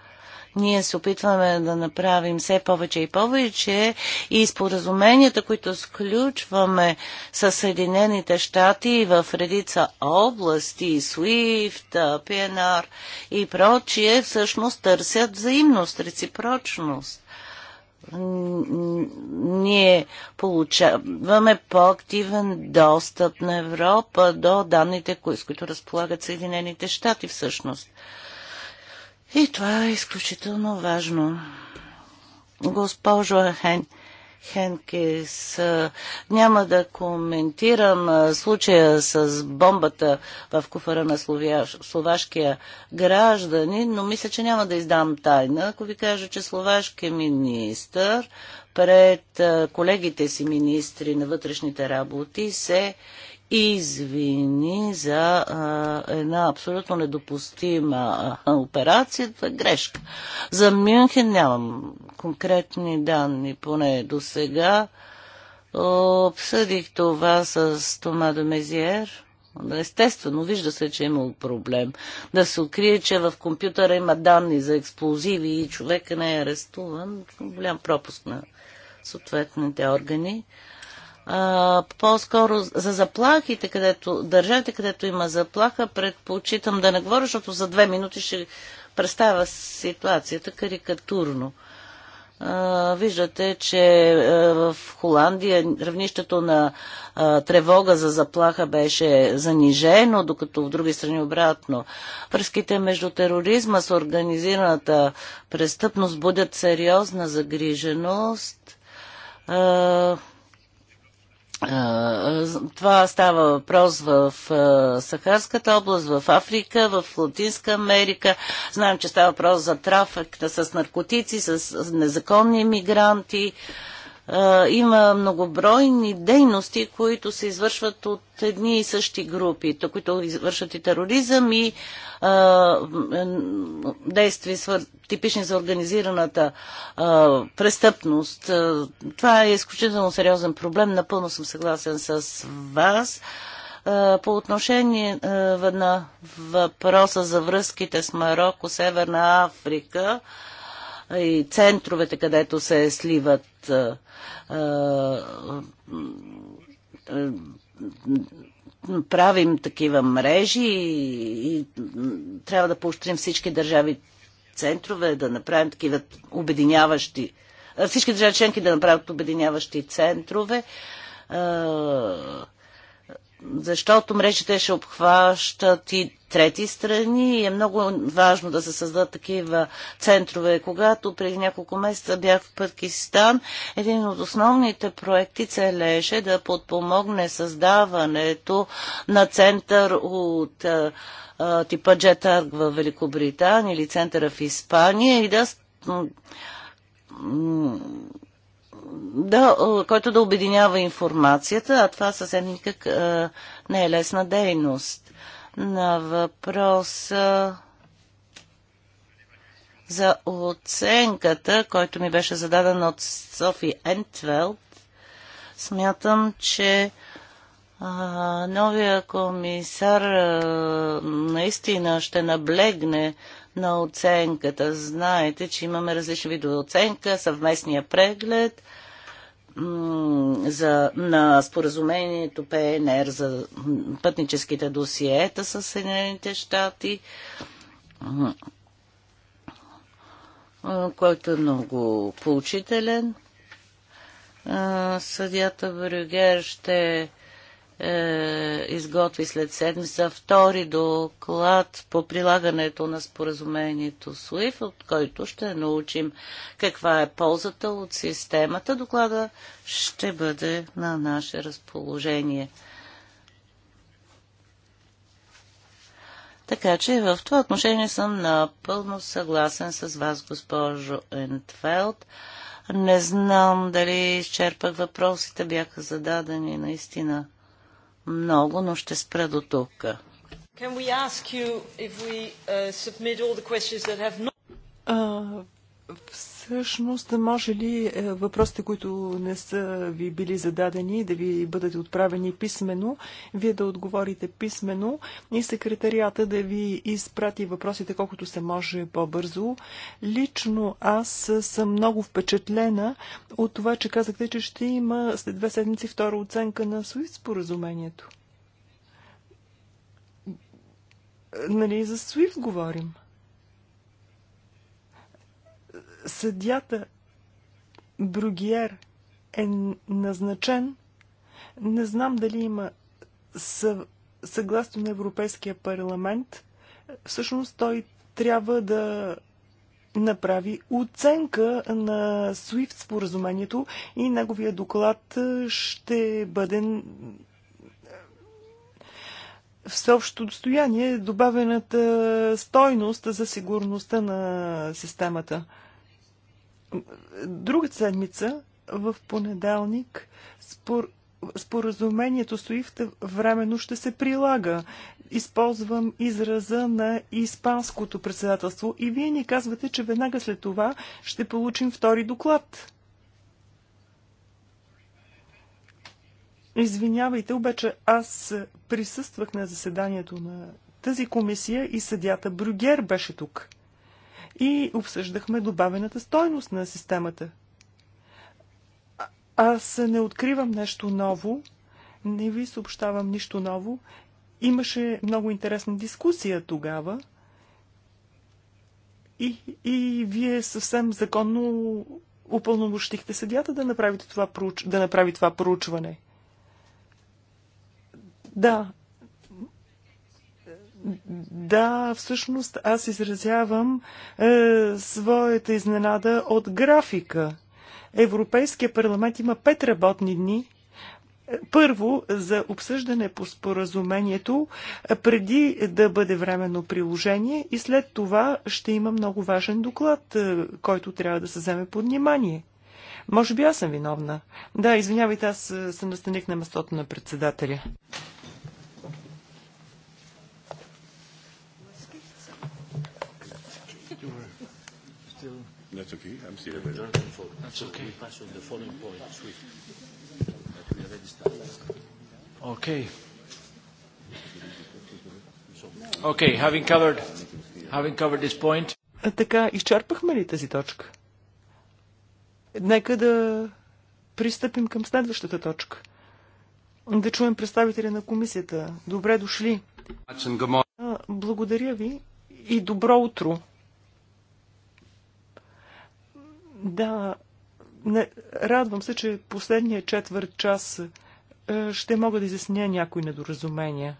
Ние се опитваме да направим все повече и повече и споразуменията, които сключваме с Съединените щати в редица области, SWIFT, PNR и прочие, всъщност търсят взаимност, реципрочност ние получаваме по-активен достъп на Европа до данните, с които разполагат Съединените щати всъщност. И това е изключително важно. Госпожо Хен, Хенкис, няма да коментирам случая с бомбата в куфара на словяш, словашкия гражданин, но мисля, че няма да издам тайна, ако ви кажа, че словашкият министр пред колегите си министри на вътрешните работи се извини за а, една абсолютно недопустима операция. Това е грешка. За Мюнхен нямам конкретни данни, поне до сега. Обсъдих това с Тома Домезиер. Мезиер. Естествено, вижда се, че е имал проблем. Да се открие, че в компютъра има данни за експлозиви и човек не е арестуван, голям пропуск на съответните органи по-скоро за заплахите, където, държавите, където има заплаха, предпочитам да не говоря, защото за две минути ще представя ситуацията карикатурно. виждате, че в Холандия равнището на тревога за заплаха беше занижено, докато в други страни обратно. Връзките между тероризма с организираната престъпност будят сериозна загриженост това става въпрос в Сахарската област, в Африка, в Латинска Америка. Знаем, че става въпрос за трафик с наркотици, с незаконни мигранти има многобройни дейности, които се извършват от едни и същи групи, които извършват и тероризъм и а, действия свър... типични за организираната а, престъпност. Това е изключително сериозен проблем. Напълно съм съгласен с вас. по отношение на въпроса за връзките с Марокко, Северна Африка, а, и центровете, където се сливат правим такива мрежи и, и трябва да поощрим всички държави центрове, да направим такива обединяващи, всички държави членки да направят обединяващи центрове защото мрежите ще обхващат и трети страни и е много важно да се създадат такива центрове. Когато преди няколко месеца бях в Пакистан, един от основните проекти целеше да подпомогне създаването на център от а, а, типа Джетарг в Великобритания или центъра в Испания и да да, е, който да обединява информацията, а това съвсем никак а, е, не е лесна дейност. На въпроса за оценката, който ми беше зададен от Софи Ентвелд, смятам, че а, е, новия комисар а, наистина ще наблегне на оценката. Знаете, че имаме различни видове оценка, съвместния преглед – за, на споразумението ПНР за пътническите досиета с Съединените щати, който е много поучителен. Съдята Брюгер ще е, изготви след седмица втори доклад по прилагането на споразумението SWIFT, от който ще научим каква е ползата от системата. Доклада ще бъде на наше разположение. Така че в това отношение съм напълно съгласен с вас, госпожо Ентфелд. Не знам дали изчерпах въпросите, бяха зададени наистина много, но ще спра до тук. Can we we ask you if uh, submit all the questions that have Not... Uh, Всъщност, може ли е, въпросите, които не са ви били зададени, да ви бъдат отправени писменно, вие да отговорите писменно и секретарията да ви изпрати въпросите колкото се може по-бързо? Лично аз съм много впечатлена от това, че казахте, че ще има след две седмици втора оценка на СУИС споразумението. Нали, за Суис говорим? Съдята Бругиер е назначен. Не знам дали има съгласно на Европейския парламент. Всъщност той трябва да направи оценка на SWIFT споразумението и неговия доклад е, ще бъде е, всеобщо достояние добавената стойност за сигурността на системата. Другата седмица, в понеделник, спор... споразумението СУИФТ временно ще се прилага. Използвам израза на Испанското председателство и вие ни казвате, че веднага след това ще получим втори доклад. Извинявайте, обаче аз присъствах на заседанието на тази комисия и съдята Брюгер беше тук и обсъждахме добавената стойност на системата. Аз не откривам нещо ново, не ви съобщавам нищо ново. Имаше много интересна дискусия тогава и, и вие съвсем законно упълномощихте съдята да това, да направи това проучване. Да, да, всъщност аз изразявам е, своята изненада от графика. Европейския парламент има пет работни дни. Е, първо, за обсъждане по споразумението, е, преди да бъде временно приложение и след това ще има много важен доклад, е, който трябва да се вземе под внимание. Може би аз съм виновна. Да, извинявайте, аз се настаних на местото на председателя. That's okay. I'm still available. That's okay. We pass on the following point swiftly. But we already started. Okay. Okay, having covered, having covered this point. А така, изчерпахме ли тази точка? Нека да пристъпим към следващата точка. Да чуем представителя на комисията. Добре дошли. Благодаря ви и добро утро. Да, не, радвам се, че последния четвърт час е, ще мога да изясня някои недоразумения.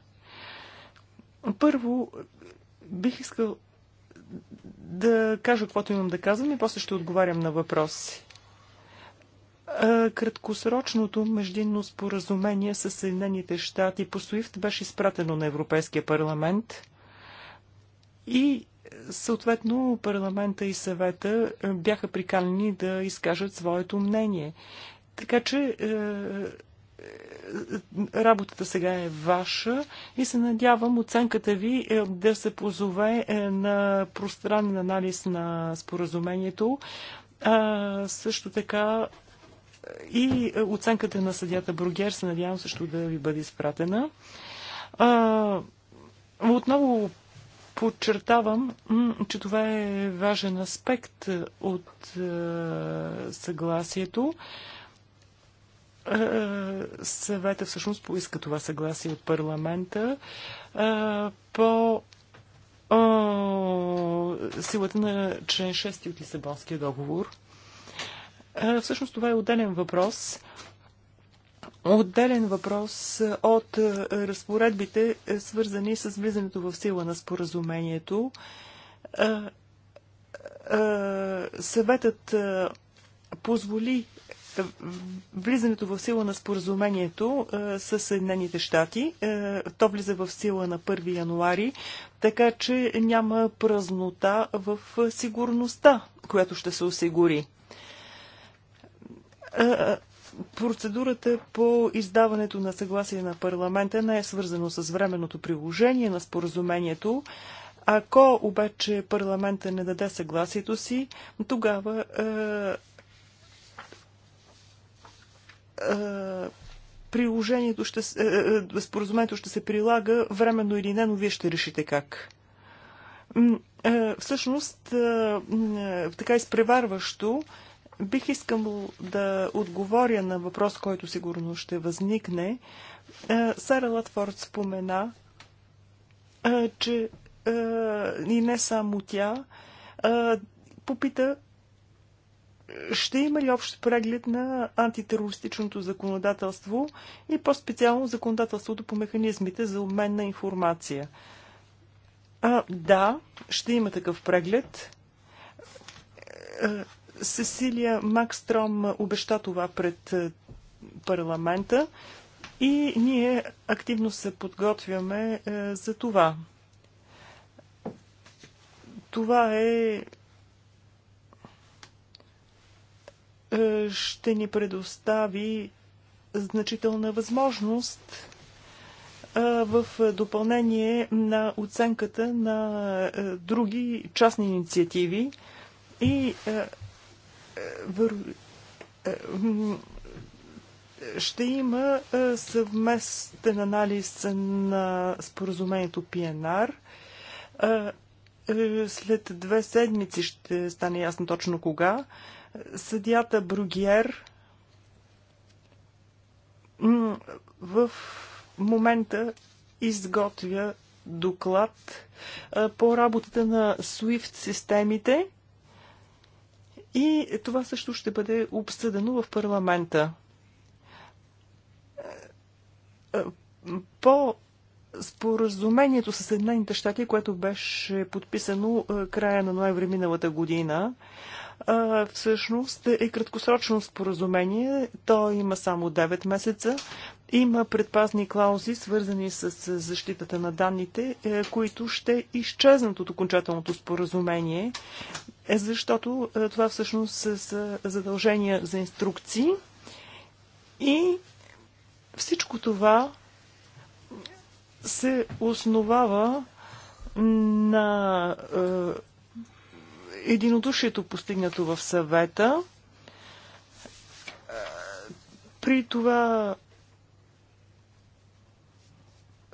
Първо, бих искал да кажа каквото имам да казвам и после ще отговарям на въпроси. Е, краткосрочното междинно споразумение с Съединените щати по СУИФТ беше изпратено на Европейския парламент – и съответно парламента и съвета е, бяха приканени да изкажат своето мнение. Така че е, е, работата сега е ваша и се надявам оценката ви да се позове на пространен анализ на споразумението, а също така и оценката на съдята Бругер се надявам също да ви бъде изпратена. А, отново Подчертавам, че това е важен аспект е, от е, съгласието. Е, съвета всъщност поиска това съгласие от парламента по силата на член 6 от Лисабонския договор. Всъщност това е отделен въпрос отделен въпрос от е, разпоредбите, е, свързани с влизането в сила на споразумението. Е, съветът позволи влизането в сила на споразумението с Съединените щати. То влиза в сила на 1 януари, така че няма празнота в сигурността, която ще се осигури Процедурата по издаването на съгласие на парламента не е свързано с временното приложение на споразумението. Ако обаче парламента не даде съгласието си, тогава е, е, приложението ще, е, споразумението ще се прилага временно или не, но вие ще решите как. Всъщност, така изпреварващо, Бих искал да отговоря на въпрос, който сигурно ще възникне. Е, Сара Латфорд спомена, е, че е, и не само тя, попита ще има ли общ преглед на антитерористичното законодателство и по-специално законодателството по механизмите за обмен на информация. А, да, ще има такъв преглед Сесилия Макстром обеща това пред е, парламента и ние активно се подготвяме е, за това. Това е, е ще ни предостави значителна възможност в допълнение на оценката на други частни инициативи и вър... Е, ще има е, съвместен анализ на споразумението ПНР. Е, след две седмици ще стане ясно точно кога. Съдята Бругиер в момента изготвя доклад по работата на SWIFT системите и това също ще бъде обсъдено в парламента. Е, по споразумението с Съединените щати, което беше подписано е, края на ноември миналата година, е, всъщност е краткосрочно споразумение. То има само 9 месеца. Има предпазни клаузи, свързани с защитата на данните, които ще изчезнат от окончателното споразумение. Е защото е, това всъщност са задължения за инструкции и всичко това се основава на е, единодушието постигнато в съвета. Е, при това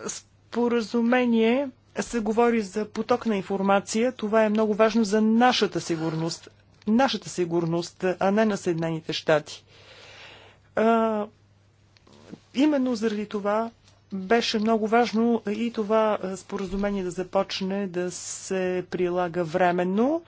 споразумение се говори за поток на информация. Това е много важно за нашата сигурност. Нашата сигурност, а не на Съединените щати. А, именно заради това беше много важно и това споразумение да започне да се прилага временно,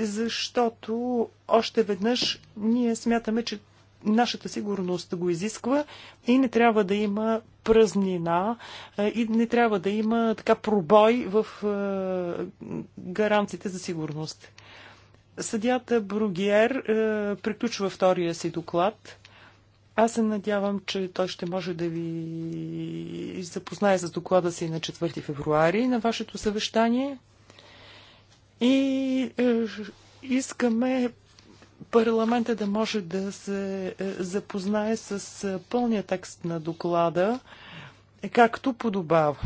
защото още веднъж ние смятаме, че нашата сигурност го изисква и не трябва да има празнина е, и не трябва да има така пробой в е, гаранциите за сигурност. Съдята Бругиер е, приключва втория си доклад. Аз се надявам, че той ще може да ви запознае с доклада си на 4 февруари на вашето съвещание. И искаме парламента да може да се е, запознае с е, пълния текст на доклада, както подобава.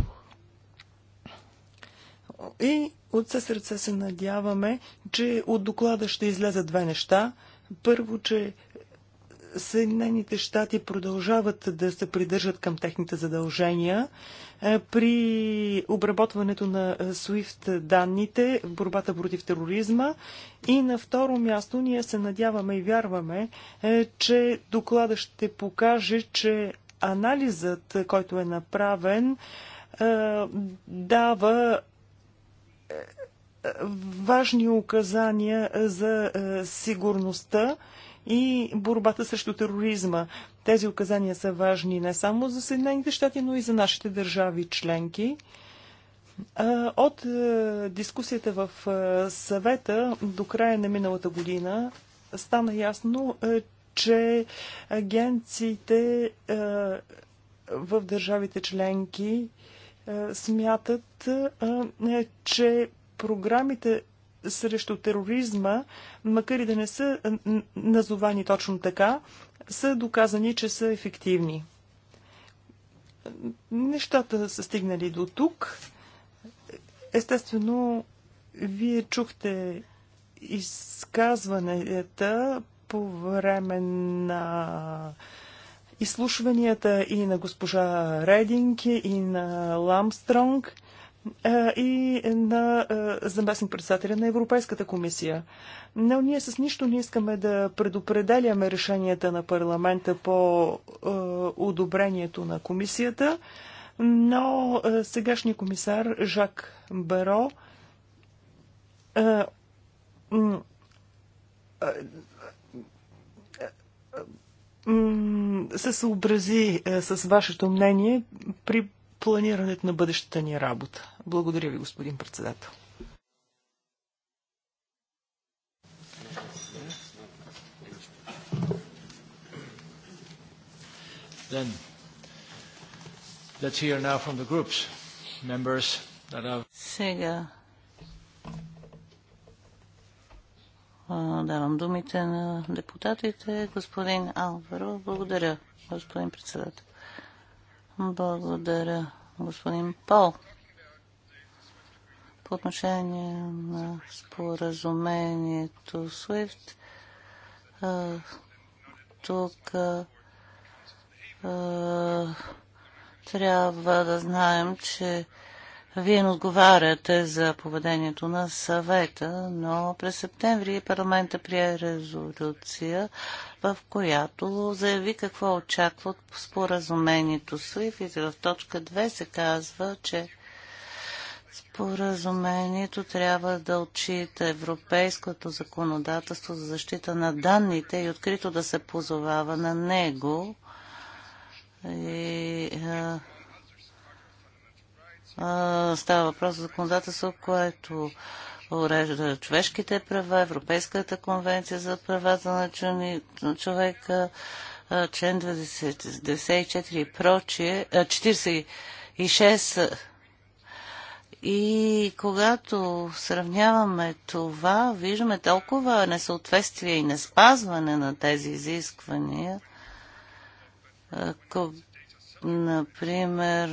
И от все сърце се надяваме, че от доклада ще излезат две неща. Първо, че Съединените щати продължават да се придържат към техните задължения е, при обработването на е, SWIFT данните в борбата против тероризма. И на второ място ние се надяваме и вярваме, е, че доклада ще покаже, че анализът, който е направен, дава важни указания за сигурността и борбата срещу тероризма. Тези указания са важни не само за Съединените щати, но и за нашите държави членки. От дискусията в съвета до края на миналата година стана ясно, че агенциите в държавите членки смятат, че програмите срещу тероризма, макар и да не са назовани точно така, са доказани, че са ефективни. Нещата са стигнали до тук. Естествено, вие чухте изказванията по време на изслушванията и на госпожа Рединг, и на Ламстронг – и на заместник-председателя на Европейската комисия. Но ние с нищо не искаме да предопределяме решенията на парламента по одобрението на комисията, но сегашният комисар Жак Беро се съобрази с вашето мнение при планирането на бъдещата ни работа. Благодаря ви, господин председател. Then, let's hear now from the groups, members that have... Сега давам думите на депутатите. Господин Алваро, благодаря, господин председател. Благодаря, господин Пол. По отношение на споразумението SWIFT, тук трябва да знаем, че вие не отговаряте за поведението на съвета, но през септември парламента прие резолюция, в която заяви какво очаква от споразумението си. и в точка 2 се казва, че Споразумението трябва да отчита европейското законодателство за защита на данните и открито да се позовава на него. И, а, Става въпрос за законодателство, което урежда човешките права, Европейската конвенция за правата на човека, член 94 и прочие, 46. И когато сравняваме това, виждаме толкова несъответствие и неспазване на тези изисквания. Например,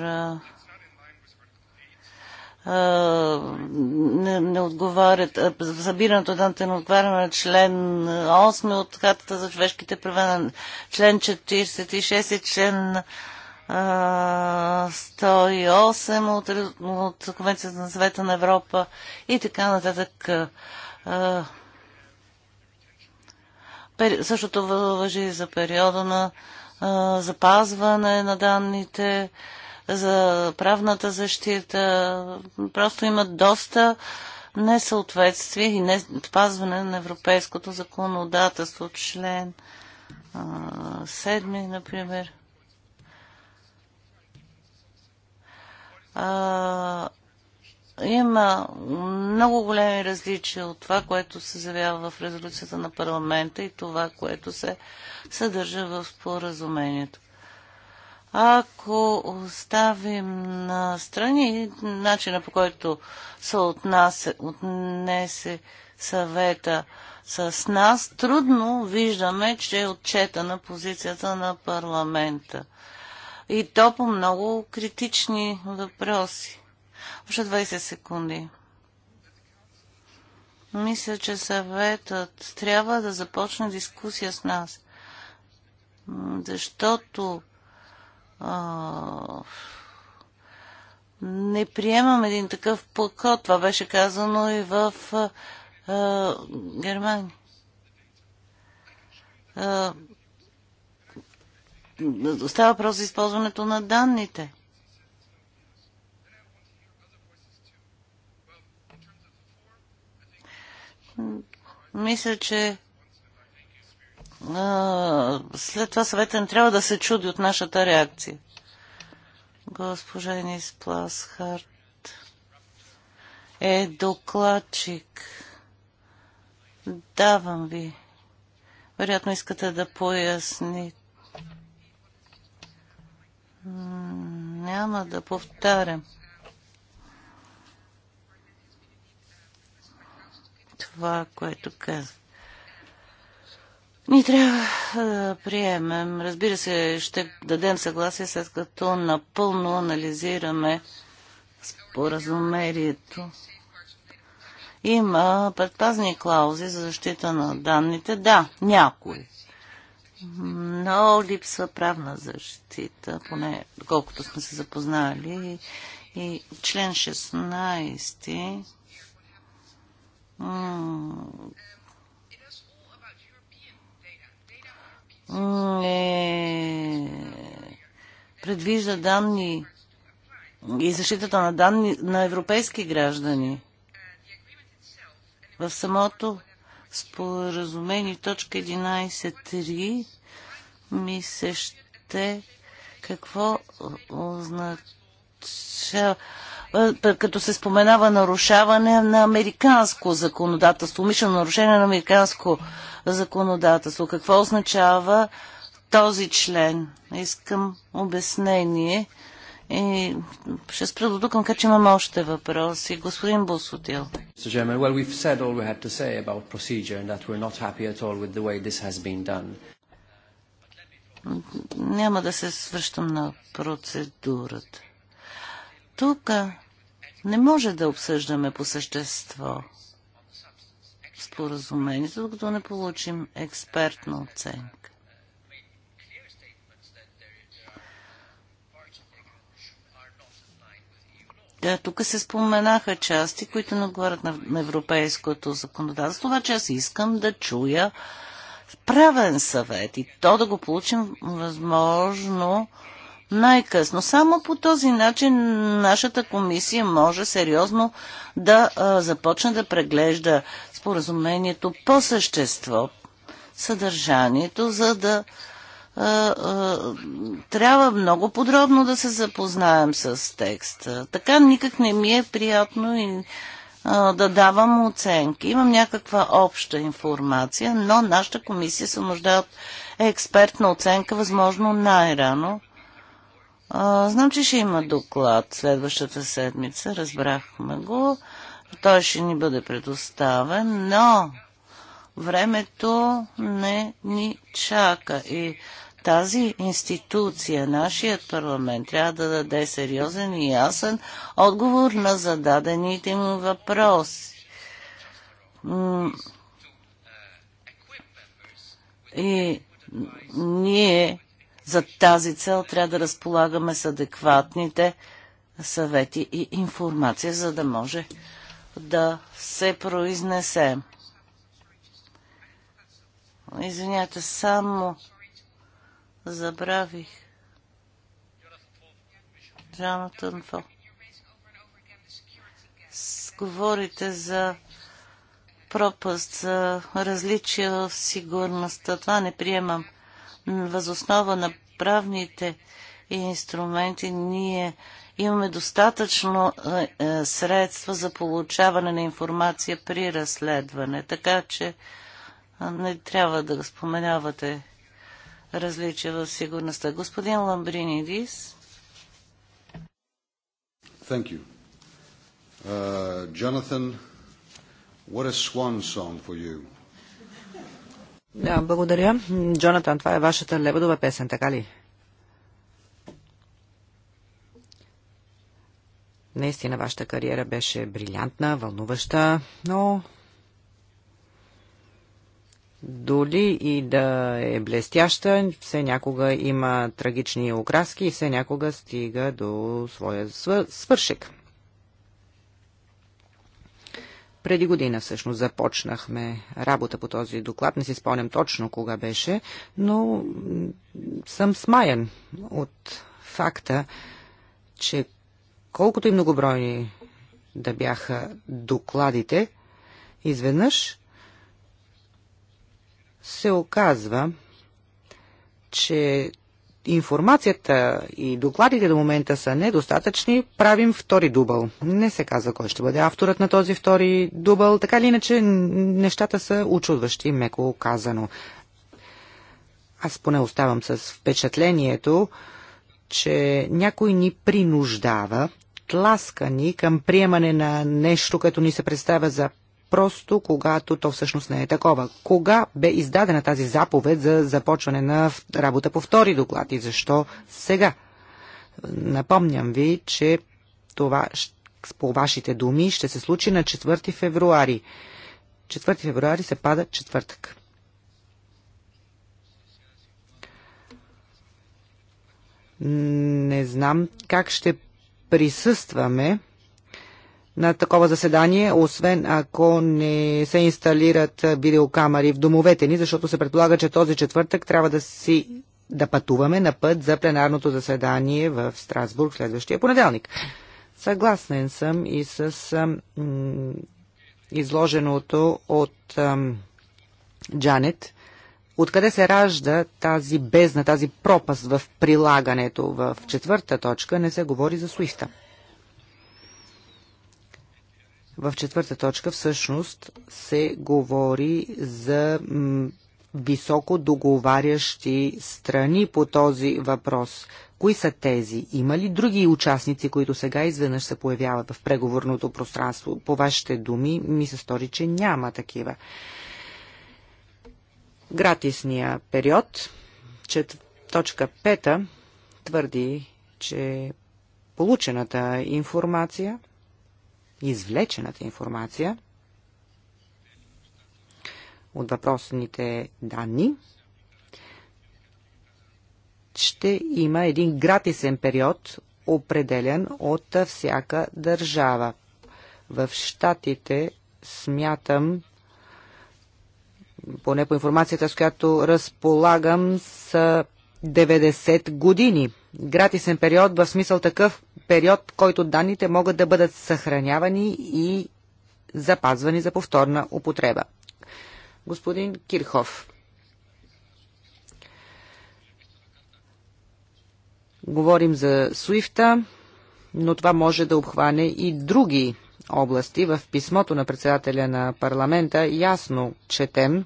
не, не отговарят, събирането на не отговаря на член 8 от хатата за човешките права, член 46 и член 108 от, от Конвенцията на Съвета на Европа и така нататък. А, същото въжи за периода на а, запазване на данните. А, за правната защита. Просто имат доста несъответствие и не спазване на европейското законодателство, член седми, например. А, има много големи различия от това, което се заявява в резолюцията на парламента и това, което се съдържа в споразумението. Ако оставим на страни начина по който се отнася, отнесе съвета с нас, трудно виждаме, че е на позицията на парламента. И то по много критични въпроси. Още 20 секунди. Мисля, че съветът трябва да започне дискусия с нас. Защото не приемам един такъв подход. Това беше казано и в а, а, Германия. А, става въпрос за използването на данните. Мисля, че след това съвета не трябва да се чуди от нашата реакция. Госпожа Енис Пласхарт е докладчик. Давам ви. Вероятно искате да поясните. Няма да повтарям. Това, което казва. Ние трябва да приемем. Разбира се, ще дадем съгласие, след като напълно анализираме споразумерието. Има предпазни клаузи за защита на данните. Да, някои. Но липсва правна защита, поне колкото сме се запознали. И член 16 не предвижда данни и защитата на данни на европейски граждани. В самото споразумение точка 11.3 ми се ще какво означава като се споменава нарушаване на американско законодателство, умишлено нарушение на американско законодателство. Какво означава този член? Искам обяснение. И ще спра до тук, макар че имам още въпроси. Господин Босотил. Няма да се свръщам на процедурата. Тук не може да обсъждаме по същество споразумението, докато не получим експертна оценка. Да, тук се споменаха части, които не отговарят на европейското законодателство, обаче аз искам да чуя правен съвет и то да го получим възможно най-късно. Само по този начин нашата комисия може сериозно да а, започне да преглежда споразумението по същество, съдържанието, за да а, а, трябва много подробно да се запознаем с текста. Така никак не ми е приятно и да давам оценки. Имам някаква обща информация, но нашата комисия се нуждае от експертна оценка, възможно най-рано а, знам, че ще има доклад следващата седмица, разбрахме го. Той ще ни бъде предоставен, но времето не ни чака и тази институция, нашият парламент, трябва да даде сериозен и ясен отговор на зададените му въпроси. И ние за тази цел трябва да разполагаме с адекватните съвети и информация, за да може да се произнесе. Извинявайте, само забравих. Джонатан Фо. Говорите за пропаст, за различия в сигурността. Това не приемам. Възоснова на правните инструменти ние имаме достатъчно е, е, средства за получаване на информация при разследване, така че не трябва да споменавате различия в сигурността. Господин Ламбринидис. Thank you. Uh, Jonathan, what a swan song for you. Да, благодаря. Джонатан, това е вашата лебедова песен, така ли? Наистина вашата кариера беше брилянтна, вълнуваща, но доли и да е блестяща, все някога има трагични окраски и все някога стига до своя свършек. Преди година всъщност започнахме работа по този доклад. Не си спомням точно кога беше, но съм смаян от факта, че колкото и многобройни да бяха докладите, изведнъж се оказва, че информацията и докладите до момента са недостатъчни, правим втори дубъл. Не се казва кой ще бъде авторът на този втори дубъл, така или иначе нещата са очудващи, меко казано. Аз поне оставам с впечатлението, че някой ни принуждава, тласка ни към приемане на нещо, като ни се представя за просто когато то всъщност не е такова. Кога бе издадена тази заповед за започване на работа по втори доклад и защо сега? Напомням ви, че това по вашите думи ще се случи на 4 февруари. 4 февруари се пада четвъртък. Не знам как ще присъстваме на такова заседание, освен ако не се инсталират видеокамери в домовете ни, защото се предполага, че този четвъртък трябва да си да пътуваме на път за пленарното заседание в Страсбург следващия понеделник. Съгласен съм и с м, изложеното от м, Джанет. Откъде се ражда тази бездна, тази пропаст в прилагането? В четвърта точка не се говори за Суифта. В четвърта точка всъщност се говори за високо договарящи страни по този въпрос. Кои са тези? Има ли други участници, които сега изведнъж се появяват в преговорното пространство? По вашите думи ми се стори, че няма такива. Гратисния период, чет... точка пета, твърди, че получената информация извлечената информация от въпросните данни, ще има един гратисен период, определен от всяка държава. В щатите смятам, поне по информацията, с която разполагам, са 90 години гратисен период в смисъл такъв период, който данните могат да бъдат съхранявани и запазвани за повторна употреба. Господин Кирхов. Говорим за Суифта, но това може да обхване и други области. В писмото на председателя на парламента ясно четем,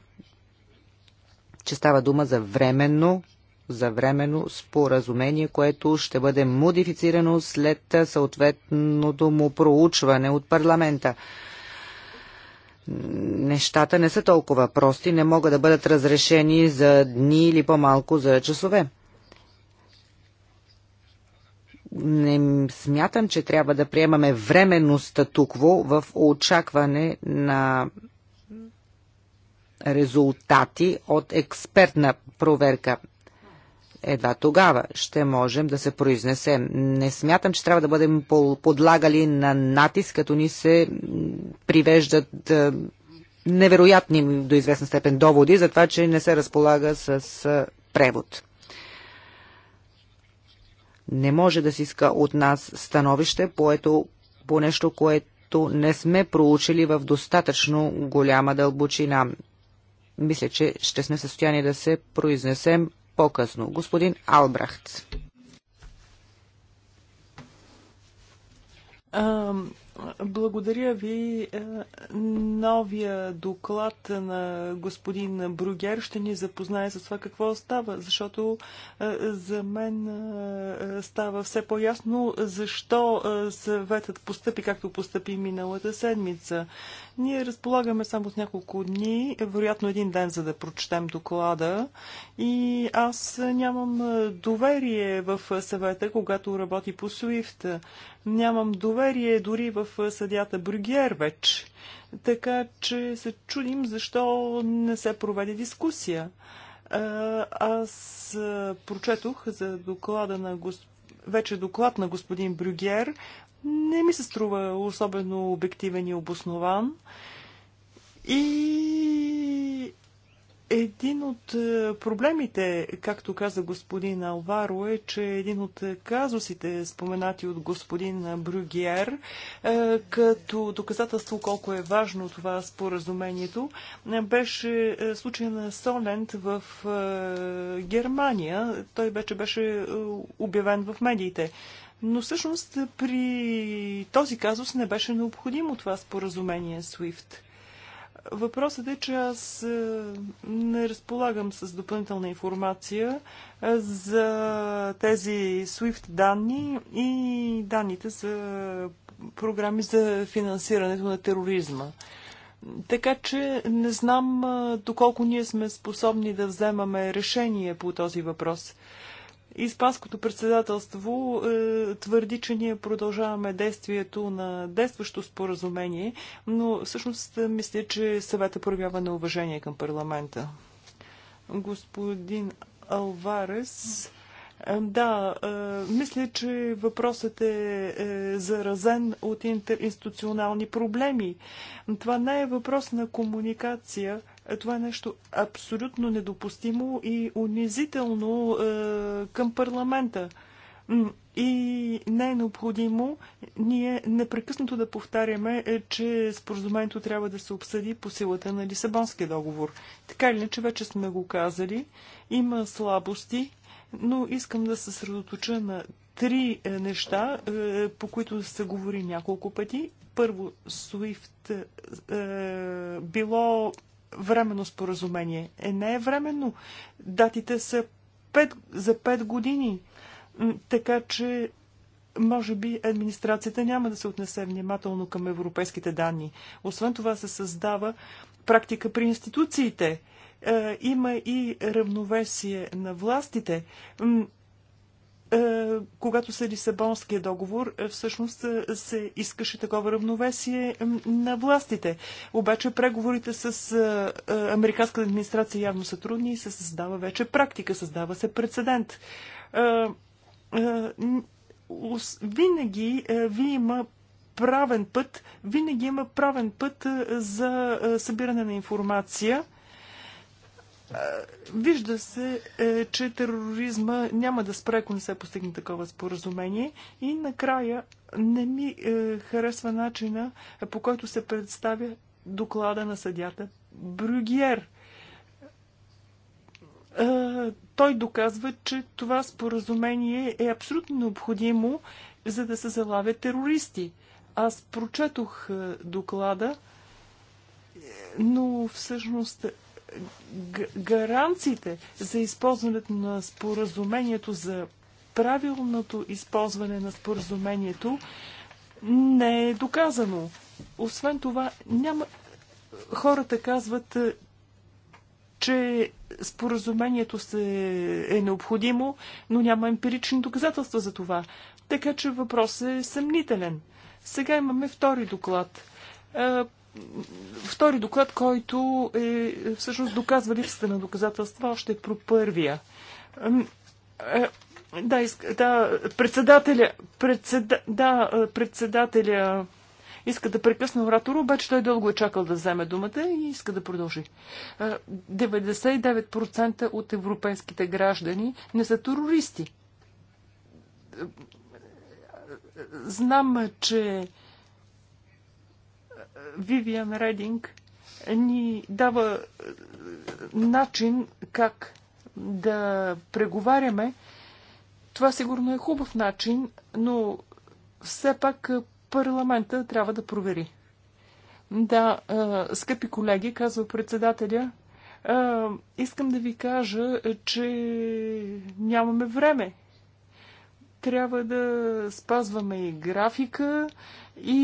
че става дума за временно за временно споразумение, което ще бъде модифицирано след съответното му проучване от парламента. Нещата не са толкова прости, не могат да бъдат разрешени за дни или по-малко за часове не смятам, че трябва да приемаме временно статукво в очакване на резултати от експертна проверка едва тогава ще можем да се произнесем. Не смятам, че трябва да бъдем подлагали на натиск, като ни се привеждат е, невероятни до известна степен доводи за това, че не се разполага с е, превод. Не може да се иска от нас становище по, ето, по нещо, което не сме проучили в достатъчно голяма дълбочина. Мисля, че ще сме в състояние да се произнесем по-късно. Господин Албрахт. Благодаря ви. Е, новия доклад на господин Бругер ще ни запознае с това какво става, защото е, за мен е, става все по-ясно защо съветът постъпи както постъпи миналата седмица. Ние разполагаме само с няколко дни, вероятно един ден, за да прочетем доклада. И аз нямам доверие в съвета, когато работи по SWIFT. Нямам доверие дори в съдята Брюгер вече. Така че се чудим защо не се проведе дискусия. Аз прочетох за доклада на госп... вече доклад на господин Брюгер, не ми се струва особено обективен и обоснован. И един от е, проблемите, както каза господин Алваро, е, че един от казусите, споменати от господин Брюгер, е, като доказателство колко е важно това споразумението, е, беше случай на Солент в Германия. Той вече беше обявен в медиите. Но всъщност при този казус не беше необходимо това споразумение SWIFT. Въпросът е, че аз е, не разполагам с допълнителна информация е, за тези SWIFT данни и данните за програми за финансирането на тероризма. Така че не знам е, доколко ние сме способни да вземаме решение по този въпрос. Испанското председателство е, твърди, че ние продължаваме действието на действащо споразумение, но всъщност е, мисля, че съвета проявява неуважение към парламента. Господин Алварес. Е, да, е, мисля, че въпросът е заразен от институционални проблеми. Това не е въпрос на комуникация. Това е нещо абсолютно недопустимо и унизително е, към парламента. И не е необходимо ние непрекъснато да повтаряме, е, че споразумението трябва да се обсъди по силата на Лисабонския договор. Така или иначе вече сме го казали. Има слабости, но искам да се съсредоточа на три е, неща, по които се говори няколко пъти. Първо, Суифт е било временно споразумение. Е, не е временно. Датите са 5, за 5 години. Така че, може би, администрацията няма да се отнесе внимателно към европейските данни. Освен това се създава практика при институциите. Е, има и равновесие на властите. Е, когато се Лисабонския договор, е, всъщност е, се искаше такова равновесие на властите. Обаче преговорите с американската администрация явно са трудни и се създава вече практика, създава се прецедент. Винаги ви има правен път, винаги има правен път за събиране на информация Вижда се, е, че тероризма няма да спре, ако не се постигне такова споразумение. И накрая не ми е, харесва начина, по който се представя доклада на съдята Брюгер. Е, той доказва, че това споразумение е абсолютно необходимо, за да се залавят терористи. Аз прочетох доклада, но всъщност гаранциите за използването на споразумението за правилното използване на споразумението не е доказано. Освен това, няма... хората казват, е, че споразумението се е необходимо, но няма емпирични доказателства за това. Така че въпросът е съмнителен. Сега имаме втори доклад. Е, втори доклад, който е, е, всъщност доказва липсата на доказателства още про първия. Е, да, да, председателя, председа, да, е, председателя иска да прекъсне оратора, обаче той дълго е чакал да вземе думата и иска да продължи. 99% от европейските граждани не са терористи. Знам, че Вивиан Рединг ни дава е, начин как да преговаряме. Това сигурно е хубав начин, но все пак е, парламента трябва да провери. Да, е, скъпи колеги, казва председателя, искам да ви кажа, че нямаме време трябва да спазваме и графика, и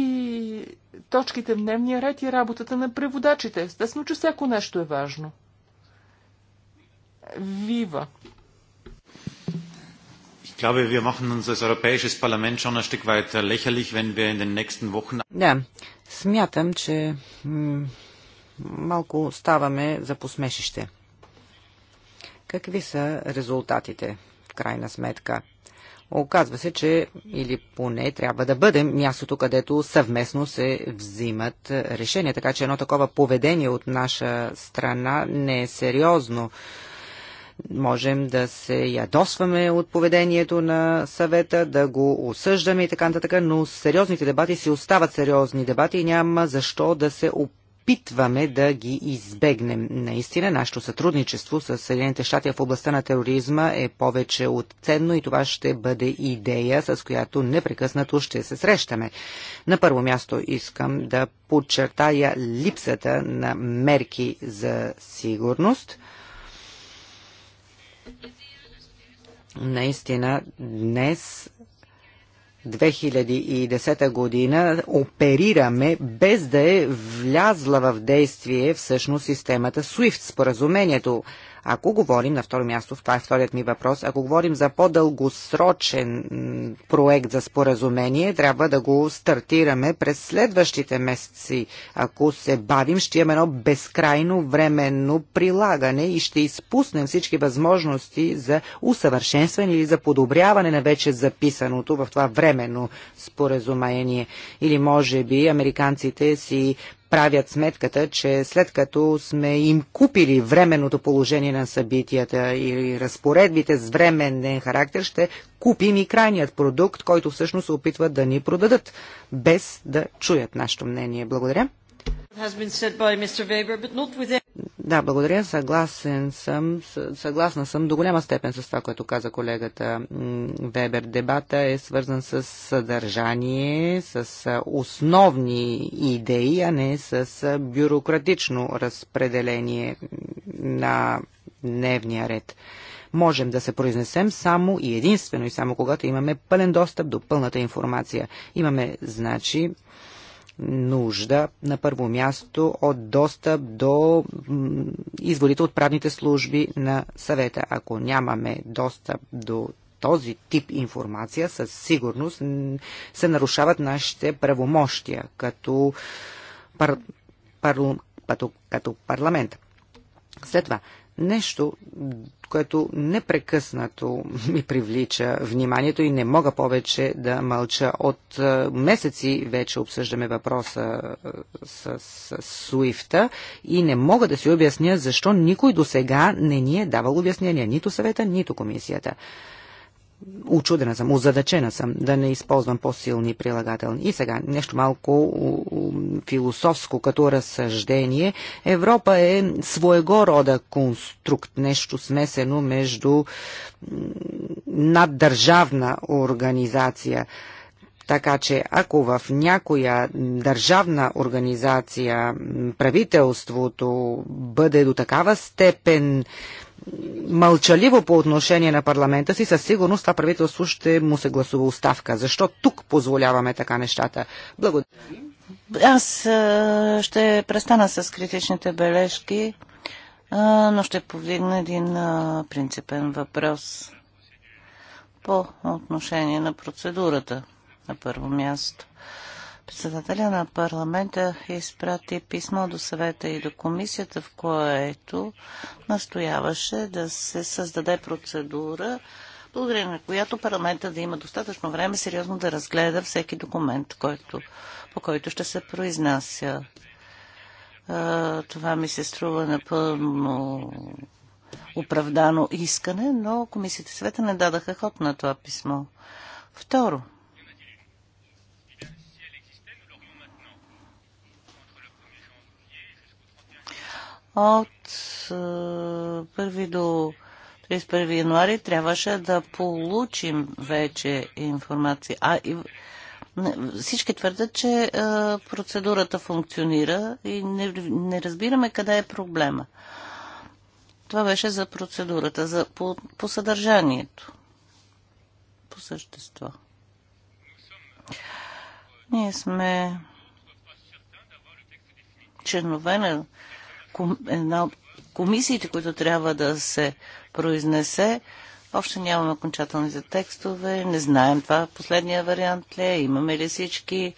точките в дневния ред, и работата на преводачите. Естествено, че всяко нещо е важно. Вива! Да, смятам, че малко ставаме за посмешище. Какви са резултатите, в крайна сметка? Оказва се, че или поне трябва да бъдем мястото, където съвместно се взимат решения. Така че едно такова поведение от наша страна не е сериозно. Можем да се ядосваме от поведението на съвета, да го осъждаме и така нататък, но сериозните дебати си остават сериозни дебати и няма защо да се опитваме опитваме да ги избегнем. Наистина, нашето сътрудничество с Съединените щати в областта на тероризма е повече от ценно и това ще бъде идея, с която непрекъснато ще се срещаме. На първо място искам да подчертая липсата на мерки за сигурност. Наистина, днес 2010 година оперираме без да е влязла в действие всъщност системата SWIFT, споразумението ако говорим, на второ място, това е вторият ми въпрос, ако говорим за по-дългосрочен проект за споразумение, трябва да го стартираме през следващите месеци. Ако се бавим, ще имаме едно безкрайно временно прилагане и ще изпуснем всички възможности за усъвършенстване или за подобряване на вече записаното в това временно споразумение. Или може би американците си правят сметката, че след като сме им купили временното положение на събитията и разпоредбите с временен характер, ще купим и крайният продукт, който всъщност се опитват да ни продадат, без да чуят нашето мнение. Благодаря. Да, благодаря. Съгласен съм, съгласна съм до голяма степен с това, което каза колегата Вебер. Дебата е свързан с съдържание, с основни идеи, а не с бюрократично разпределение на дневния ред. Можем да се произнесем само и единствено и само когато имаме пълен достъп до пълната информация. Имаме, значи, нужда на първо място от достъп до изводите от правните служби на съвета. Ако нямаме достъп до този тип информация, със сигурност се нарушават нашите правомощия като, пар, пар, като, като парламент. След това, Нещо, което непрекъснато ми привлича вниманието и не мога повече да мълча. От е, месеци вече обсъждаме въпроса е, с, с Суифта и не мога да си обясня защо никой до сега не ни е давал обяснения, нито съвета, нито комисията. Учудена съм, озадачена съм да не използвам по-силни прилагателни. И сега нещо малко философско като разсъждение. Европа е своего рода конструкт, нещо смесено между наддържавна организация. Така че ако в някоя държавна организация правителството бъде до такава степен мълчаливо по отношение на парламента си, със сигурност това правителство ще му се гласува оставка. Защо тук позволяваме така нещата? Благодаря. Аз ще престана с критичните бележки, но ще повдигна един принципен въпрос по отношение на процедурата на първо място. Председателя на парламента изпрати писмо до съвета и до комисията, в което настояваше да се създаде процедура, благодарение на която парламента да има достатъчно време сериозно да разгледа всеки документ, който, по който ще се произнася. Това ми се струва напълно оправдано искане, но комисията съвета не дадаха ход на това писмо. Второ, От 1 е, до 31 януари трябваше да получим вече информация. А и всички твърдят, че е, процедурата функционира и не, не разбираме къде е проблема. Това беше за процедурата, за, по, по съдържанието, по същество. Ние сме членове на една от комисиите, които трябва да се произнесе. Още нямаме окончателните текстове, не знаем това последния вариант ли е, имаме ли всички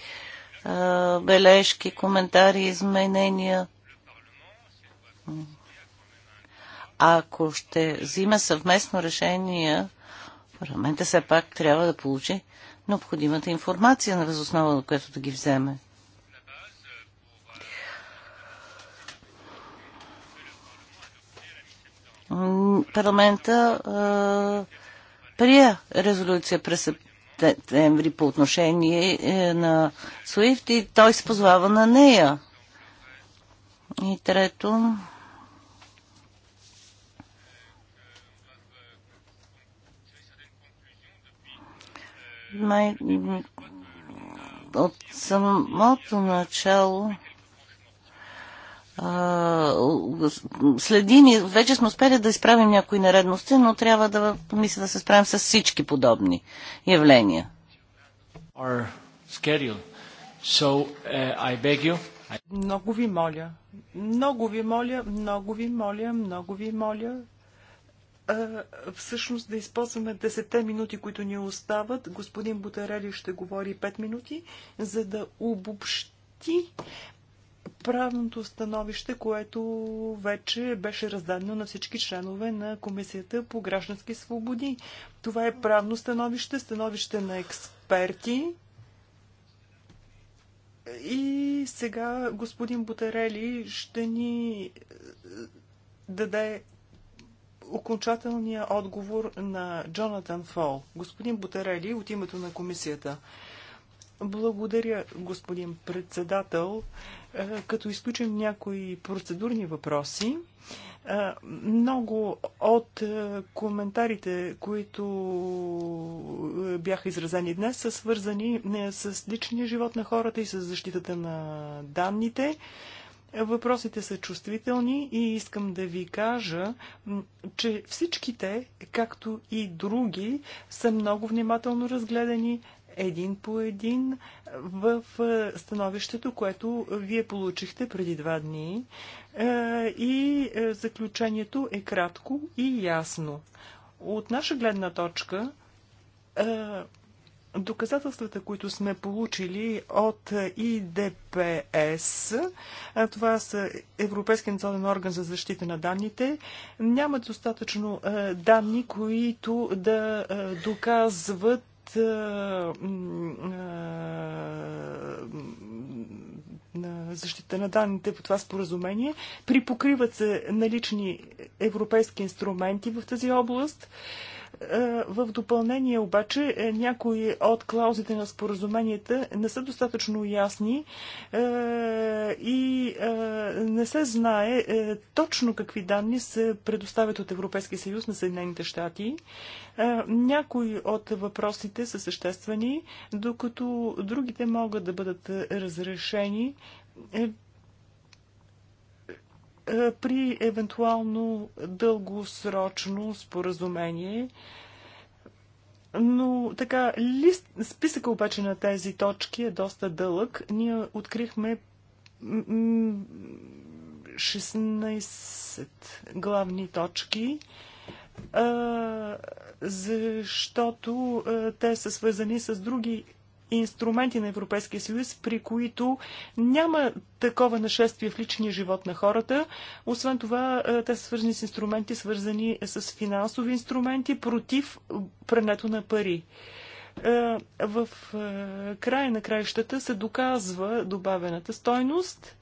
а, е, бележки, коментари, изменения. Ако ще взима съвместно решение, парламента все пак трябва да получи необходимата информация на възоснова, на която да ги вземе. Парламента прия резолюция през септември по отношение е, на Суифт и той се позвава на нея. И трето, май, от самото начало следим и вече сме успели да изправим някои нередности, но трябва да помисля да се справим с всички подобни явления. So, uh, I... Много ви моля, много ви моля, много ви моля, много ви моля всъщност да използваме 10 минути, които ни остават. Господин Бутарели ще говори 5 минути, за да обобщи правното становище, което вече беше раздадено на всички членове на Комисията по граждански свободи. Това е правно становище, становище на експерти. И сега господин Бутерели ще ни е, даде окончателния отговор на Джонатан Фол. Господин Бутерели от името на комисията. Благодаря, господин председател. Е, като изключим някои процедурни въпроси, е, много от е, коментарите, които бяха изразени днес, са свързани с личния живот на хората и с защитата на данните. Въпросите са чувствителни и искам да ви кажа, че всичките, както и други, са много внимателно разгледани, един по един в становището, което вие получихте преди два дни. И заключението е кратко и ясно. От наша гледна точка, Доказателствата, които сме получили от ИДПС, това са Европейския национален орган за защита на данните, нямат достатъчно данни, които да доказват е, е, защита на данните по това споразумение. Припокриват се налични европейски инструменти в тази област. А, е, в допълнение обаче е, някои от клаузите на споразуменията не са достатъчно ясни е, и не се знае точно какви данни се предоставят от Европейския съюз на Съединените щати. Някои от въпросите са съществени, докато другите могат да бъдат разрешени е, при евентуално дългосрочно споразумение. Но така, лист, списъка обаче на тези точки е доста дълъг. Ние открихме 16 главни точки, е, защото е, те са свързани с други инструменти на Европейския съюз, при които няма такова нашествие в личния живот на хората. Освен това, е, те са свързани с инструменти, свързани с финансови инструменти против прането на пари е, в е, края на краищата се доказва добавената стойност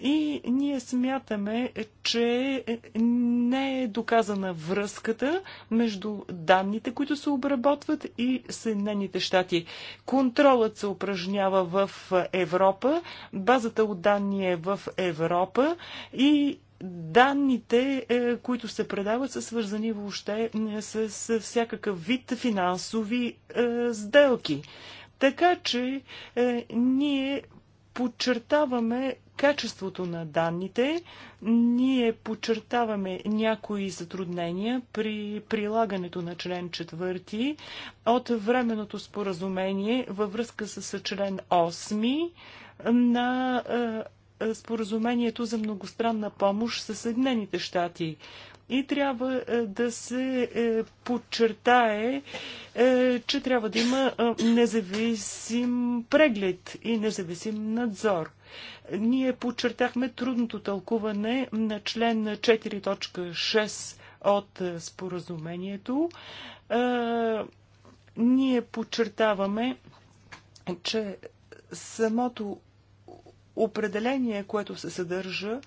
и ние смятаме, че не е доказана връзката между данните, които се обработват и Съединените щати. Контролът се упражнява в Европа, базата от данни е в Европа и данните, е, които се предават, са свързани въобще е, с всякакъв вид финансови е, сделки. Така че ние подчертаваме качеството на данните. Ние подчертаваме някои затруднения при прилагането на член 4 от временното споразумение във връзка с член 8 на е, споразумението за многостранна помощ с Съединените щати. И трябва е, да се е, подчертае, че трябва да има независим преглед и независим надзор. Ние подчертахме трудното тълкуване на член 4.6 от е, споразумението. Е, ние подчертаваме, че самото определение, което се съдържа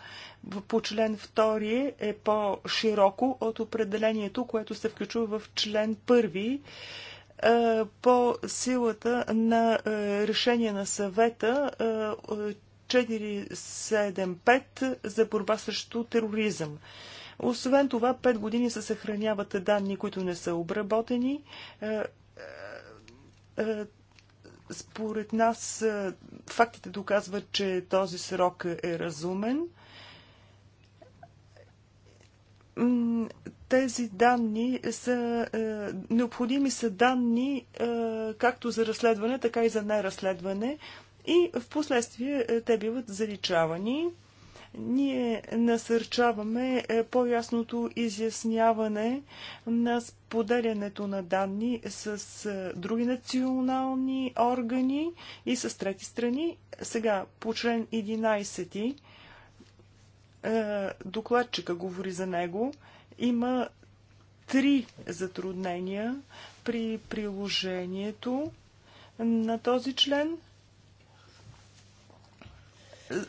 по член 2 е по-широко от определението, което се включва в член 1 е, по силата на решение на съвета 475 за борба срещу тероризъм. Освен това, 5 години се съхраняват данни, които не са обработени. Е, е, е, според нас фактите доказват, че този срок е разумен. Тези данни са необходими са данни както за разследване, така и за неразследване и в последствие е, те биват заличавани. Ние насърчаваме е, по-ясното изясняване на споделянето на данни с е, други национални органи и с трети страни. Сега по член 11 докладчика говори за него. Има три затруднения при приложението на този член – е,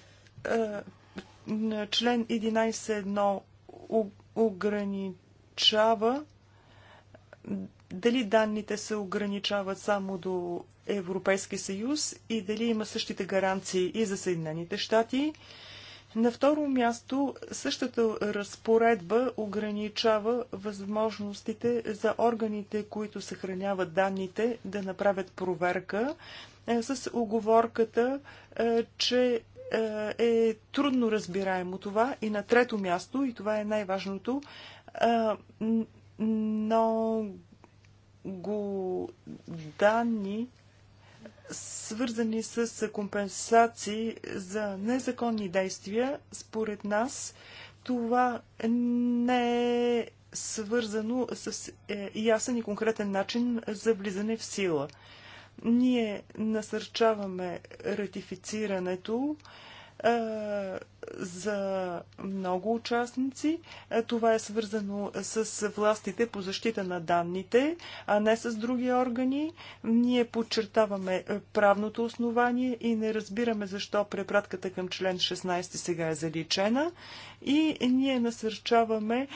член 11.1 ограничава дали данните се ограничават само до Европейски съюз и дали има същите гаранции и за Съединените щати. На второ място, същата разпоредба ограничава възможностите за органите, които съхраняват данните, да направят проверка е, с оговорката, е, че е, е трудно разбираемо това. И на трето място, и това е най-важното, много данни, свързани с компенсации за незаконни действия, според нас това не е свързано с е, ясен и конкретен начин за влизане в сила. Ние насърчаваме ратифицирането за много участници. Това е свързано с властите по защита на данните, а не с други органи. Ние подчертаваме правното основание и не разбираме защо препратката към член 16 сега е заличена. И ние насърчаваме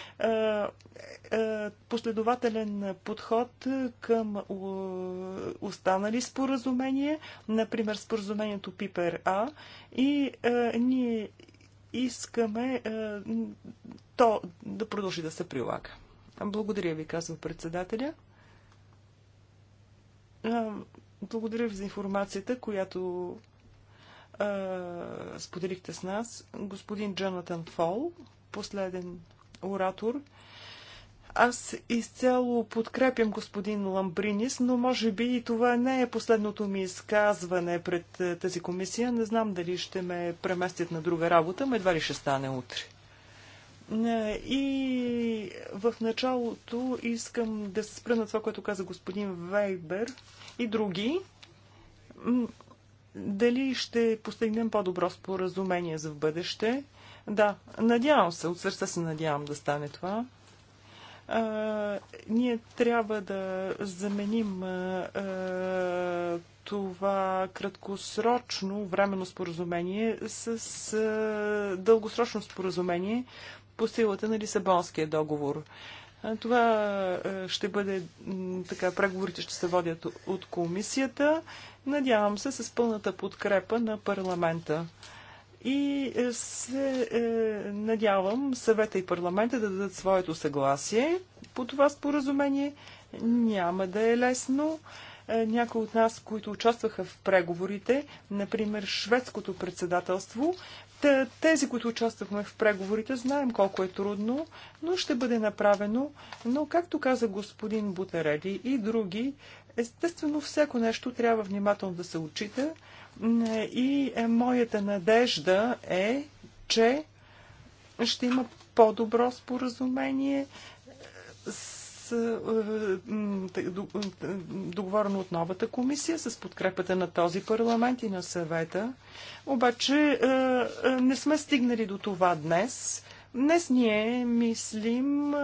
е, последователен подход към е, останали споразумения, например споразумението ПИПЕР-А и е, ние искаме то да продължи да се прилага. Благодаря ви, казва председателя. Благодаря ви за информацията, която споделихте с нас. Господин Джонатан Фол, последен оратор. Аз изцяло подкрепям господин Ламбринис, но може би и това не е последното ми изказване пред е, тази комисия. Не знам дали ще ме преместят на друга работа, но едва ли ще стане утре. Е, и в началото искам да се спра на това, което каза господин Вейбер и други. Дали ще постигнем по-добро споразумение за в бъдеще? Да, надявам се, от сърце се надявам да стане това. А, ние трябва да заменим а, това краткосрочно временно споразумение с а, дългосрочно споразумение по силата на Лисабонския договор. Това ще бъде така, преговорите ще се водят от комисията. Надявам се с пълната подкрепа на парламента и е, се е, надявам съвета и парламента да дадат своето съгласие по това споразумение. Няма да е лесно. Е, някои от нас, които участваха в преговорите, например шведското председателство, тези, които участвахме в преговорите, знаем колко е трудно, но ще бъде направено. Но, както каза господин Бутерели и други, естествено всяко нещо трябва внимателно да се отчита, и е, моята надежда е, че ще има по-добро споразумение е, с е, договорено от новата комисия, с подкрепата на този парламент и на съвета. Обаче не сме стигнали до това днес. Днес ние мислим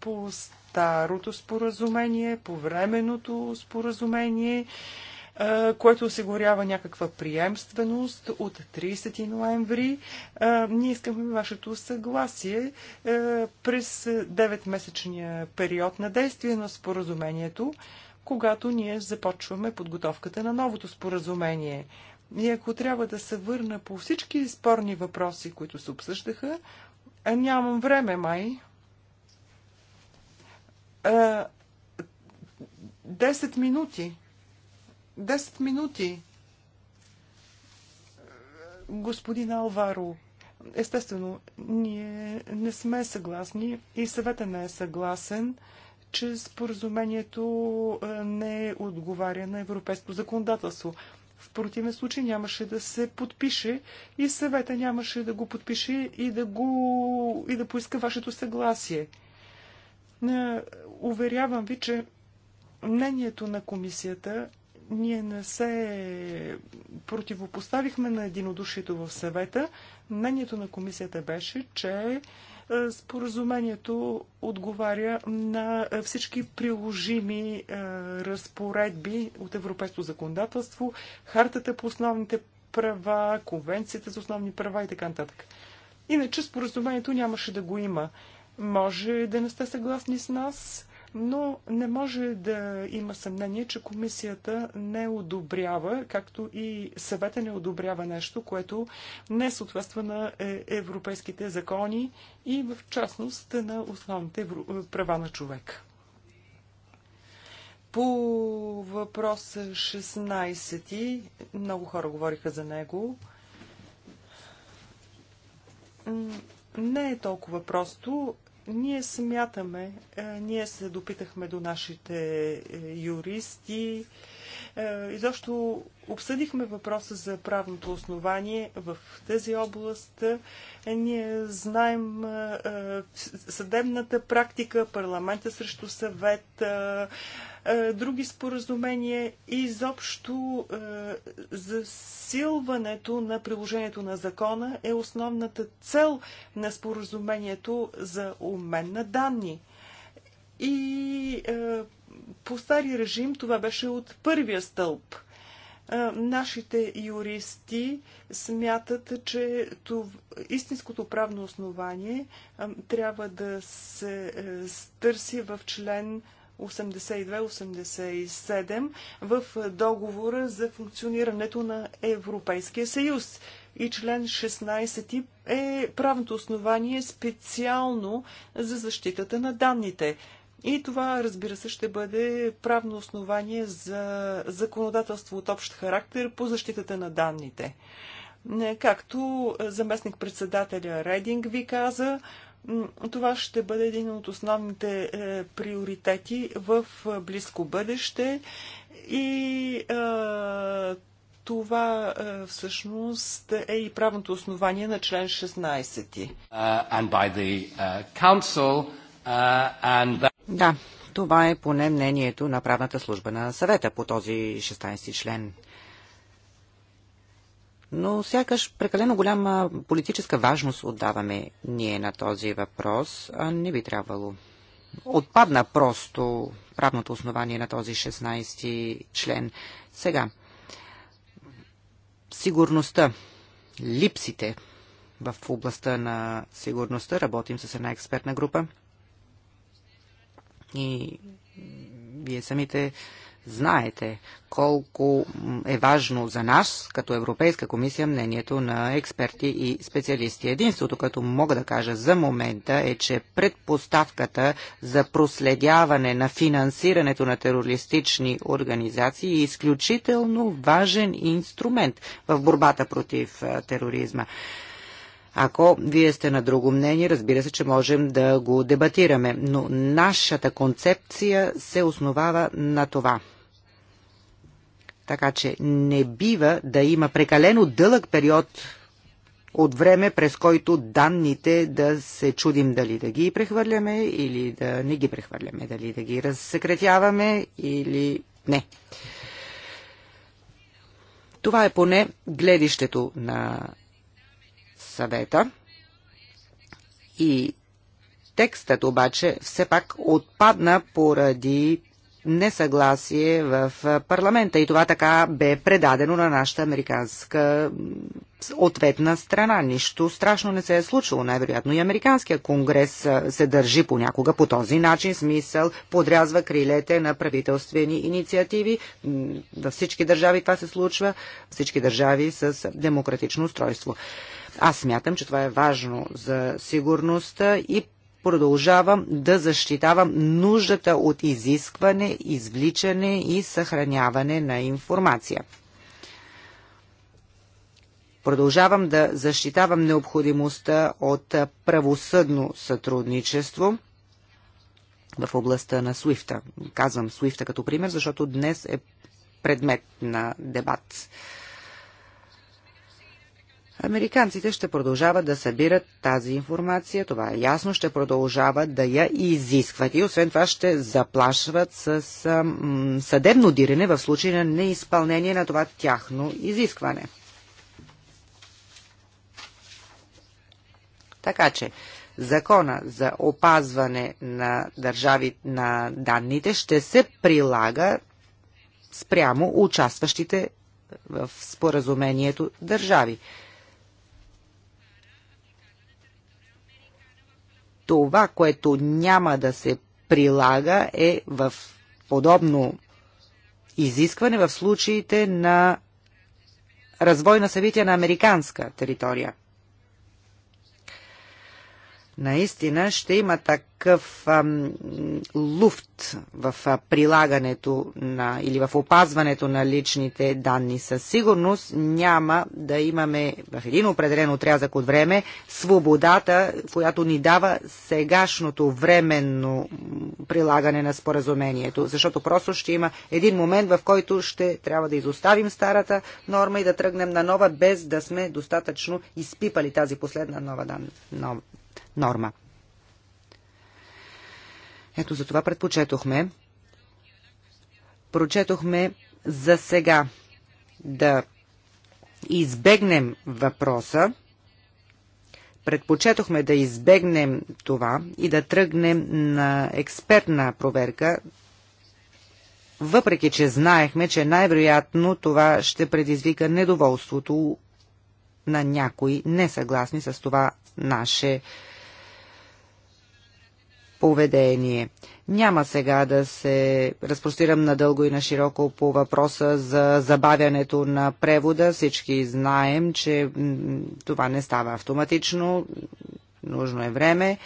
по старото споразумение, по временото споразумение което осигурява някаква приемственост от 30 ноември. Ние искаме вашето съгласие през 9-месечния период на действие на споразумението, когато ние започваме подготовката на новото споразумение. И ако трябва да се върна по всички спорни въпроси, които се обсъждаха, нямам време, май. 10 минути. 10 минути. Господин Алваро, естествено, ние не сме съгласни и съвета не е съгласен, че споразумението е, не е отговаря на европейско законодателство. В противен случай нямаше да се подпише и съвета нямаше да го подпише и да, го, и да поиска вашето съгласие. Е, уверявам ви, че мнението на комисията ние не се противопоставихме на единодушието в съвета. Мнението на комисията беше, че е, споразумението отговаря на всички приложими е, разпоредби от европейското законодателство, хартата по основните права, конвенцията за основни права и така нататък. Иначе споразумението нямаше да го има. Може да не сте съгласни с нас, но не може да има съмнение, че комисията не одобрява, както и съвета не одобрява нещо, което не съответства на е, европейските закони и в частност на основните е, права на човек. По въпрос 16 много хора говориха за него. Не е толкова просто ние смятаме, е, ние се допитахме до нашите е, юристи, е, изобщо обсъдихме въпроса за правното основание в тази област. Е, ние знаем е, съдебната практика, парламента срещу съвет, други споразумения и изобщо засилването на приложението на закона е основната цел на споразумението за обмен на данни. И по стари режим това беше от първия стълб. Нашите юристи смятат, че истинското правно основание трябва да се е, търси в член 82-87 в е, договора за функционирането на Европейския съюз. И член 16 е правното основание специално за защитата на данните. И това, разбира се, ще бъде правно основание за законодателство от общ характер по защитата на данните. Както заместник-председателя Рединг ви каза, това ще бъде един от основните е, приоритети в е, близко бъдеще и е, това всъщност е и правното основание на член 16. Uh, and by the, uh, council, uh, and that... Да, това е поне мнението на правната служба на съвета по този 16 член. Но сякаш прекалено голяма политическа важност отдаваме ние на този въпрос, а не би трябвало. Отпадна просто правното основание на този 16 член. Сега, сигурността, липсите в областта на сигурността, работим с една експертна група – и вие самите знаете колко е важно за нас, като Европейска комисия, мнението на експерти и специалисти. Единството, което мога да кажа за момента е, че предпоставката за проследяване на финансирането на терористични организации е изключително важен инструмент в борбата против тероризма. Ако вие сте на друго мнение, разбира се, че можем да го дебатираме, но нашата концепция се основава на това. Така че не бива да има прекалено дълъг период от време, през който данните да се чудим дали да ги прехвърляме или да не ги прехвърляме, дали да ги разсекретяваме или не. Това е поне гледището на съвета и текстът обаче все пак отпадна поради несъгласие в парламента и това така бе предадено на нашата американска ответна страна. Нищо страшно не се е случило. Най-вероятно и Американския конгрес се държи понякога по този начин, смисъл подрязва крилете на правителствени инициативи. Във всички държави това се случва, всички държави с демократично устройство. Аз смятам, че това е важно за сигурността и продължавам да защитавам нуждата от изискване, извличане и съхраняване на информация. Продължавам да защитавам необходимостта от правосъдно сътрудничество в областта на Суифта. Казвам Суифта като пример, защото днес е предмет на дебат. Американците ще продължават да събират тази информация, това е ясно, ще продължават да я изискват и освен това ще заплашват с съдебно дирене в случай на неизпълнение на това тяхно изискване. Така че, закона за опазване на държави на данните ще се прилага спрямо участващите в споразумението държави. това, което няма да се прилага е в подобно изискване в случаите на развой на събития на американска територия наистина ще има такъв ам, луфт в прилагането на, или в опазването на личните данни. Със сигурност няма да имаме в един определен отрязък от време свободата, която ни дава сегашното временно прилагане на споразумението. Защото просто ще има един момент, в който ще трябва да изоставим старата норма и да тръгнем на нова, без да сме достатъчно изпипали тази последна нова, данна норма. Ето за това предпочетохме. Прочетохме за сега да избегнем въпроса, предпочетохме да избегнем това и да тръгнем на експертна проверка, въпреки че знаехме, че най-вероятно това ще предизвика недоволството на някои несъгласни с това наше поведение. Няма сега да се разпростирам надълго и на широко по въпроса за забавянето на превода. Всички знаем, че това не става автоматично, нужно е време.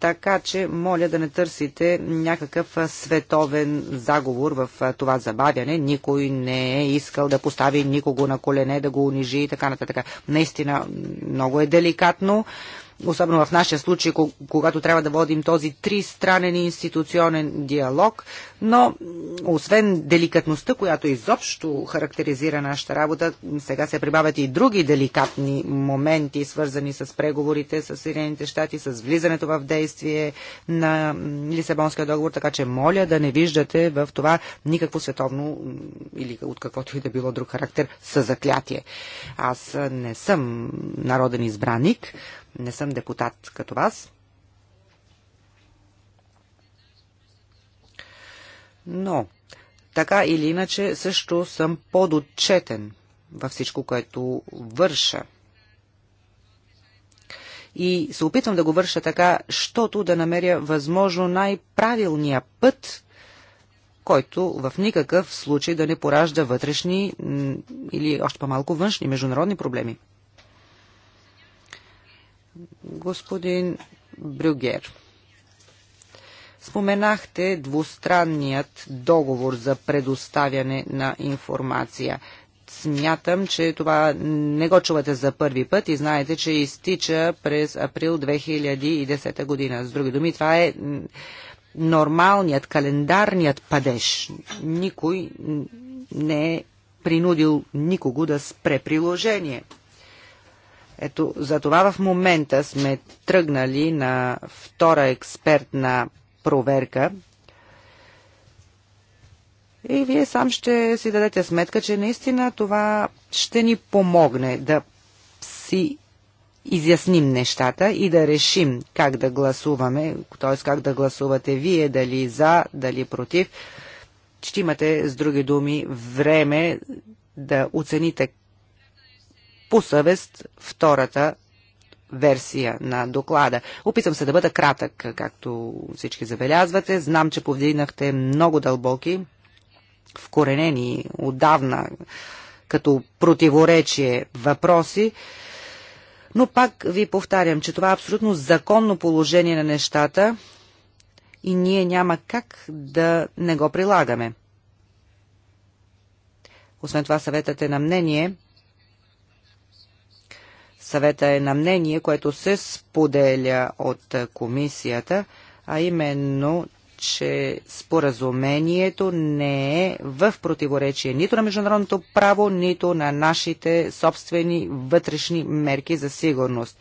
Така че, моля да не търсите някакъв световен заговор в това забавяне. Никой не е искал да постави никого на колене, да го унижи и така нататък. Наистина, много е деликатно особено в нашия случай, когато трябва да водим този тристранен институционен диалог, но освен деликатността, която изобщо характеризира нашата работа, сега се прибавят и други деликатни моменти, свързани с преговорите с Съединените щати, с влизането в действие на Лисабонския договор, така че моля да не виждате в това никакво световно или от каквото и да било друг характер със заклятие. Аз не съм народен избраник, не съм депутат като вас. Но, така или иначе, също съм подотчетен във всичко, което върша. И се опитвам да го върша така, щото да намеря възможно най-правилния път, който в никакъв случай да не поражда вътрешни или още по-малко външни международни проблеми. Господин Брюгер, споменахте двустранният договор за предоставяне на информация. Смятам, че това не го чувате за първи път и знаете, че изтича през април 2010 година. С други думи, това е нормалният, календарният падеж. Никой не е принудил никого да спре приложение. Ето, за това в момента сме тръгнали на втора експертна проверка. И вие сам ще си дадете сметка, че наистина това ще ни помогне да си изясним нещата и да решим как да гласуваме, т.е. как да гласувате вие, дали за, дали против. Ще имате, с други думи, време да оцените по съвест втората версия на доклада. Опитам се да бъда кратък, както всички забелязвате. Знам, че повдигнахте много дълбоки, вкоренени отдавна като противоречие въпроси. Но пак ви повтарям, че това е абсолютно законно положение на нещата и ние няма как да не го прилагаме. Освен това съветът е на мнение, Съвета е на мнение, което се споделя от комисията, а именно, че споразумението не е в противоречие нито на международното право, нито на нашите собствени вътрешни мерки за сигурност.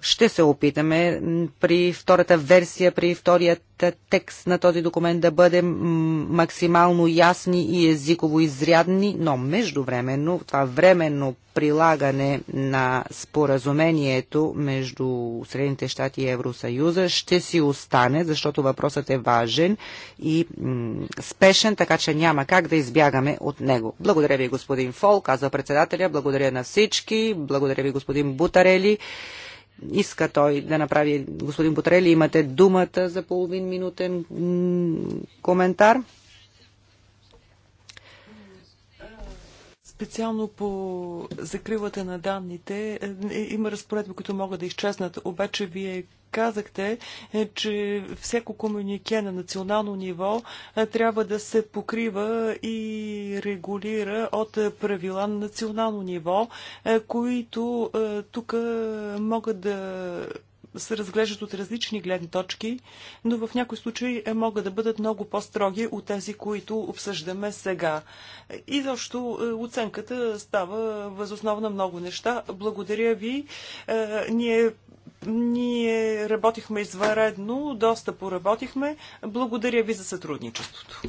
Ще се опитаме при втората версия, при вторият текст на този документ да бъдем максимално ясни и езиково изрядни, но междувременно това временно прилагане на споразумението между Средните щати и Евросъюза ще си остане, защото въпросът е важен и спешен, така че няма как да избягаме от него. Благодаря ви, господин Фол, казва председателя, благодаря на всички, благодаря ви, господин Бутарели иска той да направи. Господин Бутрели, имате думата за половин минутен коментар. Специално по закривата на данните е, е, има разпоредби, които могат да изчезнат, обаче вие казахте, е, че всяко комюнике на национално ниво трябва да се покрива и регулира от правила на национално ниво, които тук могат да се разглеждат от различни гледни точки, но в някои случаи е, могат да бъдат много по-строги от тези, които обсъждаме сега. И защо е, оценката става възоснова на много неща. Благодаря ви. Е, ние ние работихме извънредно, доста поработихме. Благодаря ви за сътрудничеството.